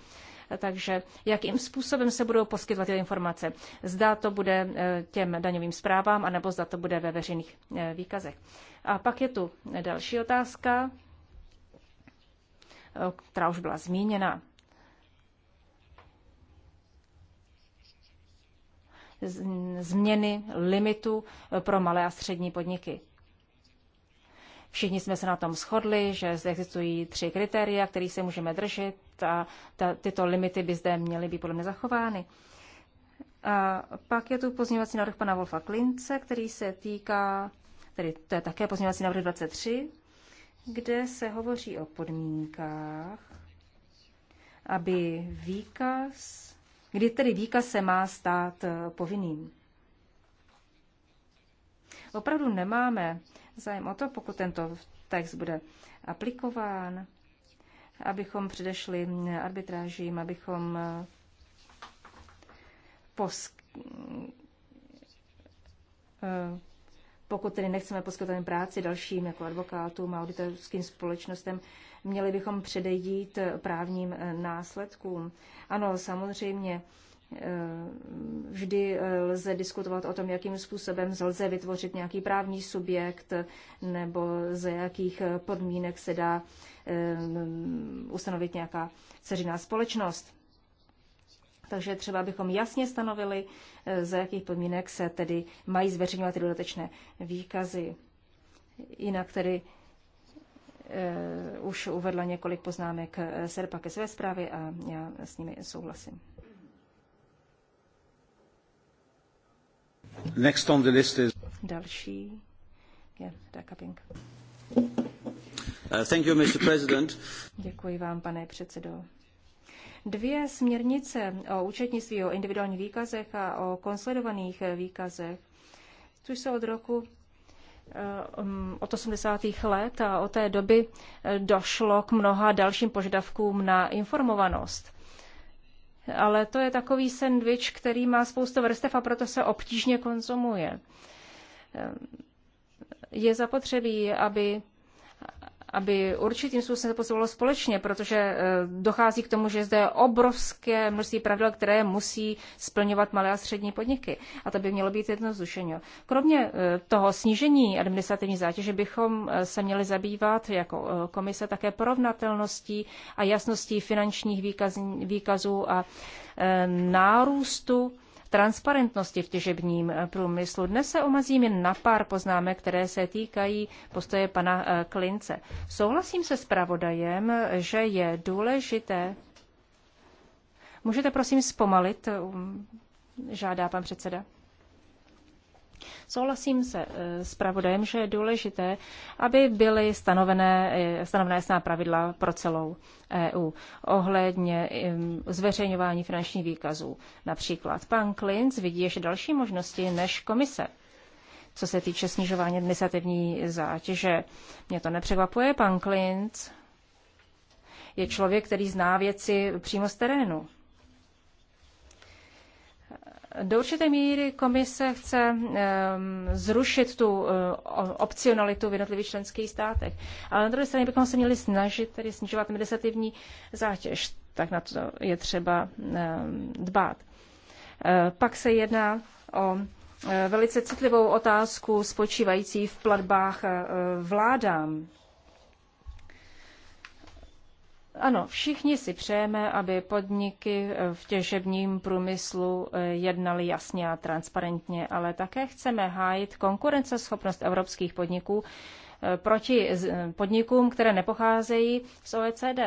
takže jakým způsobem se budou poskytovat ty informace. Zda to bude eh, těm daňovým zprávám, anebo zda to bude ve veřejných eh, výkazech. A pak je tu další otázka, eh, která už byla zmíněna. Změny limitu pro malé a střední podniky. Všichni jsme se na tom shodli, že zde existují tři kritéria, které se můžeme držet a ta, tyto limity by zde měly být podle mě zachovány. A pak je tu pozměňovací návrh pana Wolfa Klince, který se týká, tedy to je také pozměňovací návrh 23, kde se hovoří o podmínkách, aby výkaz, kdy tedy výkaz se má stát povinným. Opravdu nemáme zájem o to, pokud tento text bude aplikován, abychom předešli arbitrážím, abychom eh, posk... Eh, pokud tedy nechceme poskytovat práci dalším jako advokátům a auditorským společnostem, měli bychom předejít právním eh, následkům. Ano, samozřejmě Eh, vždy eh, lze diskutovat o tom, jakým způsobem lze vytvořit nějaký právní subjekt nebo za jakých eh, podmínek se dá ustanovit nějaká ceřiná společnost. Takže třeba bychom jasně stanovili, za jakých podmínek se tedy mají zveřejňovat ty dodatečné výkazy. Jinak tedy eh, už uvedla několik poznámek Serpa ke své zprávě a já s nimi souhlasím. Next on the list is... Další je uh, thank you, Mr. President. Děkuji vám, pane předsedo. Dvě směrnice o účetnictví, o individuálních výkazech a o konsolidovaných výkazech, což jsou od roku eh, um, od 80. let a od té doby eh, došlo k mnoha dalším požadavkům na informovanost ale to je takový sendvič, který má spoustu vrstev a proto se obtížně konzumuje. Je zapotřebí, aby aby určitým způsobem se posouvalo společně, protože eh, dochází k tomu, že zde je obrovské množství pravidel, které musí splňovat malé a střední podniky. A to by mělo být jedno zrušení. Kromě eh, toho snížení administrativní zátěže bychom eh, se měli zabývat jako komise také porovnatelností a jasností finančních výkazů a nárůstu transparentnosti v těžebním eh, průmyslu. Dnes se omezím jen na pár poznámek, které se týkají postoje pana eh, Klince. Souhlasím se pravodajem, že je důležité. Můžete prosím zpomalit, eh, um, žádá pan předseda. Souhlasím se eh, s pravodajem, že je důležité, aby byly stanovené, eh, stanovené jasná pravidla pro celou EU ohledně zveřejňování finančních výkazů. Například pan Klinc vidí ještě další možnosti než komise co se týče snižování administrativní zátěže. Mě to nepřekvapuje, pan Klinc je člověk, který zná věci přímo z terénu. Do určité míry komise chce zrušit tu e, opcionalitu v jednotlivých členských státech. Ale na druhé straně bychom se měli snažit tedy snižovat administrativní zátěž. Tak na to je třeba dbát. E, pak se jedná o e, velice citlivou otázku spočívající v platbách vládám. Ano, všichni si přejeme, aby podniky v těžebním průmyslu eh, jednaly jasně a transparentně, ale také chceme hájit konkurenceschopnost evropských podniků eh, proti podnikům, které nepocházejí z OECD.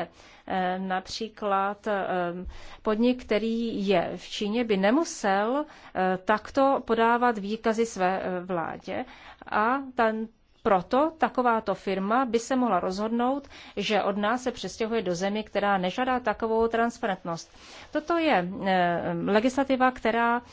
Eh, například podnik, který je v Číně, by nemusel takto podávat výkazy své vládě a ten, proto takováto firma by se mohla rozhodnout, že od nás se přestěhuje do země, která nežádá takovou transparentnost. Toto je eh, legislativa, která eh,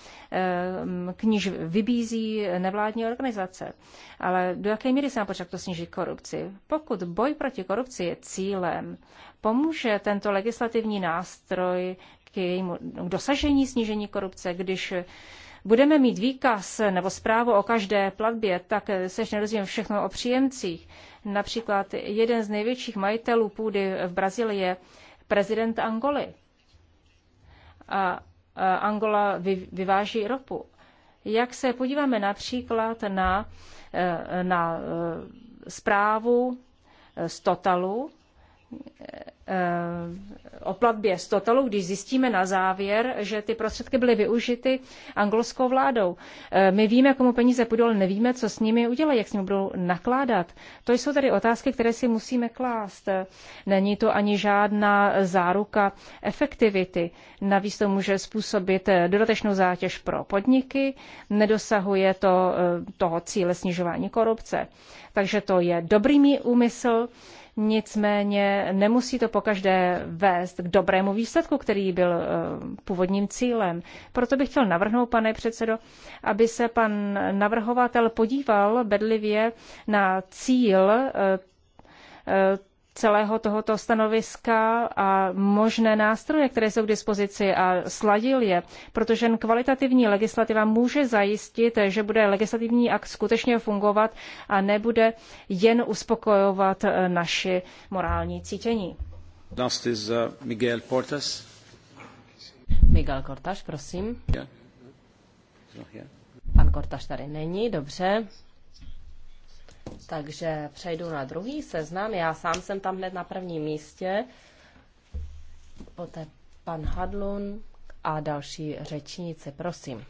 k níž vybízí nevládní organizace. Ale do jaké míry se nám počak to sníží korupci? Pokud boj proti korupci je cílem, pomůže tento legislativní nástroj k, jejímu, k dosažení snížení korupce, když budeme mít výkaz nebo zprávu o každé platbě, tak se nerozumím všechno o příjemcích. Například jeden z největších majitelů půdy v Brazílii je prezident Angoly. A Angola vyváží ropu. Jak se podíváme například na, e, na e, zprávu z Totalu, o platbě z totalu, když zjistíme na závěr, že ty prostředky byly využity angloskou vládou. E, my víme, komu peníze půjdou, ale nevíme, co s nimi udělají, jak s nimi budou nakládat. To jsou tedy otázky, které si musíme klást. Není to ani žádná záruka efektivity. Navíc to může způsobit e, dodatečnou zátěž pro podniky, nedosahuje to e, toho cíle snižování korupce. Takže to je dobrý úmysl, Nicméně nemusí to pokaždé vést k dobrému výsledku, který byl eh, původním cílem. Proto bych chtěl navrhnout, pane předsedo, aby se pan navrhovatel podíval bedlivě na cíl eh, eh, celého tohoto stanoviska a možné nástroje, které jsou k dispozici a sladil je, protože jen kvalitativní legislativa může zajistit, že bude legislativní akt skutečně fungovat a nebude jen uspokojovat eh, naši morální cítění. Last is eh, Miguel Portas. Miguel Cortaš, prosím. Pan Cortaš tady není, dobře. Takže přejdu na druhý seznam. Já sám jsem tam hned na prvním místě. Poté pan Hadlun a další řečníci, prosím.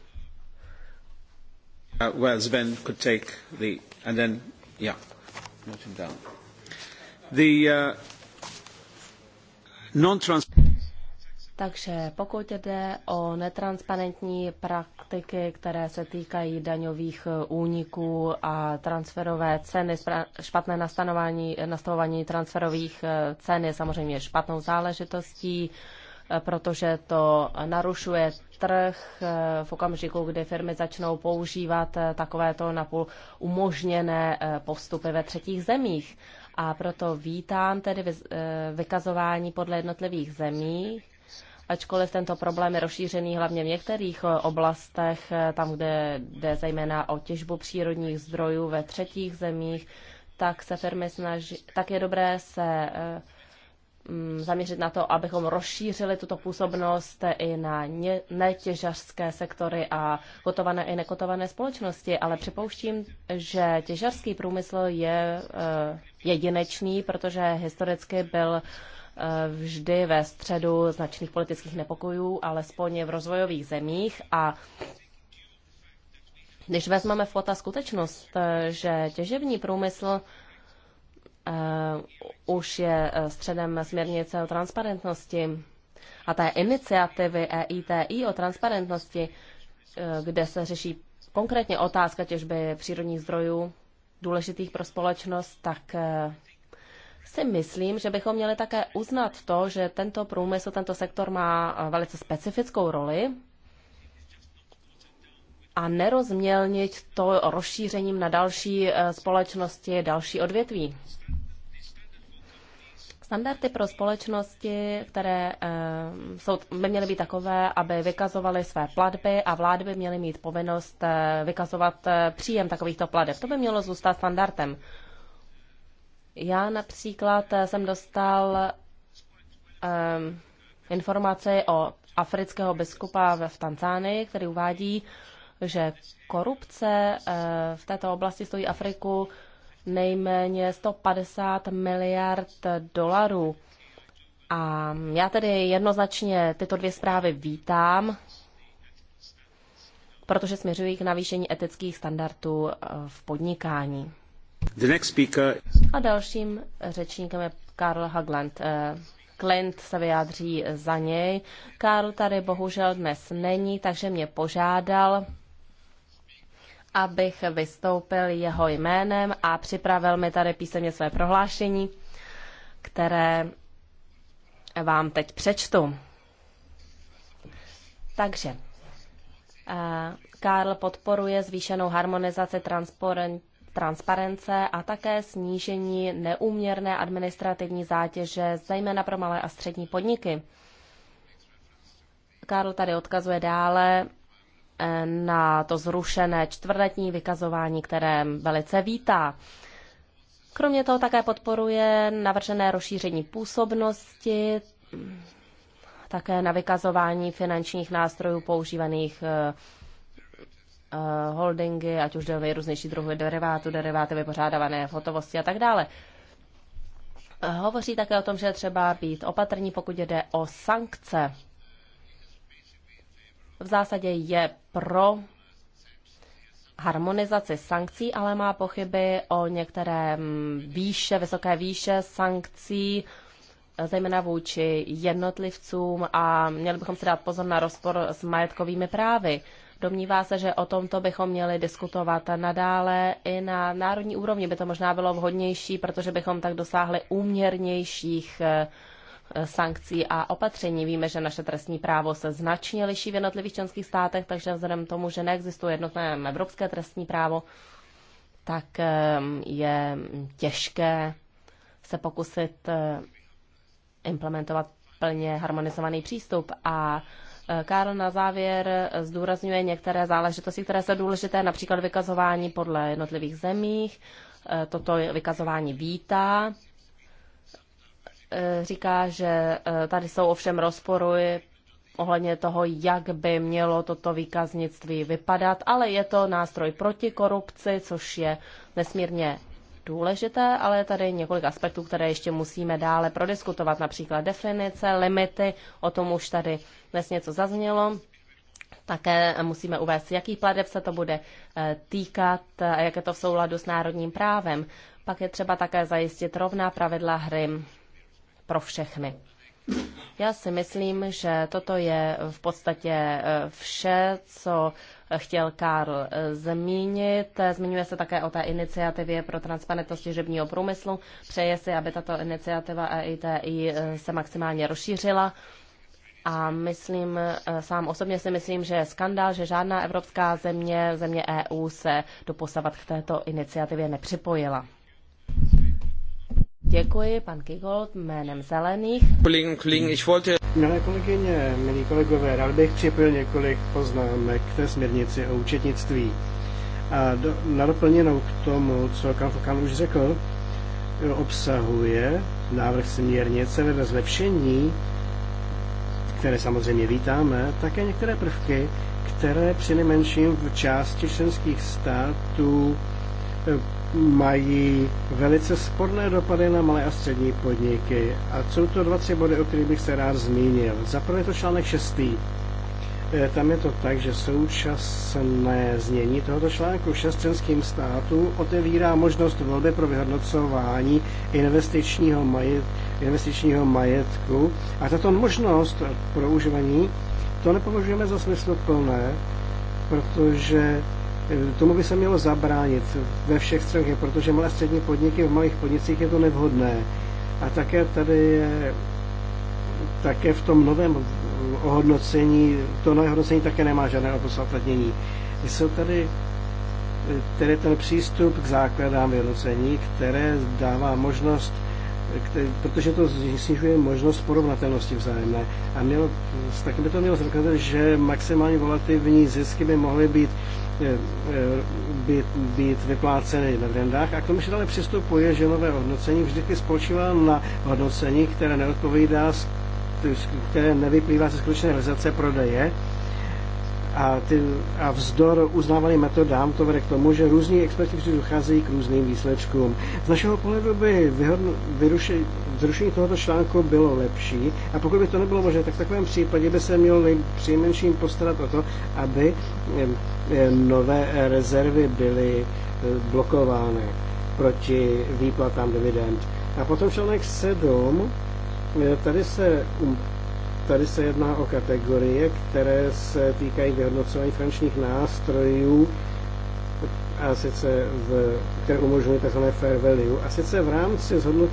Uh, well, Sven could take the, and then, yeah, note him down. The uh, non-trans. Takže pokud jde o netransparentní prak praktiky, které se týkají daňových eh, úniků a transferové ceny, špatné nastanování, nastavování transferových eh, cen je samozřejmě špatnou záležitostí, eh, protože to narušuje trh v okamžiku, kdy firmy začnou používat takovéto napůl umožněné postupy ve třetích zemích. A proto vítám tedy vykazování podle jednotlivých zemí, ačkoliv tento problém je rozšířený hlavně v některých eh, oblastech, eh, tam, kde jde zejména o těžbu přírodních zdrojů ve třetích zemích, tak se firmy snaží, tak je dobré se eh, mm, zaměřit na to, abychom rozšířili tuto působnost i na netěžařské sektory a kotované i nekotované společnosti, ale připouštím, že těžařský průmysl je jedinečný, protože historicky byl vždy ve středu značných politických nepokojů, alespoň v rozvojových zemích a když vezmeme v potaz skutečnost, eh, že těžební průmysl eh, už je eh, středem směrnice o transparentnosti a té iniciativy EITI o transparentnosti, kde se řeší konkrétně otázka těžby přírodních zdrojů důležitých pro společnost, tak si myslím, že bychom měli také uznat to, že tento průmysl, tento sektor má eh, velice specifickou roli a nerozmělnit to rozšířením na další eh, společnosti, další odvětví. Standardy pro společnosti, které eh, jsou, by měly být takové, aby vykazovaly své platby a vlády by měly mít povinnost vykazovat příjem takovýchto plateb. To by mělo zůstat standardem. Já například eh, jsem dostal um, informace o afrického biskupa v Tanzánii, který uvádí, že korupce eh, v této oblasti stojí Afriku nejméně 150 miliard dolarů. A já tedy jednoznačně tyto dvě zprávy vítám, protože směřují k navýšení etických standardů eh, v podnikání. Speaker... A dalším řečníkem je Karl Hagland. Klint eh, se vyjádří za něj. Karl tady bohužel dnes není, takže mě požádal, abych vystoupil jeho jménem a připravil mi tady písemně své prohlášení, které vám teď přečtu. Takže eh, Karl podporuje zvýšenou harmonizaci transparent, transparence a také snížení neúměrné administrativní zátěže, zejména pro malé a střední podniky. Karl tady odkazuje dále eh, na to zrušené čtvrtletní vykazování, které velice vítá. Kromě toho také podporuje navržené rozšíření působnosti, také na vykazování finančních nástrojů používaných eh, Eh, holdingy, ať už jde o nejrůznější druhy derivátu, deriváty vypořádávané v hotovosti a tak dále. Eh, hovoří také o tom, že je třeba být opatrní, pokud jde o sankce. V zásadě je pro harmonizaci sankcí, ale má pochyby o některé mm, výše, vysoké výše sankcí, eh, zejména vůči jednotlivcům a měli bychom si dát pozor na rozpor s majetkovými právy. Domnívá se, že o tomto bychom měli diskutovat nadále. I na národní úrovni by to možná bylo vhodnější, protože bychom tak dosáhli úměrnějších eh, eh, sankcí a opatření. Víme, že naše trestní právo se značně liší v jednotlivých členských státech, takže vzhledem tomu, že neexistuje jednotné evropské trestní právo, tak ehm, je těžké se pokusit eh, implementovat plně harmonizovaný přístup a Karl na závěr zdůrazňuje některé záležitosti, které jsou důležité, například vykazování podle jednotlivých zemích. E, toto vykazování vítá. E, Říká, že e, tady jsou ovšem rozpory ohledně toho, jak by mělo toto výkaznictví vypadat, ale je to nástroj proti korupci, což je nesmírně důležité, ale je tady několik aspektů, které ještě musíme dále prodiskutovat, například definice, limity, o tom už tady dnes něco zaznělo. Také musíme uvést, jaký pladeb se to bude eh, týkat eh, a jak je to v souladu s národním právem. Pak je třeba také zajistit rovná pravidla hry pro všechny. Já si myslím, že toto je v podstatě eh, vše, co chtěl Karl eh, zmínit. Zmiňuje se také o té iniciativě pro transparentnost těžebního průmyslu. Přeje si, aby tato iniciativa EITI eh, se maximálně rozšířila. A myslím, eh, sám osobně si myslím, že je skandál, že žádná evropská země, země EU se doposavat k této iniciativě nepřipojila. Děkuji, pan Kigold, jménem Zelených. Milé kolegyně, milí kolegové, rád bych připojil několik poznámek k té směrnici o účetnictví. A do, na doplněnou k tomu, co Kalfokan už řekl, obsahuje návrh směrnice ve zlepšení, které samozřejmě vítáme, také některé prvky, které přinejmenším v části členských států eh, mají velice sporné dopady na malé a střední podniky. A jsou to dva, tři body, o kterých bych se rád zmínil. Za prvé je to článek E, Tam je to tak, že současné znění tohoto článku šestřenským států otevírá možnost volby pro vyhodnocování investičního, majet, investičního majetku. A tato možnost pro uživení to nepovažujeme za smysluplné, protože Eh, tomu by se mělo zabránit ve všech střech, protože malé střední podniky v malých podnicích je to nevhodné. A také tady je, také v tom novém ohodnocení, to nové hodnocení také nemá žádné opodstatnění. Jsou tady eh, tedy ten přístup k základám vyhodnocení, které dává možnost protože to snižuje možnost porovnatelnosti vzájemné. A mělo, taky by to mělo znamenat, že maximální volativní zisky by mohly být, eh, eh, být, být vypláceny na vrendách. A k tomu že dále přistupuje, že nové hodnocení vždycky spočívá na hodnocení, které neodpovídá, které nevyplývá ze skutečné realizace prodeje a, ty, a vzdor uznávaným metodám to vede k tomu, že různí experti docházejí k různým výsledkům. Z našeho pohledu by vyhodno, vyruši, zrušení tohoto článku bylo lepší a pokud by to nebylo možné, tak v takovém případě by se mělo nejpříjmenším postarat o to, aby nové rezervy byly e, blokovány proti výplatám dividend. A potom článek 7, e, tady se um- tady se jedná o kategorie, které se týkají vyhodnocování finančních nástrojů, a sice v, které umožňují tzv. fair value. A sice v rámci zhodnot,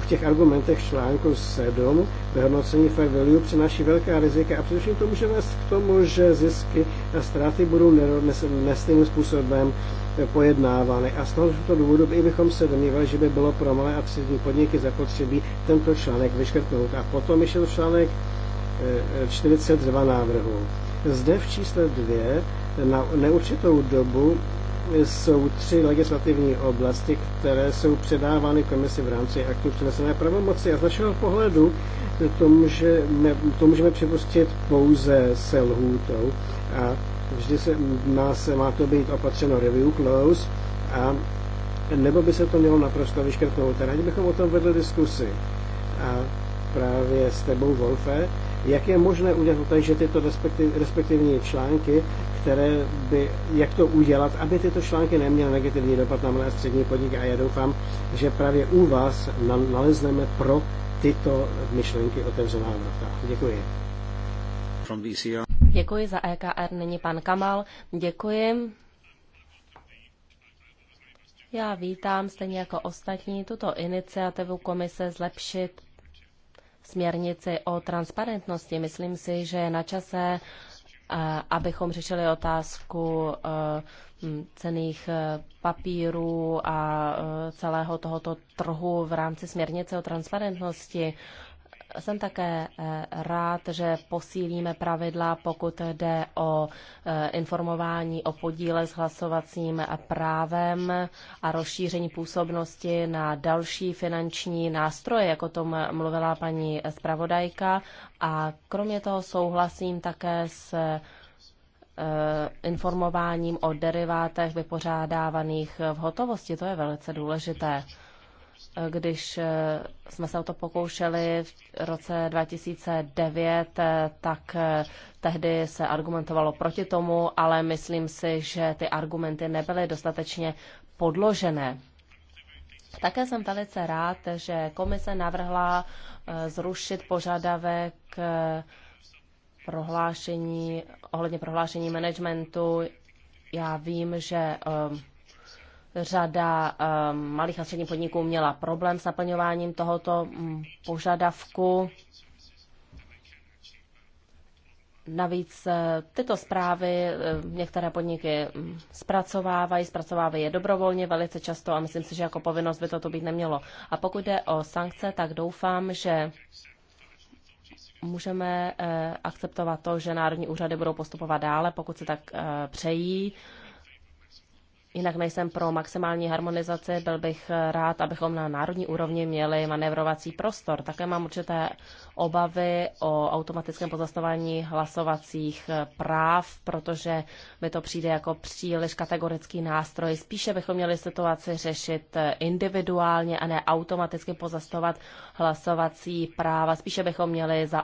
v těch argumentech článku 7 vyhodnocení fair value přináší velká rizika a především to může vést k tomu, že zisky a ztráty budou nestejným způsobem pojednávány. A z tohoto důvodu i bychom se domnívali, že by bylo pro malé a střední podniky zapotřebí tento článek vyškrtnout. A potom vyšel článek 42 eh, návrhu. Zde v čísle 2 na neurčitou dobu eh, jsou tři legislativní oblasti, které jsou předávány komisi v rámci aktu přenesené pravomoci. A z našeho pohledu eh, to může, to můžeme připustit pouze se lhůtou. A vždy se, má, se, má to být opatřeno review close a nebo by se to mělo naprosto vyškrtnout. Rádi bychom o tom vedli diskusi. A právě s tebou, Wolfe, jak je možné udělat tak, že tyto respektiv, respektivní články, které by, jak to udělat, aby tyto články neměly negativní dopad na malé střední podniky a já doufám, že právě u vás nalezneme pro tyto myšlenky otevřená vrata. Děkuji. From VCR. Děkuji za EKR, není pan Kamal. Děkuji. Já vítám stejně jako ostatní tuto iniciativu komise zlepšit směrnici o transparentnosti. Myslím si, že je na čase, eh, abychom řešili otázku eh, cených eh, papírů a celého tohoto trhu v rámci směrnice o transparentnosti. Jsem také eh, rád, že posílíme pravidla, pokud jde o eh, informování o podíle s hlasovacím právem a rozšíření působnosti na další finanční nástroje, jako tom mluvila paní zpravodajka. A kromě toho souhlasím také s eh, informováním o derivátech vypořádávaných v hotovosti. To je velice důležité. Když eh, jsme se o to pokoušeli v roce 2009, eh, tak eh, tehdy se argumentovalo proti tomu, ale myslím si, že ty argumenty nebyly dostatečně podložené. Také jsem velice rád, že komise navrhla zrušit požadavek prohlášení, ohledně prohlášení managementu. Já vím, že Řada ehm, malých a středních podniků měla problém s naplňováním tohoto mm, požadavku. Navíc eh, tyto zprávy eh, některé podniky mm, zpracovávají, zpracovávají je dobrovolně velice často a myslím si, že jako povinnost by toto být nemělo. A pokud jde o sankce, tak doufám, že můžeme eh, akceptovat to, že národní úřady budou postupovat dále, pokud se tak přejí jinak nejsem pro maximální harmonizaci, byl bych rád, abychom na národní úrovni měli manévrovací prostor. Také mám určité obavy o automatickém pozastavování hlasovacích práv, protože mi to přijde jako příliš kategorický nástroj. Spíše bychom měli situaci řešit individuálně a ne automaticky pozastovat hlasovací práva. Spíše bychom měli za,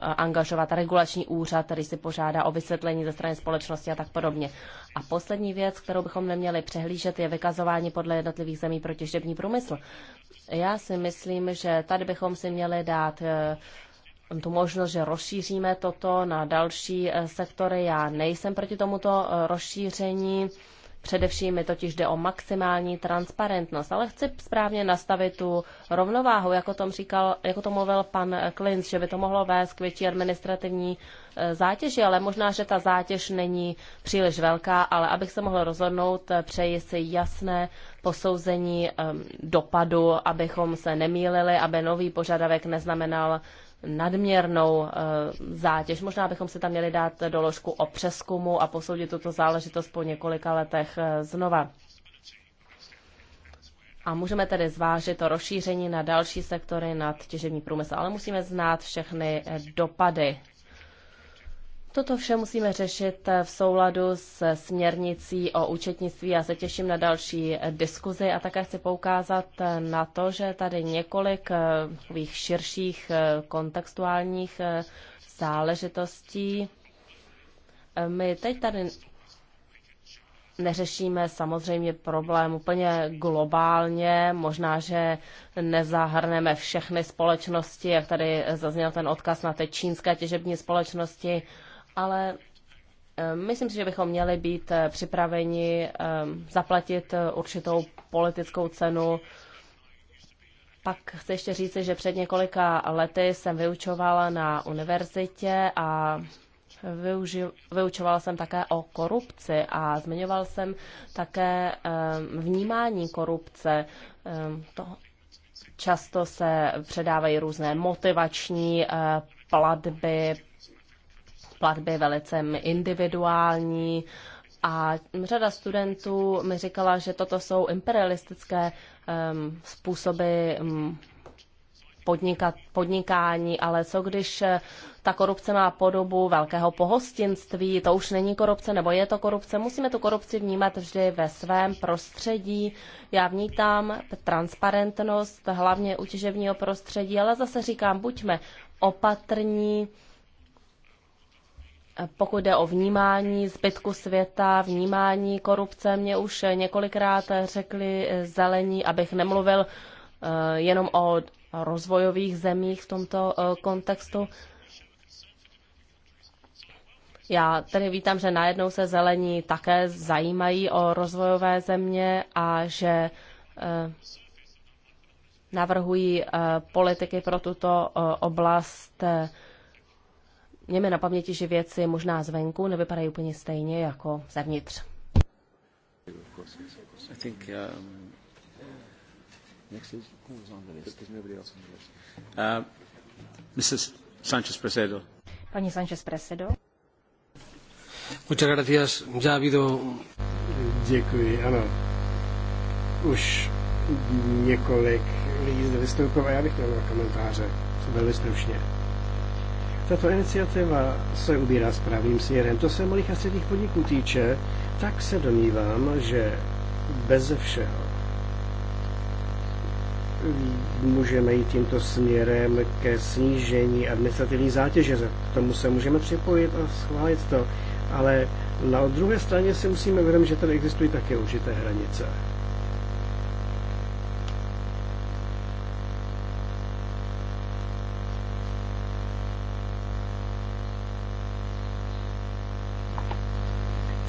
angažovat regulační úřad, který si požádá o vysvětlení ze strany společnosti a tak podobně. A poslední věc, kterou bychom neměli měli přehlížet, je vykazování podle jednotlivých zemí pro těžební průmysl. Já si myslím, že tady bychom si měli dát eh, tu možnost, že rozšíříme toto na další eh, sektory. Já nejsem proti tomuto eh, rozšíření. Především mi totiž jde o maximální transparentnost, ale chci správně nastavit tu rovnováhu, jako, tom říkal, jako to mluvil pan Klinc, že by to mohlo vést k větší administrativní e, zátěži, ale možná, že ta zátěž není příliš velká, ale abych se mohl rozhodnout, e, přeji si jasné posouzení e, dopadu, abychom se nemýlili, aby nový požadavek neznamenal nadměrnou eh, zátěž. Možná bychom si tam měli dát doložku o přeskumu a posoudit tuto záležitost po několika letech eh, znova. A můžeme tedy zvážit to rozšíření na další sektory, na těžební průmysl, ale musíme znát všechny eh, dopady Toto vše musíme řešit eh, v souladu s směrnicí o účetnictví. Já se těším na další eh, diskuzi a také chci poukázat eh, na to, že tady několik takových širších kontextuálních záležitostí. My teď tady neřešíme samozřejmě problém úplně globálně, možná, že nezahrneme všechny společnosti, jak tady zazněl ten odkaz na ty čínské těžební společnosti, ale eh, myslím si, že bychom měli být eh, připraveni eh, zaplatit určitou politickou cenu. Pak chci ještě říci, že před několika lety jsem vyučovala na univerzitě a Využi, vyučovala jsem také o korupci a zmiňoval jsem také vnímání korupce. to, často se předávají různé motivační platby, platby velice individuální. A řada studentů mi říkala, že toto jsou imperialistické um, způsoby um, podnikat, podnikání, ale co když eh, ta korupce má podobu velkého pohostinství, to už není korupce, nebo je to korupce. Musíme tu korupci vnímat vždy ve svém prostředí. Já vnítám transparentnost, hlavně utěževního prostředí, ale zase říkám, buďme opatrní, pokud jde o vnímání zbytku světa, vnímání korupce, mě už několikrát řekli zelení, abych nemluvil eh, jenom o rozvojových zemích v tomto eh, kontextu. Já tedy vítám, že najednou se zelení také zajímají o rozvojové země a že eh, navrhují politiky pro tuto oblast Měme na paměti, že věci možná zvenku nevypadají úplně stejně jako zevnitř. Mrs. Um, uh, Sanchez Presedo. Paní Sanchez Presedo. Muchas gracias. Ya ha habido... Děkuji, ano. Už několik lidí zde vystoupilo, já bych měl komentáře, velmi stručně tato iniciativa se ubírá správným směrem. To se malých a středních podniků týče, tak se domnívám, že beze všeho můžeme jít tímto směrem ke snížení administrativní zátěže. K tomu se můžeme připojit a schválit to. Ale na druhé straně si musíme vědomit, že tady existují také určité hranice.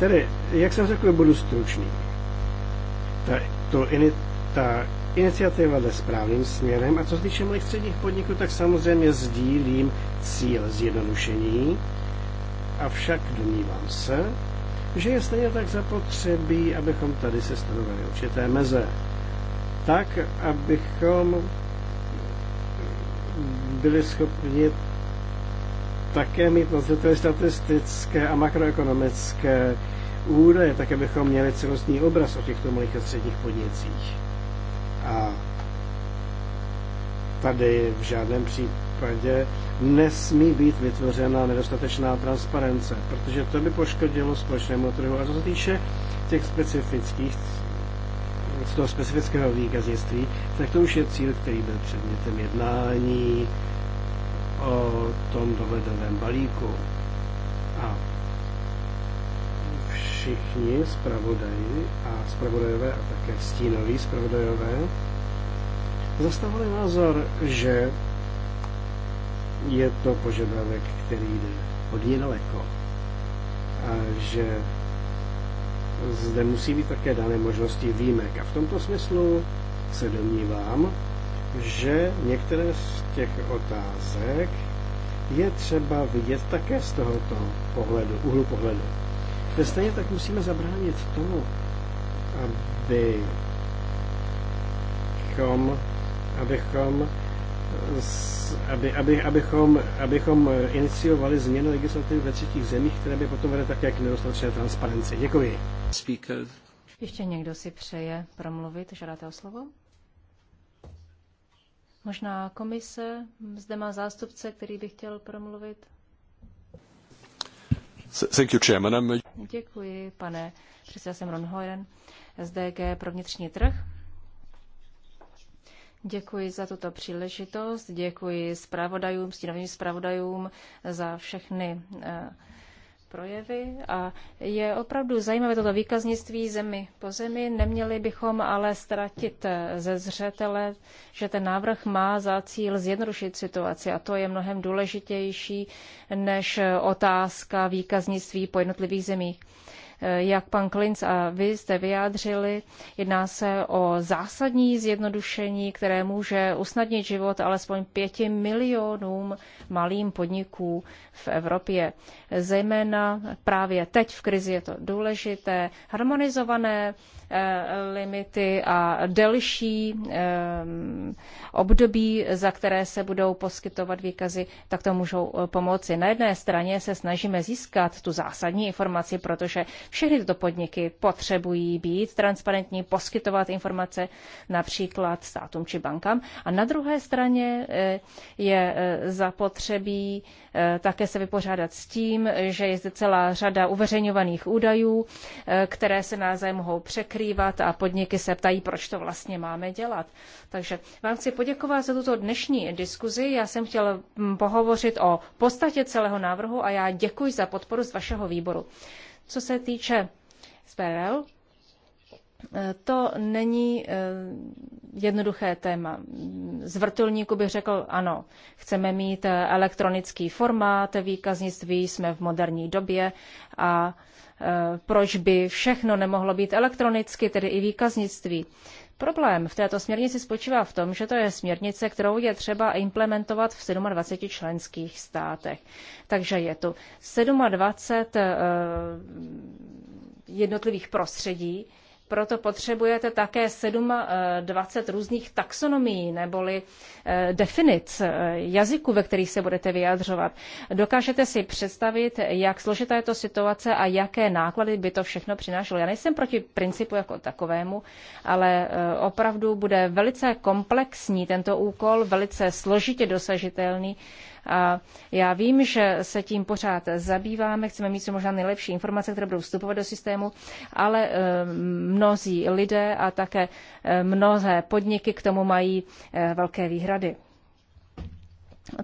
Tedy, jak jsem řekl, budu stručný. Ta, to, ta iniciativa jde správným směrem a co se týče mojich středních podniků, tak samozřejmě sdílím cíl zjednodušení, avšak domnívám se, že je stejně tak zapotřebí, abychom tady se stanovili určité meze. Tak, abychom byli schopni také mít na statistické a makroekonomické údaje, tak abychom měli celostní obraz o těchto malých a středních podnicích. A tady v žádném případě nesmí být vytvořena nedostatečná transparence, protože to by poškodilo společnému trhu. A co se týče těch specifických, z toho specifického výkaznictví, tak to už je cíl, který byl předmětem jednání o tom dovedeném balíku. A všichni zpravodaji a zpravodajové a také stínoví zpravodajové zastavili názor, že je to požadavek, který jde hodně daleko a že zde musí být také dané možnosti výjimek. A v tomto smyslu se domnívám, že některé z těch otázek je třeba vidět také z tohoto pohledu, úhlu pohledu. Stejně tak musíme zabránit tomu, abychom, abychom aby, aby, abychom, abychom iniciovali změnu legislativy ve třetích zemích, které by potom vedly také k nedostatečné transparenci. Děkuji. Speaker. Ještě někdo si přeje promluvit, žádáte o slovo? Možná komise, zde má zástupce, který by chtěl promluvit. Thank you, chairman. Děkuji, pane předseda, jsem Ron Hoyren z DG pro vnitřní trh. Děkuji za tuto příležitost, děkuji zpravodajům, stínovým zpravodajům za všechny uh, projevy a je opravdu zajímavé toto výkaznictví zemi po zemi. Neměli bychom ale ztratit eh, ze zřetele, že ten návrh má za cíl zjednodušit situaci a to je mnohem důležitější než eh, otázka výkaznictví po jednotlivých zemích. Eh, jak pan Klinc a vy jste vyjádřili, jedná se o zásadní zjednodušení, které může usnadnit život alespoň pěti milionům malým podniků v Evropě. Zejména právě teď v krizi je to důležité. Harmonizované eh, limity a delší eh, období, za které se budou poskytovat výkazy, tak to můžou eh, pomoci. Na jedné straně se snažíme získat tu zásadní informaci, protože všechny tyto podniky potřebují být transparentní, poskytovat informace například státům či bankám. A na druhé straně je zapotřebí Eh, také se vypořádat s tím, že je zde celá řada uveřejňovaných údajů, eh, které se názem mohou překrývat a podniky se ptají, proč to vlastně máme dělat. Takže vám chci poděkovat za tuto dnešní diskuzi. Já jsem chtěl hm, pohovořit o podstatě celého návrhu a já děkuji za podporu z vašeho výboru. Co se týče SPRL, to není eh, jednoduché téma. Z vrtulníku bych řekl, ano, chceme mít eh, elektronický formát výkaznictví, jsme v moderní době a eh, proč by všechno nemohlo být elektronicky, tedy i výkaznictví. Problém v této směrnici spočívá v tom, že to je směrnice, kterou je třeba implementovat v 27 členských státech. Takže je tu 27 jednotlivých prostředí, proto potřebujete také 27 různých taxonomií neboli eh, definic eh, jazyků, ve kterých se budete vyjadřovat. Dokážete si představit, jak složitá je to situace a jaké náklady by to všechno přinášelo. Já nejsem proti principu jako takovému, ale eh, opravdu bude velice komplexní tento úkol, velice složitě dosažitelný a já vím, že se tím pořád zabýváme, chceme mít co možná nejlepší informace, které budou vstupovat do systému, ale eh, mnozí lidé a také eh, mnohé podniky k tomu mají eh, velké výhrady.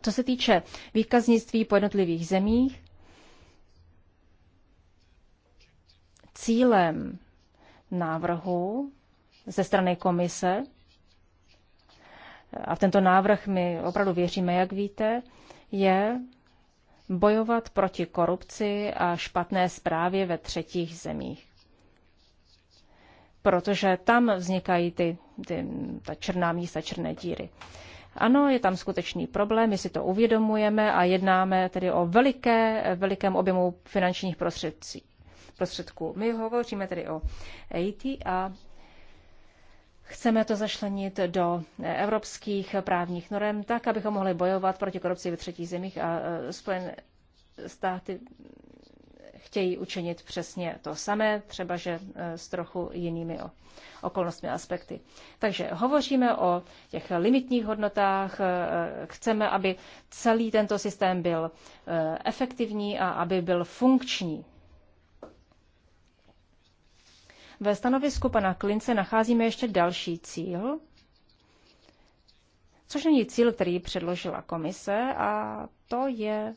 Co se týče výkaznictví po jednotlivých zemích, cílem návrhu ze strany komise, a v tento návrh my opravdu věříme, jak víte, je bojovat proti korupci a špatné zprávě ve třetích zemích. Protože tam vznikají ty, ty, ta černá místa, černé díry. Ano, je tam skutečný problém, my si to uvědomujeme a jednáme tedy o veliké, velikém objemu finančních prostředcí, prostředků. My hovoříme tedy o AT a Chceme to zašlenit do evropských právních norm, tak, abychom mohli bojovat proti korupci ve třetích zemích a e, Spojené státy chtějí učinit přesně to samé, třeba že e, s trochu jinými okolnostmi a aspekty. Takže hovoříme o těch limitních hodnotách, e, chceme, aby celý tento systém byl efektivní a aby byl funkční. Ve stanovisku pana Klince nacházíme ještě další cíl, což není cíl, který předložila komise, a to je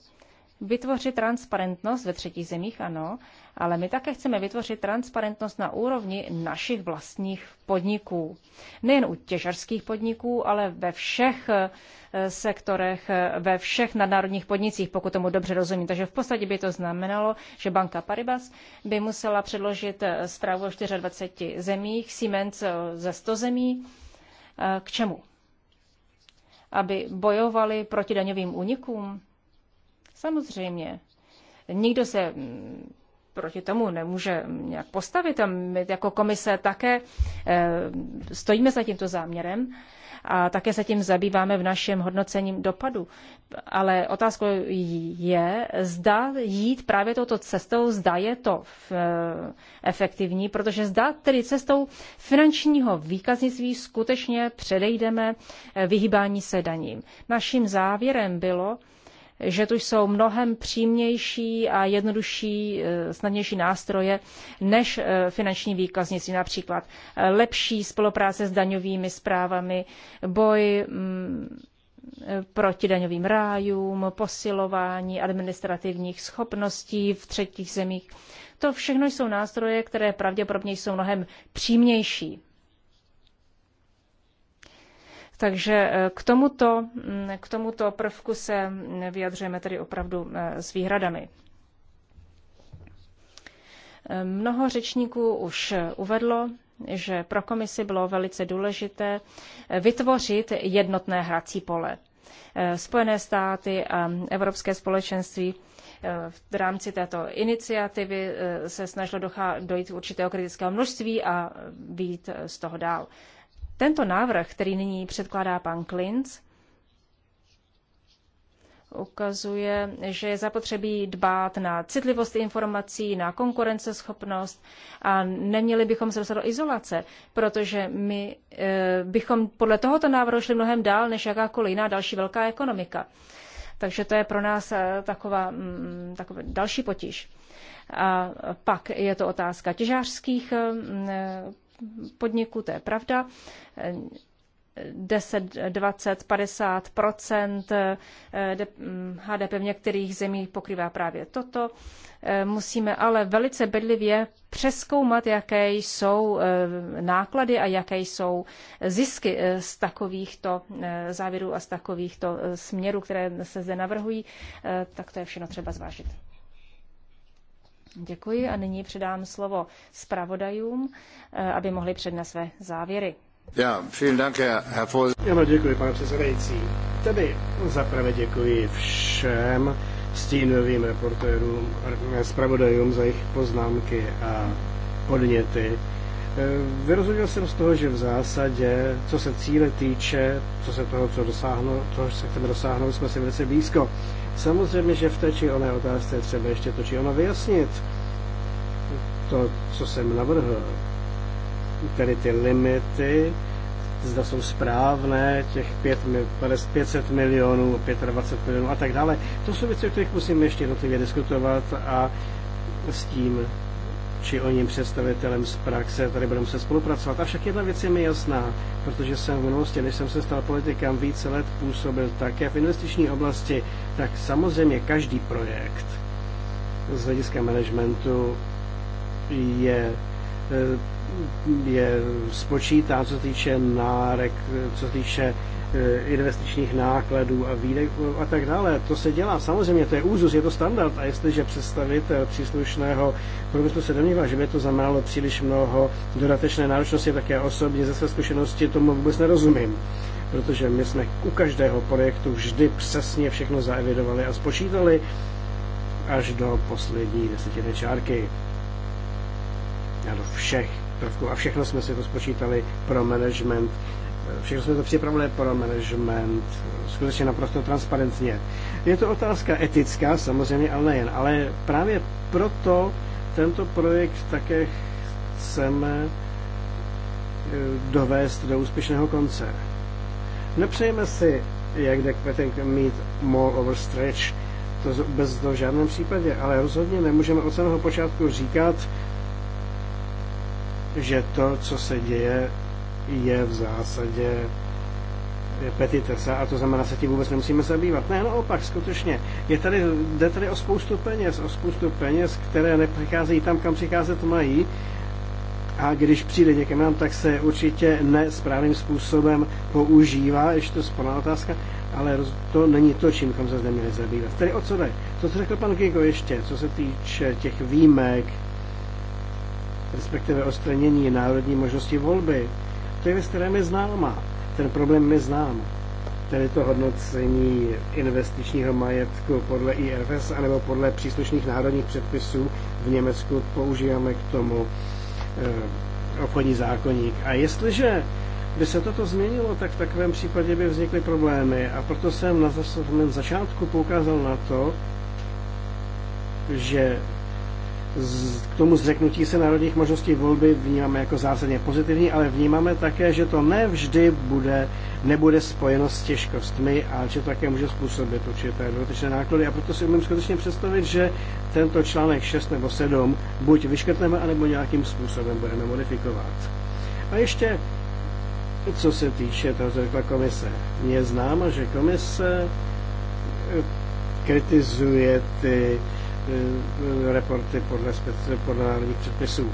vytvořit transparentnost ve třetích zemích, ano, ale my také chceme vytvořit transparentnost na úrovni našich vlastních podniků. Nejen u těžarských podniků, ale ve všech eh, sektorech, eh, ve všech nadnárodních podnicích, pokud tomu dobře rozumím. Takže v podstatě by to znamenalo, že banka Paribas by musela předložit eh, zprávu o 24 zemích, Siemens ze 100 zemí. K čemu? Aby bojovali proti daňovým únikům? Samozřejmě. Nikdo se mm, proti tomu nemůže nějak postavit a my jako komise také eh, stojíme za tímto záměrem a také se tím zabýváme v našem hodnocením dopadu. Ale otázkou je, zda jít právě touto cestou, zda je to eh, efektivní, protože zda tedy cestou finančního výkaznictví skutečně předejdeme eh, vyhýbání se daním. Naším závěrem bylo, že tu jsou mnohem přímější a jednodušší, eh, snadnější nástroje než eh, finanční výkaznici například eh, lepší spolupráce s daňovými zprávami, boj mm, proti daňovým rájům, posilování administrativních schopností v třetích zemích. To všechno jsou nástroje, které pravděpodobně jsou mnohem přímější takže eh, k tomuto, mm, k tomuto prvku se vyjadřujeme tedy opravdu eh, s výhradami. Eh, mnoho řečníků už uvedlo, že pro komisi bylo velice důležité vytvořit jednotné hrací pole. Spojené státy a Evropské společenství v rámci této iniciativy se snažilo dojít určitého kritického množství a být z toho dál. Tento návrh, který nyní předkládá pan Klinc, ukazuje, že je zapotřebí dbát na citlivost informací, na konkurenceschopnost a neměli bychom se dostat do izolace, protože my eh, bychom podle tohoto návrhu šli mnohem dál než jakákoliv jiná další velká ekonomika. Takže to je pro nás eh, taková, mm, taková další potíž. A pak je to otázka těžářských eh, Podniku, to je pravda. 10, 20, 50 HDP v některých zemích pokrývá právě toto. Eh, musíme ale velice bedlivě přeskoumat, jaké jsou eh, náklady a jaké jsou zisky eh, z takovýchto závěrů a z takovýchto směrů, které se zde navrhují. Tak to je všechno třeba zvážit. Děkuji a nyní předám slovo zpravodajům, eh, aby mohli přednést své závěry. Ja, vielen Dank, Herr, Herr ano, děkuji, pane předsedající. Tedy zaprvé děkuji všem stínovým reportérům, eh, zpravodajům za jejich poznámky a podněty. Eh, vyrozuměl jsem z toho, že v zásadě, co se cíle týče, co se toho, co dosáhnu, toho, co se chceme dosáhnout, jsme si velice blízko. Samozřejmě, že v té či oné otázce je třeba ještě to či ono vyjasnit. To, co jsem navrhl, tedy ty limity, zda jsou správné, těch 5, 500 milionů, 25 milionů a tak dále. To jsou věci, o kterých musíme ještě jednotlivě diskutovat a s tím či o ním představitelem z praxe, tady budeme muset spolupracovat. Avšak jedna věc je mi jasná, protože jsem v minulosti, než jsem se stal politikem, více let působil také v investiční oblasti, tak samozřejmě každý projekt z hlediska managementu je eh, je spočítá, co týče nárek, co týče eh, investičních nákladů a výdej a tak dále. To se dělá. Samozřejmě to je úzus, je to standard a jestliže představitel příslušného průmyslu se domnívá, že by to znamenalo příliš mnoho dodatečné náročnosti, tak já osobně ze své zkušenosti tomu vůbec nerozumím protože my jsme u každého projektu vždy přesně všechno zaevidovali a spočítali až do poslední desetiny čárky a do všech prvků a všechno jsme si to spočítali pro management. Všechno jsme to připravili pro management, skutečně naprosto transparentně. Je to otázka etická, samozřejmě, ale nejen. Ale právě proto tento projekt také chceme eh, dovést do úspěšného konce. Nepřejeme si, jak jde mít more over stretch, to bez toho v žádném případě, ale rozhodně nemůžeme od samého počátku říkat, že to, co se děje, je v zásadě petitesa, a to znamená, se tím vůbec nemusíme zabývat. Ne, naopak, skutečně. Je tady, jde tady o spoustu peněz, o spoustu peněz, které nepřicházejí tam, kam přicházet mají. A když přijde někam nám, tak se určitě nesprávným způsobem používá, ještě to je sporná otázka, ale to není to, čím bychom se zde měli zabývat. Tedy o co jde? To, co řekl pan Kiko ještě, co se týče těch výjimek, respektive odstranění národní možnosti volby. To je věc, která je známa. Ten problém je znám. Tedy to hodnocení investičního majetku podle IFS anebo podle příslušných národních předpisů v Německu používáme k tomu e, obchodní zákonník. A jestliže by se toto změnilo, tak v takovém případě by vznikly problémy. A proto jsem na začátku poukázal na to, že k tomu zřeknutí se národních možností volby vnímáme jako zásadně pozitivní, ale vnímáme také, že to nevždy bude, nebude spojeno s těžkostmi a že to také může způsobit určité dodatečné náklady. A proto si umím skutečně představit, že tento článek 6 nebo 7 buď vyškrtneme, anebo nějakým způsobem budeme modifikovat. A ještě, co se týče toho, co řekla komise. Je známo, že komise eh, kritizuje ty Eh, eh, reporty podle, podle národních předpisů.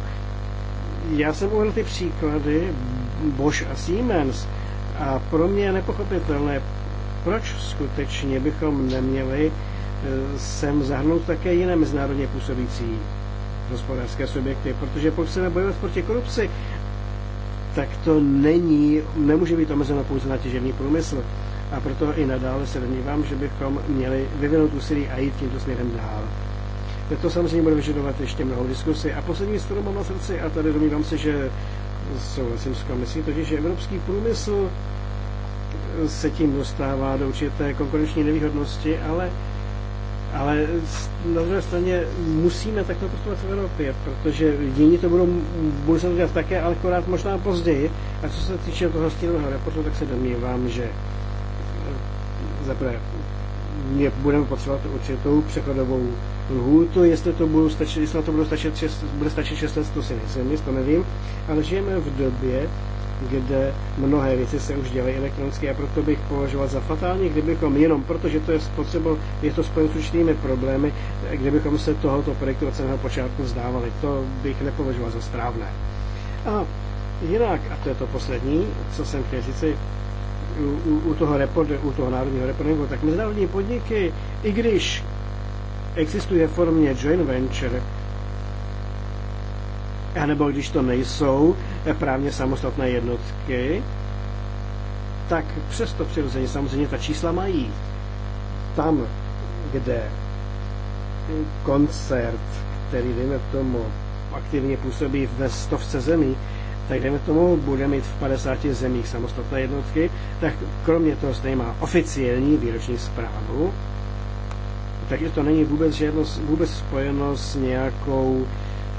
Já jsem uvedl ty příklady Bosch a Siemens a pro mě je nepochopitelné, proč skutečně bychom neměli eh, sem zahrnout také jiné mezinárodně působící hospodářské subjekty, protože pokud chceme bojovat proti korupci, tak to není, nemůže být omezeno pouze na těžební průmysl. A proto i nadále se domnívám, že bychom měli vyvinout úsilí a jít tímto směrem dál tak to samozřejmě bude vyžadovat ještě mnoho diskusy. A poslední, kterou mám na srdci, a tady domnívám se, že souhlasím s komisí, totiž, že evropský průmysl se tím dostává do určité konkurenční nevýhodnosti, ale ale na druhé straně musíme takto postupovat v Evropě, protože jiní to budou, muset se dělat také, ale akorát možná později. A co se týče toho stínového reportu, tak se domnívám, že eh, zaprvé budeme potřebovat určitou přechodovou lhůtu, jestli, to budou stačit, jestli na to budou stačit, bude stačit 6 let, to si nejsem jist, to nevím, ale žijeme v době, kde mnohé věci se už dělají elektronicky a proto bych považoval za fatální, kdybychom jenom protože to je spotřebo, je to spojeno s určitými problémy, kdybychom se tohoto projektu od samého počátku zdávali. To bych nepovažoval za správné. A jinak, a to je to poslední, co jsem chtěl říct, u, u, u, toho, report, u toho národního reportingu, tak mezinárodní podniky, i když existuje v formě joint venture, anebo když to nejsou právně samostatné jednotky, tak přesto přirozeně samozřejmě ta čísla mají. Tam, kde koncert, který, dejme tomu, aktivně působí ve stovce zemí, tak dejme tomu, bude mít v 50 zemích samostatné jednotky, tak kromě toho stejně má oficiální výroční zprávu, takže to není vůbec, žádno, vůbec spojeno s nějakou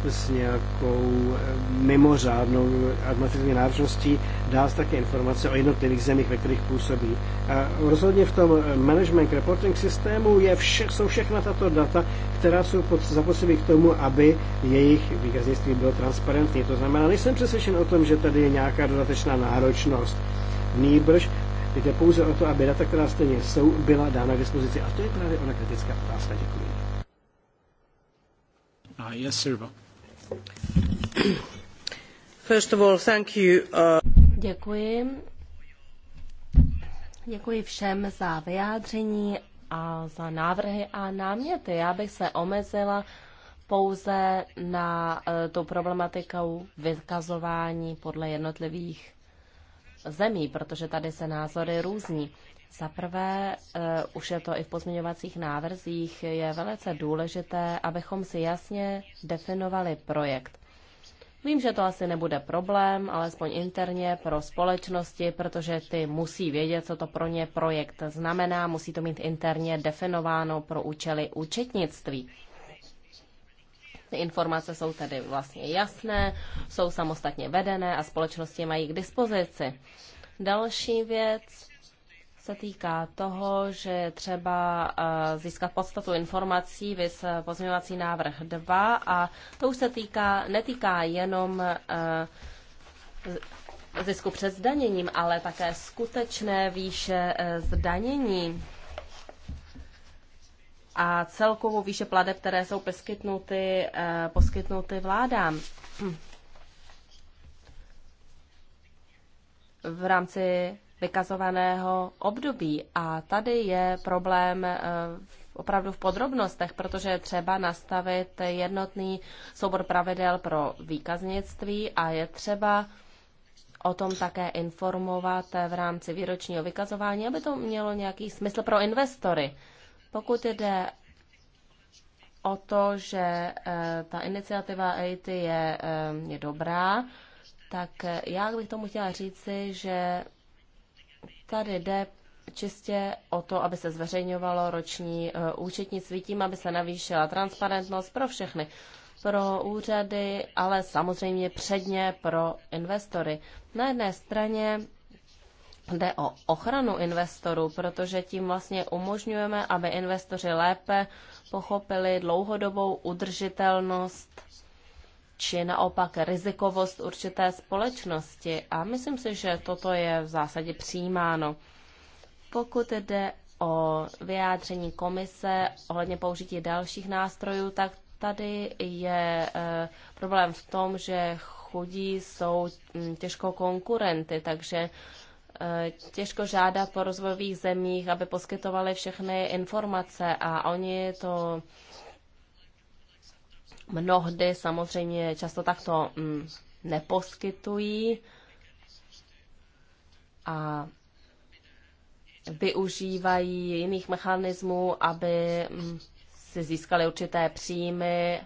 s nějakou eh, mimořádnou administrativní náročností, dá se také informace o jednotlivých zemích, ve kterých působí. A rozhodně v tom eh, management reporting systému je vše, jsou všechna tato data, která jsou pod, zapotřebí k tomu, aby jejich výkaznictví bylo transparentní. To znamená, nejsem přesvědčen o tom, že tady je nějaká dodatečná náročnost. Nýbrž Jde pouze o to, aby data, která stejně jsou, byla dána k dispozici. A to je právě ona kritická otázka. Děkuji. Uh, yes, sir. First of all, thank you. Uh... Děkuji. Děkuji všem za vyjádření a za návrhy a náměty. Já bych se omezila pouze na eh, tu problematiku vykazování podle jednotlivých zemí, protože tady se názory různí. Za prvé, eh, už je to i v pozměňovacích návrzích, je velice důležité, abychom si jasně definovali projekt. Vím, že to asi nebude problém, alespoň interně pro společnosti, protože ty musí vědět, co to pro ně projekt znamená, musí to mít interně definováno pro účely účetnictví. Ty informace jsou tedy vlastně jasné, jsou samostatně vedené a společnosti mají k dispozici. Další věc se týká toho, že třeba eh, získat podstatu informací, vys pozměňovací návrh 2 a to už se týká, netýká jenom eh, zisku před zdaněním, ale také skutečné výše eh, zdanění a celkovou výše pladeb, které jsou poskytnuty, eh, poskytnuty vládám. v rámci vykazovaného období. A tady je problém eh, opravdu v podrobnostech, protože je třeba nastavit jednotný soubor pravidel pro výkaznictví a je třeba o tom také informovat v rámci výročního vykazování, aby to mělo nějaký smysl pro investory. Pokud jde o to, že eh, ta iniciativa EIT je, eh, je dobrá, tak eh, já bych tomu chtěla říci, že tady jde čistě o to, aby se zveřejňovalo roční účetnictví tím, aby se navýšila transparentnost pro všechny, pro úřady, ale samozřejmě předně pro investory. Na jedné straně jde o ochranu investorů, protože tím vlastně umožňujeme, aby investoři lépe pochopili dlouhodobou udržitelnost či naopak rizikovost určité společnosti. A myslím si, že toto je v zásadě přijímáno. Pokud jde o vyjádření komise ohledně použití dalších nástrojů, tak tady je e, problém v tom, že chudí jsou hm, těžko konkurenty, takže Eh, těžko žádá po rozvojových zemích, aby poskytovali všechny informace a oni to mnohdy samozřejmě často takto mm, neposkytují a využívají jiných mechanismů, aby mm, si získali určité příjmy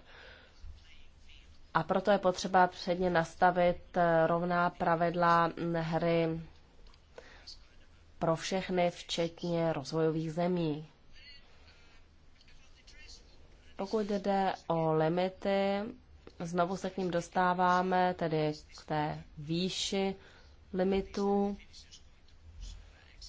a proto je potřeba předně nastavit eh, rovná pravidla hry pro všechny, včetně rozvojových zemí. Pokud jde o limity, znovu se k ním dostáváme, tedy k té výši limitů.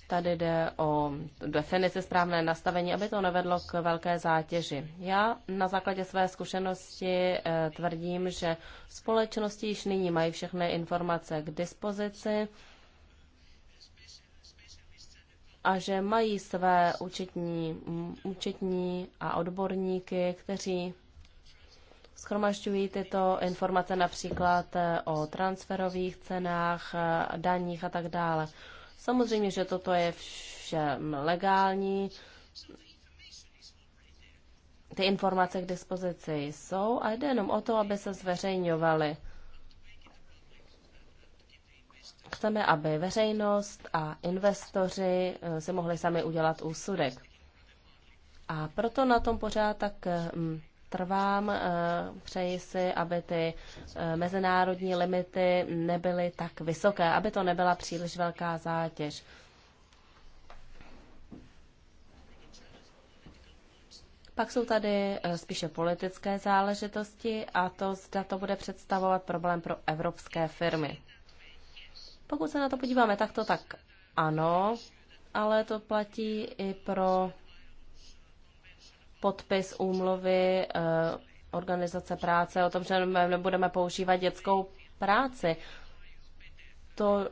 Tady jde o definici správné nastavení, aby to nevedlo k velké zátěži. Já na základě své zkušenosti eh, tvrdím, že společnosti již nyní mají všechny informace k dispozici a že mají své účetní, mm, účetní a odborníky, kteří schromažďují tyto informace například eh, o transferových cenách, eh, daních a tak dále. Samozřejmě, že toto je všem legální. Ty informace k dispozici jsou a jde jenom o to, aby se zveřejňovaly chceme, aby veřejnost a investoři eh, si mohli sami udělat úsudek. A proto na tom pořád tak eh, trvám. Eh, přeji si, aby ty mezinárodní limity nebyly tak vysoké, aby to nebyla příliš velká zátěž. Pak jsou tady spíše politické záležitosti a to zda to bude představovat problém pro evropské firmy. Pokud se na to podíváme takto, tak ano, ale to platí i pro podpis úmluvy eh, organizace práce o tom, že nebudeme používat dětskou práci. To,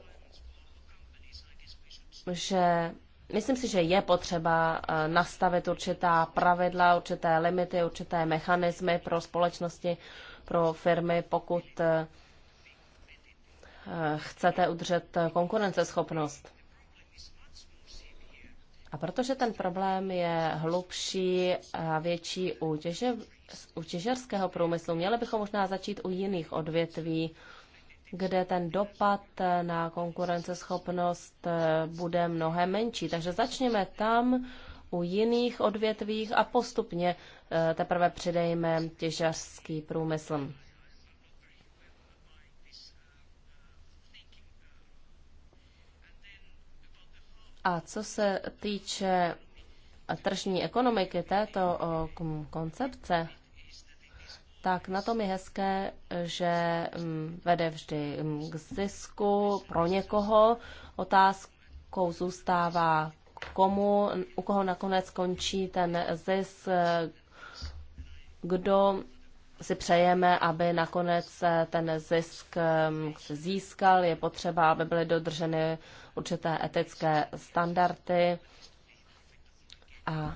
že myslím si, že je potřeba eh, nastavit určitá pravidla, určité limity, určité mechanismy pro společnosti, pro firmy, pokud eh, chcete udržet konkurenceschopnost. A protože ten problém je hlubší a větší u, těže, u těžerského průmyslu, měli bychom možná začít u jiných odvětví, kde ten dopad na konkurenceschopnost bude mnohem menší. Takže začněme tam u jiných odvětvích a postupně eh, teprve přidejme těžařský průmysl. A co se týče tržní ekonomiky této koncepce, tak na tom je hezké, že mm, vede vždy mm, k zisku pro někoho. Otázkou zůstává, komu, u koho nakonec končí ten zisk, kdo si přejeme, aby nakonec ten zisk mm, získal. Je potřeba, aby byly dodrženy určité etické standardy a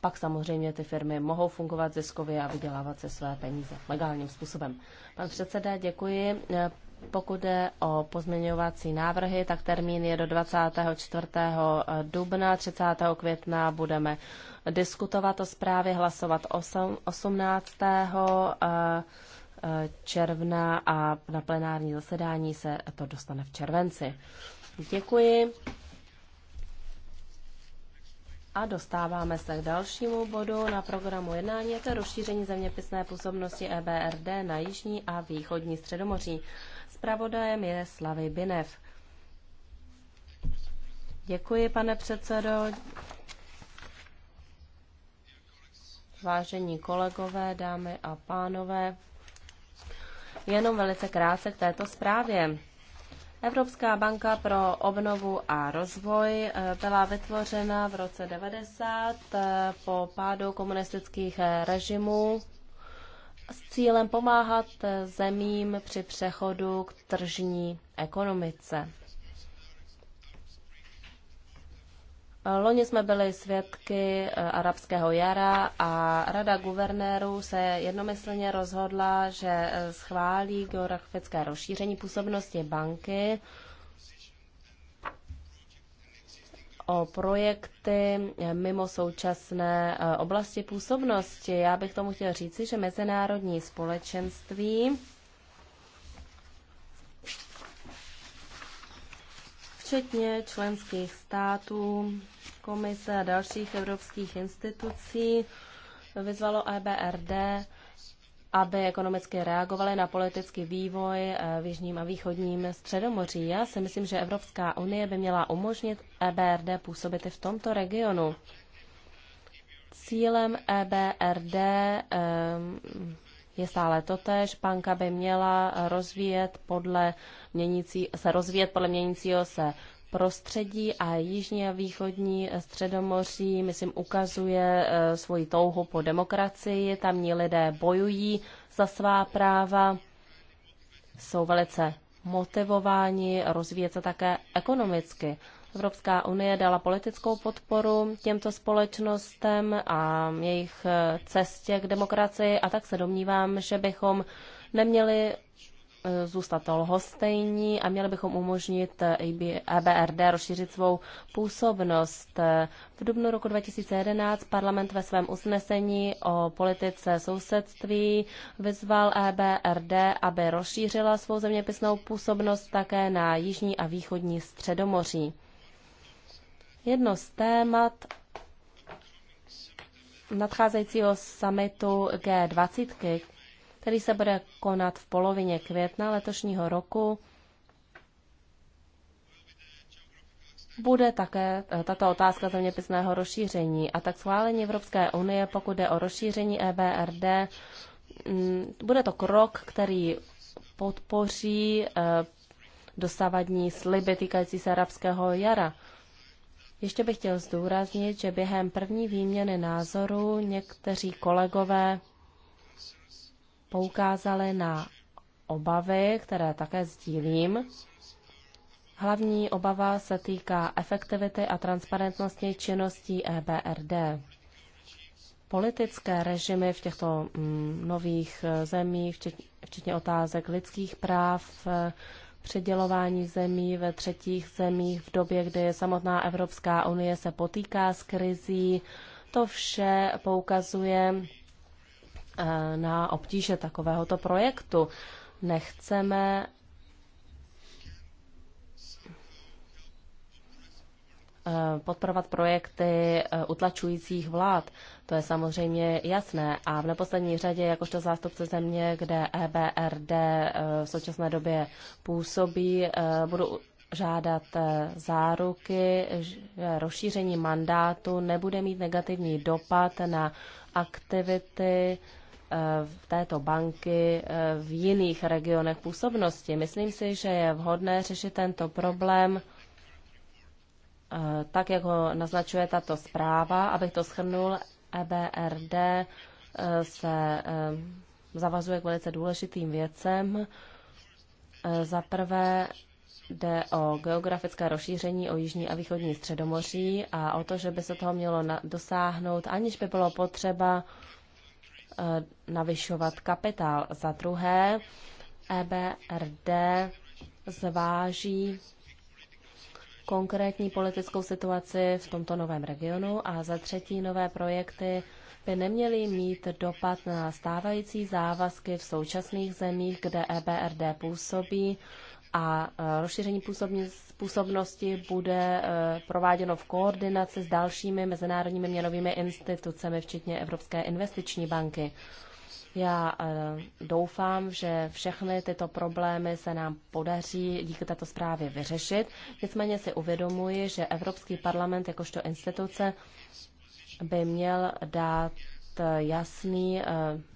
pak samozřejmě ty firmy mohou fungovat ziskově a vydělávat se své peníze legálním způsobem. Pan předseda, děkuji. Pokud jde o pozměňovací návrhy, tak termín je do 24. dubna. 30. května budeme diskutovat o zprávě, hlasovat 18 června a na plenární zasedání se to dostane v červenci. Děkuji. A dostáváme se k dalšímu bodu na programu jednání, je to rozšíření zeměpisné působnosti EBRD na jižní a východní středomoří. Spravodajem je Slavy Binev. Děkuji, pane předsedo. Vážení kolegové, dámy a pánové, Jenom velice krátce k této zprávě. Evropská banka pro obnovu a rozvoj eh, byla vytvořena v roce 90 eh, po pádu komunistických eh, režimů s cílem pomáhat zemím při přechodu k tržní ekonomice. Loni jsme byli svědky eh, arabského jara a Rada guvernérů se jednomyslně rozhodla, že eh, schválí geografické rozšíření působnosti banky o projekty eh, mimo současné oblasti působnosti. Já bych tomu chtěl říci, že mezinárodní společenství včetně členských států, komise a dalších evropských institucí, vyzvalo EBRD, aby ekonomicky reagovaly na politický vývoj eh, v jižním a východním středomoří. Já si myslím, že Evropská unie by měla umožnit EBRD působit i v tomto regionu. Cílem EBRD eh, je stále totéž. Banka by měla rozvíjet podle měnící, se rozvíjet podle měnícího se prostředí a jižní a východní středomoří, myslím, ukazuje eh, svoji touhu po demokracii. Tamní lidé bojují za svá práva, jsou velice motivováni rozvíjet se také ekonomicky. Evropská unie dala politickou podporu těmto společnostem a jejich eh, cestě k demokracii a tak se domnívám, že bychom neměli eh, zůstat lhostejní a měli bychom umožnit EBRD eh, e rozšířit svou působnost. V dubnu roku 2011 parlament ve svém usnesení o politice sousedství vyzval EBRD, aby rozšířila svou zeměpisnou působnost také na jižní a východní středomoří. Jedno z témat nadcházejícího summitu G20, který se bude konat v polovině května letošního roku, bude také eh, tato otázka zeměpisného rozšíření a tak schválení Evropské unie, pokud jde o rozšíření EBRD, mm, bude to krok, který podpoří eh, dosavadní sliby týkající se arabského jara. Ještě bych chtěl zdůraznit, že během první výměny názoru někteří kolegové poukázali na obavy, které také sdílím. Hlavní obava se týká efektivity a transparentnosti činností EBRD. Politické režimy v těchto mm, nových eh, zemích, včetně otázek lidských práv, eh, Předělování zemí ve třetích zemích v době, kdy samotná Evropská unie se potýká s krizí, to vše poukazuje eh, na obtíže takovéhoto projektu. Nechceme Eh, podporovat projekty eh, utlačujících vlád. To je samozřejmě jasné. A v neposlední řadě, jakožto zástupce země, kde EBRD eh, v současné době působí, budu žádat záruky, že rozšíření mandátu nebude mít negativní dopad na aktivity v této banky v jiných regionech působnosti. Myslím si, že je vhodné řešit tento problém Eh, tak, jak ho naznačuje tato zpráva, abych to schrnul, EBRD eh, se eh, zavazuje k velice důležitým věcem. Za prvé jde o geografické rozšíření o jižní a východní středomoří a o to, že by se toho mělo dosáhnout, aniž by bylo potřeba navyšovat kapitál. Za druhé, EBRD zváží konkrétní politickou situaci v tomto novém regionu a za třetí nové projekty by neměly mít dopad na stávající závazky v současných zemích, kde EBRD působí a e, rozšíření působnosti bude e, prováděno v koordinaci s dalšími mezinárodními měnovými institucemi, včetně Evropské investiční banky. Já eh, doufám, že všechny tyto problémy se nám podaří díky této zprávě vyřešit. Nicméně si uvědomuji, že Evropský parlament jakožto instituce by měl dát eh, jasný eh,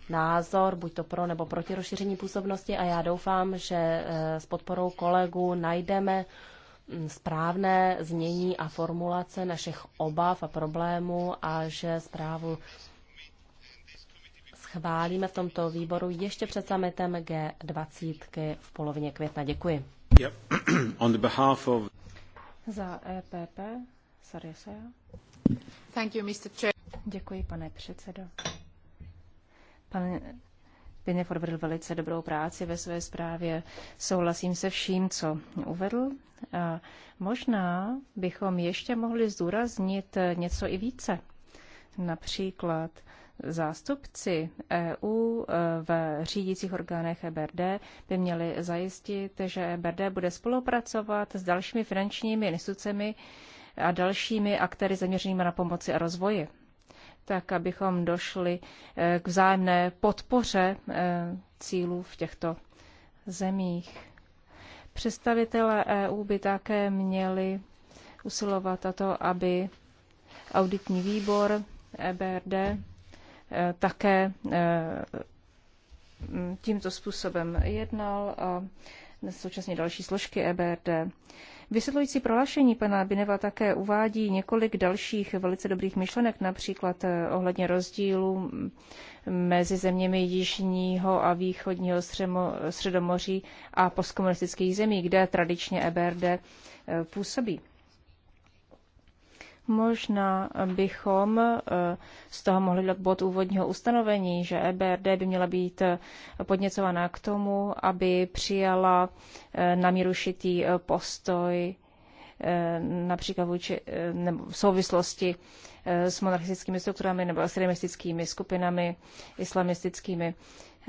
názor, buď to pro nebo proti rozšíření působnosti a já doufám, že s podporou kolegů najdeme mm, správné znění a formulace našich obav a problémů a že zprávu schválíme v tomto výboru ještě před summitem G20 v polovině května. Děkuji. Yep. *clears throat* On the behalf of... Za EPP, Sarisa. Thank you, Mr. Chair. Děkuji, pane předsedo. Pane Pinev odvedl velice dobrou práci ve své zprávě. Souhlasím se vším, co uvedl. A možná bychom ještě mohli zdůraznit něco i více. Například zástupci EU e, v řídících orgánech EBRD by měli zajistit, že EBRD bude spolupracovat s dalšími finančními institucemi a dalšími aktéry zaměřenými na pomoci a rozvoji, tak abychom došli e, k vzájemné podpoře e, cílů v těchto zemích. Představitelé EU by také měli usilovat o to, aby auditní výbor EBRD Eh, také eh, tímto způsobem jednal a současně další složky EBRD. Vysvětlující prohlášení pana Bineva také uvádí několik dalších velice dobrých myšlenek, například eh, ohledně rozdílů mezi zeměmi Jižního a Východního Středomoří a postkomunistických zemí, kde tradičně EBRD působí. Možná bychom eh, z toho mohli dát bod úvodního ustanovení, že EBRD by měla být eh, podněcovaná k tomu, aby přijala eh, namírušitý postoj například vůči, nebo v souvislosti s monarchistickými strukturami nebo extremistickými skupinami islamistickými.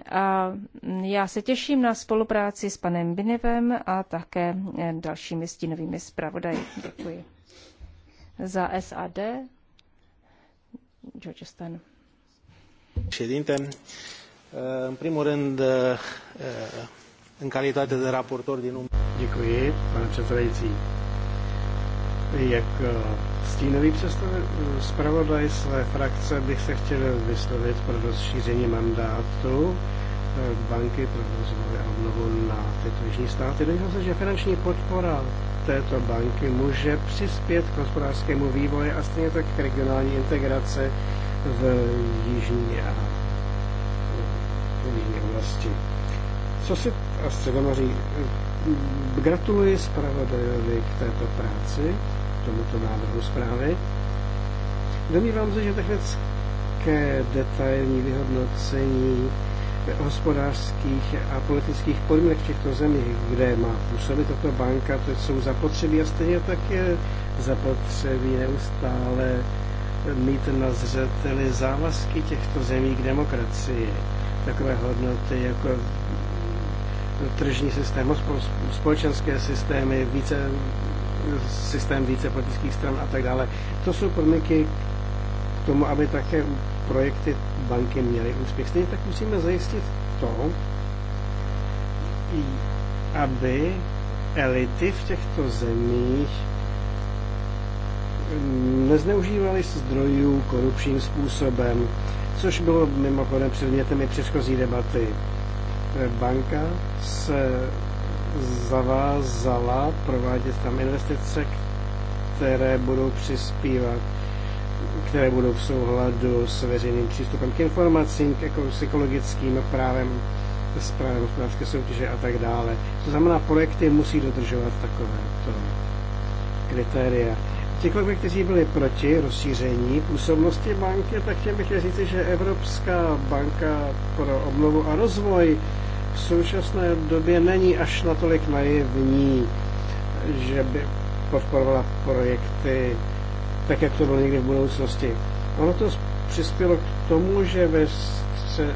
A mm, já se těším na spolupráci s panem Binevem a také dalšími stínovými zpravodaji. Děkuji za SAD. George Stan. Președinte, în primul rând, eh, eh, în calitate de raportor din umbră. Děkuji, pane předsedající. Jak eh, stínový zpravodaj své frakce bych se chtěl vyslovit pro rozšíření mandátu banky a obnovu na tyto jižní státy. Domnívám se, že finanční podpora této banky může přispět k hospodářskému vývoji a stejně tak k regionální integraci v jižní a v jižní oblasti. Co si a středomoří gratuluji zpravodajovi k této práci, k tomuto návrhu zprávy. Domnívám se, že technické detailní vyhodnocení hospodářských a politických podmínek v těchto zemích, kde má působit tato banka, to jsou zapotřebí a stejně tak je zapotřebí neustále mít na zřeteli závazky těchto zemí k demokracii. Takové hodnoty jako tržní systém, společenské systémy, více, systém více politických stran a tak dále. To jsou podmínky k tomu, aby také projekty banky měly úspěch. Stejně tak musíme zajistit to, aby elity v těchto zemích nezneužívaly zdrojů korupčním způsobem, což bylo mimochodem předmětem i předchozí debaty. Banka se zavázala provádět tam investice, které budou přispívat které budou v souhladu s veřejným přístupem k informacím, k ekologickým právem, s právem hospodářské soutěže a tak dále. To znamená, projekty musí dodržovat takovéto kritéria. Ti kolegové, kteří byli proti rozšíření působnosti banky, tak těm bych chtěl říct, že Evropská banka pro obnovu a rozvoj v současné době není až natolik naivní, že by podporovala projekty tak jak to bylo někdy v budoucnosti. Ono to přispělo k tomu, že, ve stře,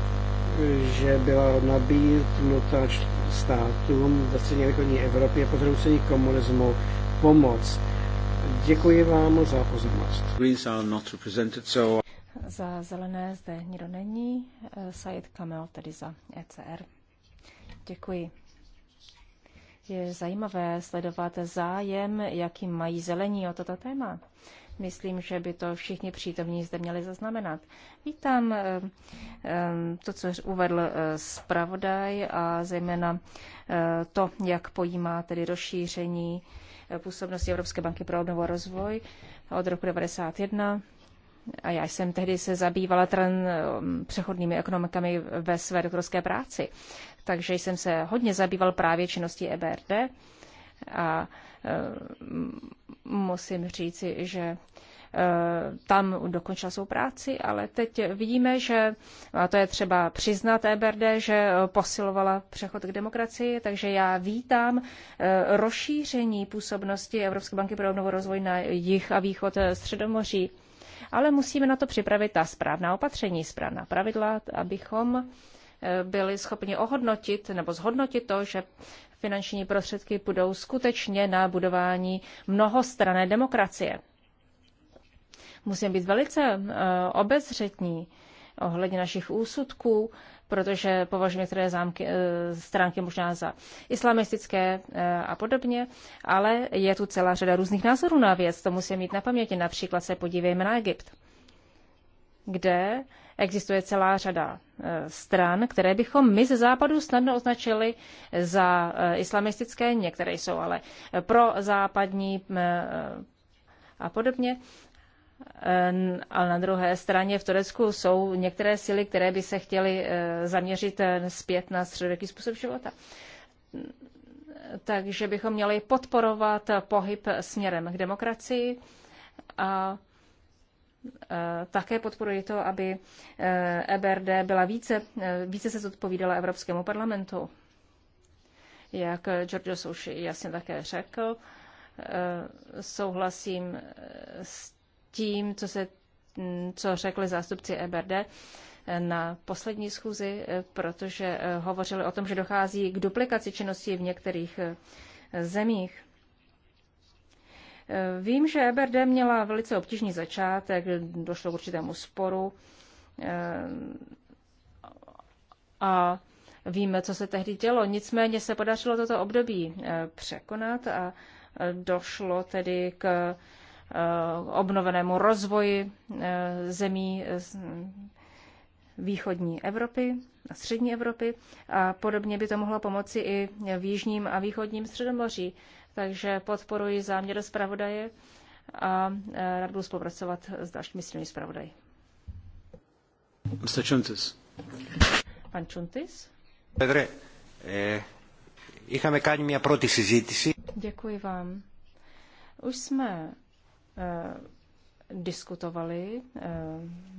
že byla nabídnuta státům ve středně východní Evropě po zrucení komunismu pomoc. Děkuji vám za pozornost. Za zelené zde nikdo není. Said Kamel tedy za ECR. Děkuji. Je zajímavé sledovat zájem, jaký mají zelení o toto téma. Myslím, že by to všichni přítomní zde měli zaznamenat. Vítám eh, eh, to, co uvedl eh, zpravodaj a zejména to, jak pojímá tedy rozšíření působnosti Evropské banky pro obnovu a rozvoj od roku 1991 a já jsem tehdy se zabývala tren, přechodnými ekonomikami ve své doktorské práci. Takže jsem se hodně zabýval právě činností EBRD a musím říci, že eh, tam dokončila svou práci, ale teď vidíme, že, a to je třeba přiznat EBRD, že eh, posilovala přechod k demokracii, takže já vítám eh, rozšíření působnosti Evropské banky pro obnovu rozvoj na jih a východ Středomoří. Ale musíme na to připravit ta správná opatření, správná pravidla, abychom byli schopni ohodnotit nebo zhodnotit to, že finanční prostředky půjdou skutečně na budování mnohostrané demokracie. Musíme být velice eh, obezřetní ohledně našich úsudků, protože považujeme některé zámky, eh, stránky možná za islamistické eh, a podobně, ale je tu celá řada různých názorů na věc, to musíme mít na paměti. Například se podívejme na Egypt, kde Existuje celá řada e, stran, které bychom my ze západu snadno označili za e, islamistické, některé jsou ale pro západní e, a podobně. Ale na druhé straně v Turecku jsou některé síly, které by se chtěly zaměřit zpět na středověký způsob života. Takže bychom měli podporovat pohyb směrem k demokracii a Eh, také podporuji to, aby EBRD eh, e byla více, eh, více se zodpovídala Evropskému parlamentu. Jak Georgios už jasně také řekl, souhlasím s tím, co, se, hm, co řekli zástupci EBRD na poslední schůzi, protože hovořili o tom, že dochází k duplikaci činnosti v některých zemích. Eh, vím, že EBRD měla velice obtížný začátek, došlo k určitému sporu eh, a víme, co se tehdy dělo. Nicméně se podařilo toto období eh, překonat a došlo tedy k obnovenému rozvoji zemí východní Evropy a střední Evropy a podobně by to mohlo pomoci i v jižním a východním středomoří takže podporuji záměr zpravodaje a e, rád budu spolupracovat s dalšími silnými zpravodaji. Mr. Čuntis. Pan Čuntis. Pedre, jicháme είχαμε mě proti si συζήτηση. Děkuji vám. Už jsme e, diskutovali eh,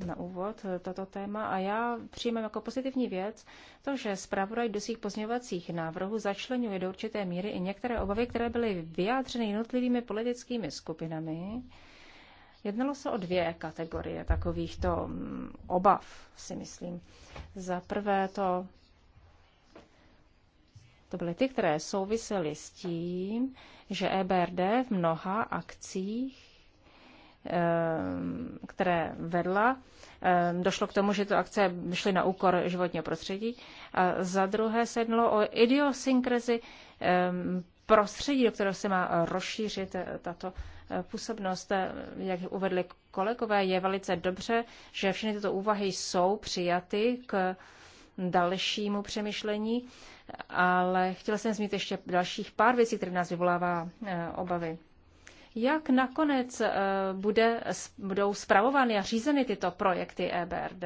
na úvod toto téma a já přijímám jako pozitivní věc to, že zpravodaj do svých pozměňovacích návrhů začlenuje do určité míry i některé obavy, které byly vyjádřeny jednotlivými politickými skupinami. Jednalo se o dvě kategorie takovýchto mm, obav, si myslím. Za prvé to to byly ty, které souvisely s tím, že EBRD v mnoha akcích Eh, které vedla. Eh, došlo k tomu, že to akce šly na úkor životního prostředí. A za druhé se jednalo o idiosynkrezi eh, prostředí, do kterého se má rozšířit tato působnost, jak uvedli kolegové, je velice dobře, že všechny tyto úvahy jsou přijaty k dalšímu přemýšlení, ale chtěla jsem zmínit ještě dalších pár věcí, které nás vyvolává obavy jak nakonec eh, bude, budou zpravovány a řízeny tyto projekty EBRD.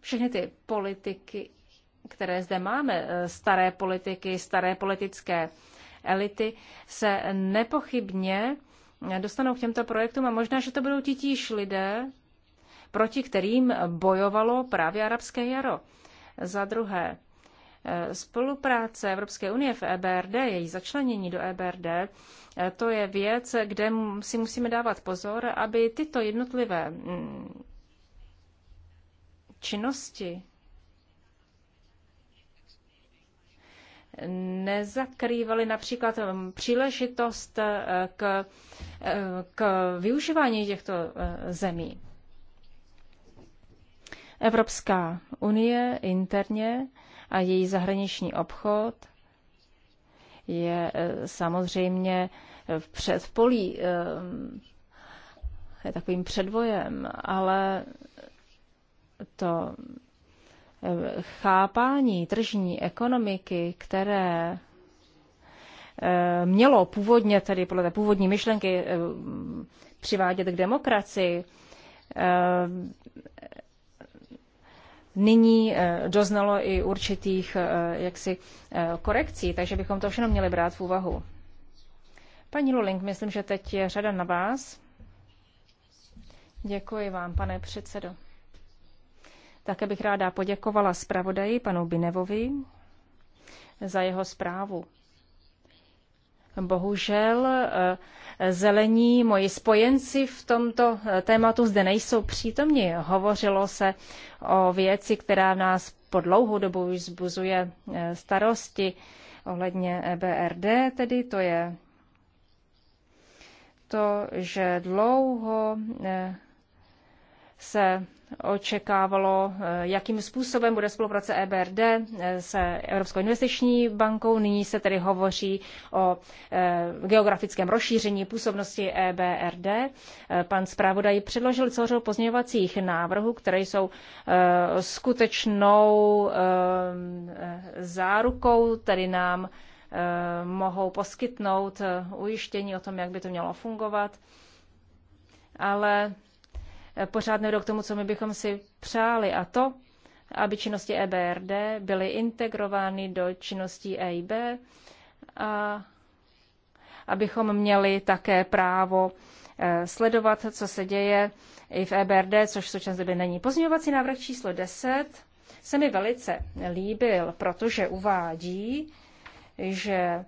Všechny ty politiky, které zde máme, eh, staré politiky, staré politické elity, se nepochybně dostanou k těmto projektům a možná, že to budou titíž lidé, proti kterým bojovalo právě arabské jaro. Za druhé, Eh, spolupráce Evropské unie v EBRD, její začlenění do EBRD, eh, to je věc, kde si musíme dávat pozor, aby tyto jednotlivé mm, činnosti nezakrývaly například eh, příležitost k, k využívání těchto zemí. Evropská unie interně a její zahraniční obchod je eh, samozřejmě eh, v předpolí, eh, je takovým předvojem, ale to chápání tržní ekonomiky, které mělo původně, tedy podle té původní myšlenky, přivádět k demokracii, nyní eh, doznalo i určitých eh, jaksi eh, korekcí, takže bychom to všechno měli brát v úvahu. Paní Luling, myslím, že teď je řada na vás. Děkuji vám, pane předsedo. Také bych ráda poděkovala zpravodaji panu Binevovi za jeho zprávu. Bohužel eh, zelení, moji spojenci v tomto eh, tématu zde nejsou přítomni. Hovořilo se o věci, která v nás po dlouhou dobu už zbuzuje eh, starosti ohledně EBRD, tedy to je to, že dlouho se očekávalo, eh, jakým způsobem bude spolupráce EBRD eh, se Evropskou investiční bankou. Nyní se tedy hovoří o eh, geografickém rozšíření působnosti EBRD. Pan zpravodaj předložil celou řadu pozměňovacích návrhů, které jsou skutečnou zárukou, tedy nám mohou poskytnout ujištění o tom, jak by to mělo fungovat. Ale Eh, pořád nevedou k tomu, co my bychom si přáli a to, aby činnosti EBRD byly integrovány do činností EIB a abychom měli také právo eh, sledovat, co se děje i v EBRD, což v současné době není. Pozměňovací návrh číslo 10 se mi velice líbil, protože uvádí, že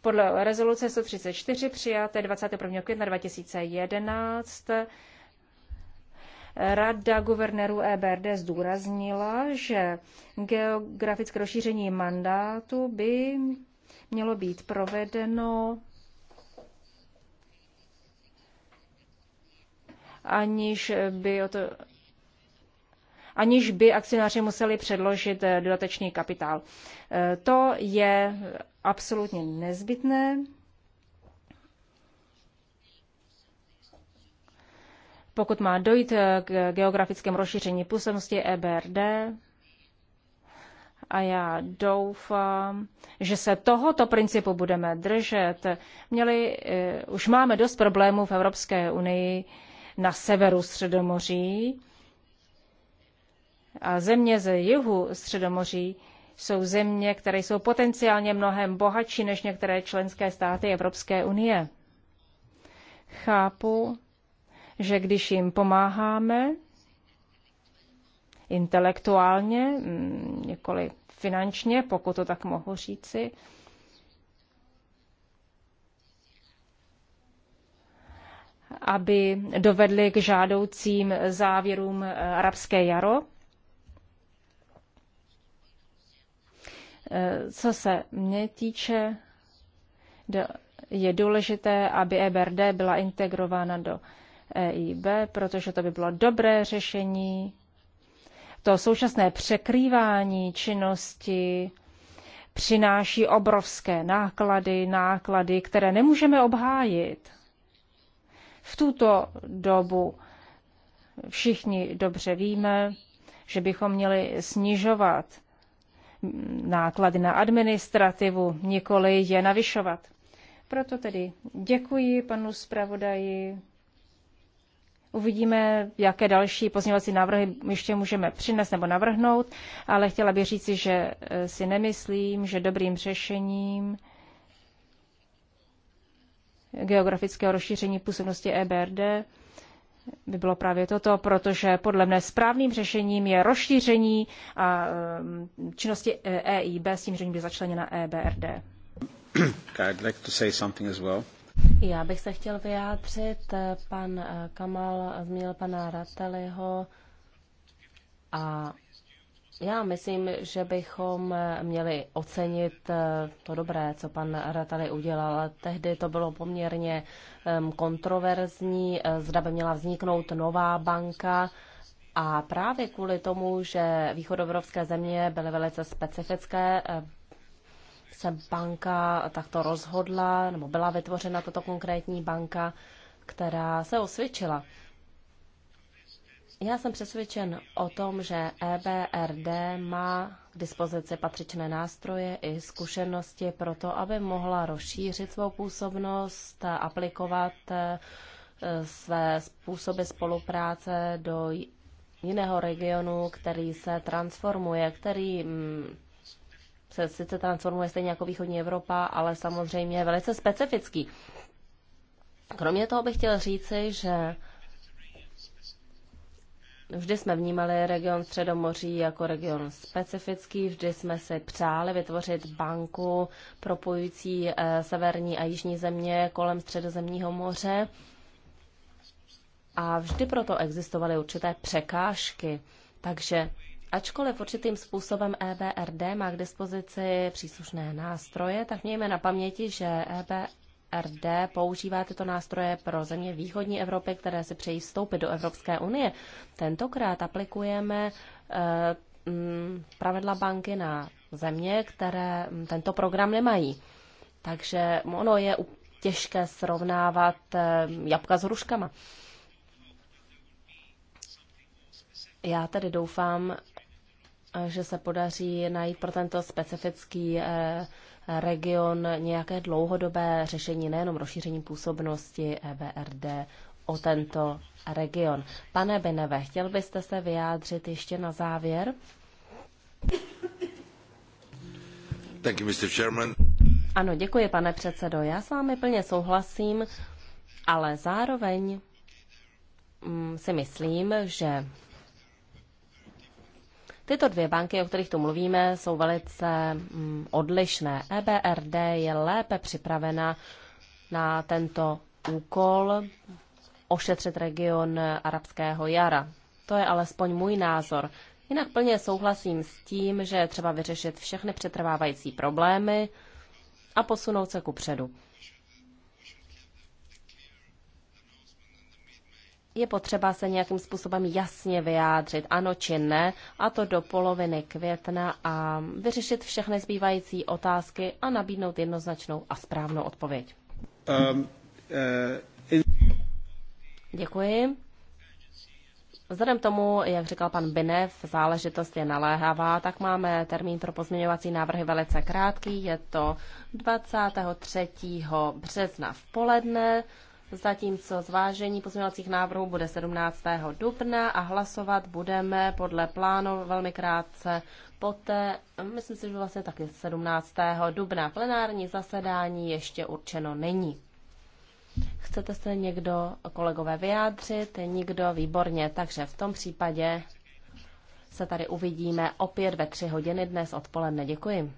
podle rezoluce 134 přijaté 21. května 2011 Rada guvernérů EBRD zdůraznila, že geografické rozšíření mandátu by mělo být provedeno aniž by, o to, aniž by akcionáři museli předložit eh, dodatečný kapitál. Eh, to je absolutně nezbytné. pokud má dojít eh, k geografickému rozšíření působnosti EBRD, a já doufám, že se tohoto principu budeme držet. Měli, eh, už máme dost problémů v Evropské unii na severu Středomoří a země ze jihu Středomoří jsou země, které jsou potenciálně mnohem bohatší než některé členské státy Evropské unie. Chápu, že když jim pomáháme intelektuálně, mm, několi finančně, pokud to tak mohu říci, aby dovedli k žádoucím závěrům eh, arabské jaro. Eh, co se mě týče, je důležité, aby EBRD byla integrována do EIB, protože to by bylo dobré řešení. To současné překrývání činnosti přináší obrovské náklady, náklady, které nemůžeme obhájit. V tuto dobu všichni dobře víme, že bychom měli snižovat náklady na administrativu, nikoli je navyšovat. Proto tedy děkuji panu zpravodaji. Uvidíme, jaké další pozměňovací návrhy ještě můžeme přinést nebo navrhnout, ale chtěla bych říci, že eh, si nemyslím, že dobrým řešením geografického rozšíření působnosti EBRD by bylo právě toto, protože podle mne správným řešením je rozšíření a eh, činnosti EIB s tím, že by začleněna EBRD. Okay, *coughs* Já bych se chtěl vyjádřit. Pan Kamal zmínil pana Rateliho a já myslím, že bychom měli ocenit to dobré, co pan Ratali udělal. Tehdy to bylo poměrně kontroverzní, zda by měla vzniknout nová banka. A právě kvůli tomu, že východoevropské země byly velice specifické, se banka takto rozhodla, nebo byla vytvořena tato konkrétní banka, která se osvědčila. Já jsem přesvědčen o tom, že EBRD má k dispozici patřičné nástroje i zkušenosti pro to, aby mohla rozšířit svou působnost, a aplikovat e, své způsoby spolupráce do jiného regionu, který se transformuje, který mm, se sice transformuje stejně jako východní Evropa, ale samozřejmě je velice specifický. Kromě toho bych chtěl říci, že Vždy jsme vnímali region Středomoří jako region specifický, vždy jsme si přáli vytvořit banku propojující eh, severní a jižní země kolem Středozemního moře. A vždy proto existovaly určité překážky. Takže Ačkoliv určitým způsobem EBRD má k dispozici příslušné nástroje, tak mějme na paměti, že EBRD používá tyto nástroje pro země východní Evropy, které si přejí vstoupit do Evropské unie. Tentokrát aplikujeme eh, mm, pravidla banky na země, které mm, tento program nemají. Takže ono je těžké srovnávat eh, jabka s hruškama. Já tedy doufám, že se podaří najít pro tento specifický eh, region nějaké dlouhodobé řešení, nejenom rozšíření působnosti EBRD o tento region. Pane Beneve, chtěl byste se vyjádřit ještě na závěr? Thank you, Mr. Chairman. Ano, děkuji, pane předsedo. Já s vámi plně souhlasím, ale zároveň mm, si myslím, že Tyto dvě banky, o kterých tu mluvíme, jsou velice mm, odlišné. EBRD je lépe připravena na tento úkol ošetřit region arabského jara. To je alespoň můj názor. Jinak plně souhlasím s tím, že je třeba vyřešit všechny přetrvávající problémy a posunout se ku předu. je potřeba se nějakým způsobem jasně vyjádřit, ano či ne, a to do poloviny května a vyřešit všechny zbývající otázky a nabídnout jednoznačnou a správnou odpověď. Um, uh, in... Děkuji. Vzhledem tomu, jak říkal pan Binev, záležitost je naléhavá, tak máme termín pro pozměňovací návrhy velice krátký, je to 23. března v poledne zatímco zvážení pozměňovacích návrhů bude 17. dubna a hlasovat budeme podle plánu velmi krátce poté, myslím si, že vlastně taky 17. dubna. Plenární zasedání ještě určeno není. Chcete se někdo, kolegové, vyjádřit? Nikdo? Výborně. Takže v tom případě se tady uvidíme opět ve tři hodiny dnes odpoledne. Děkuji.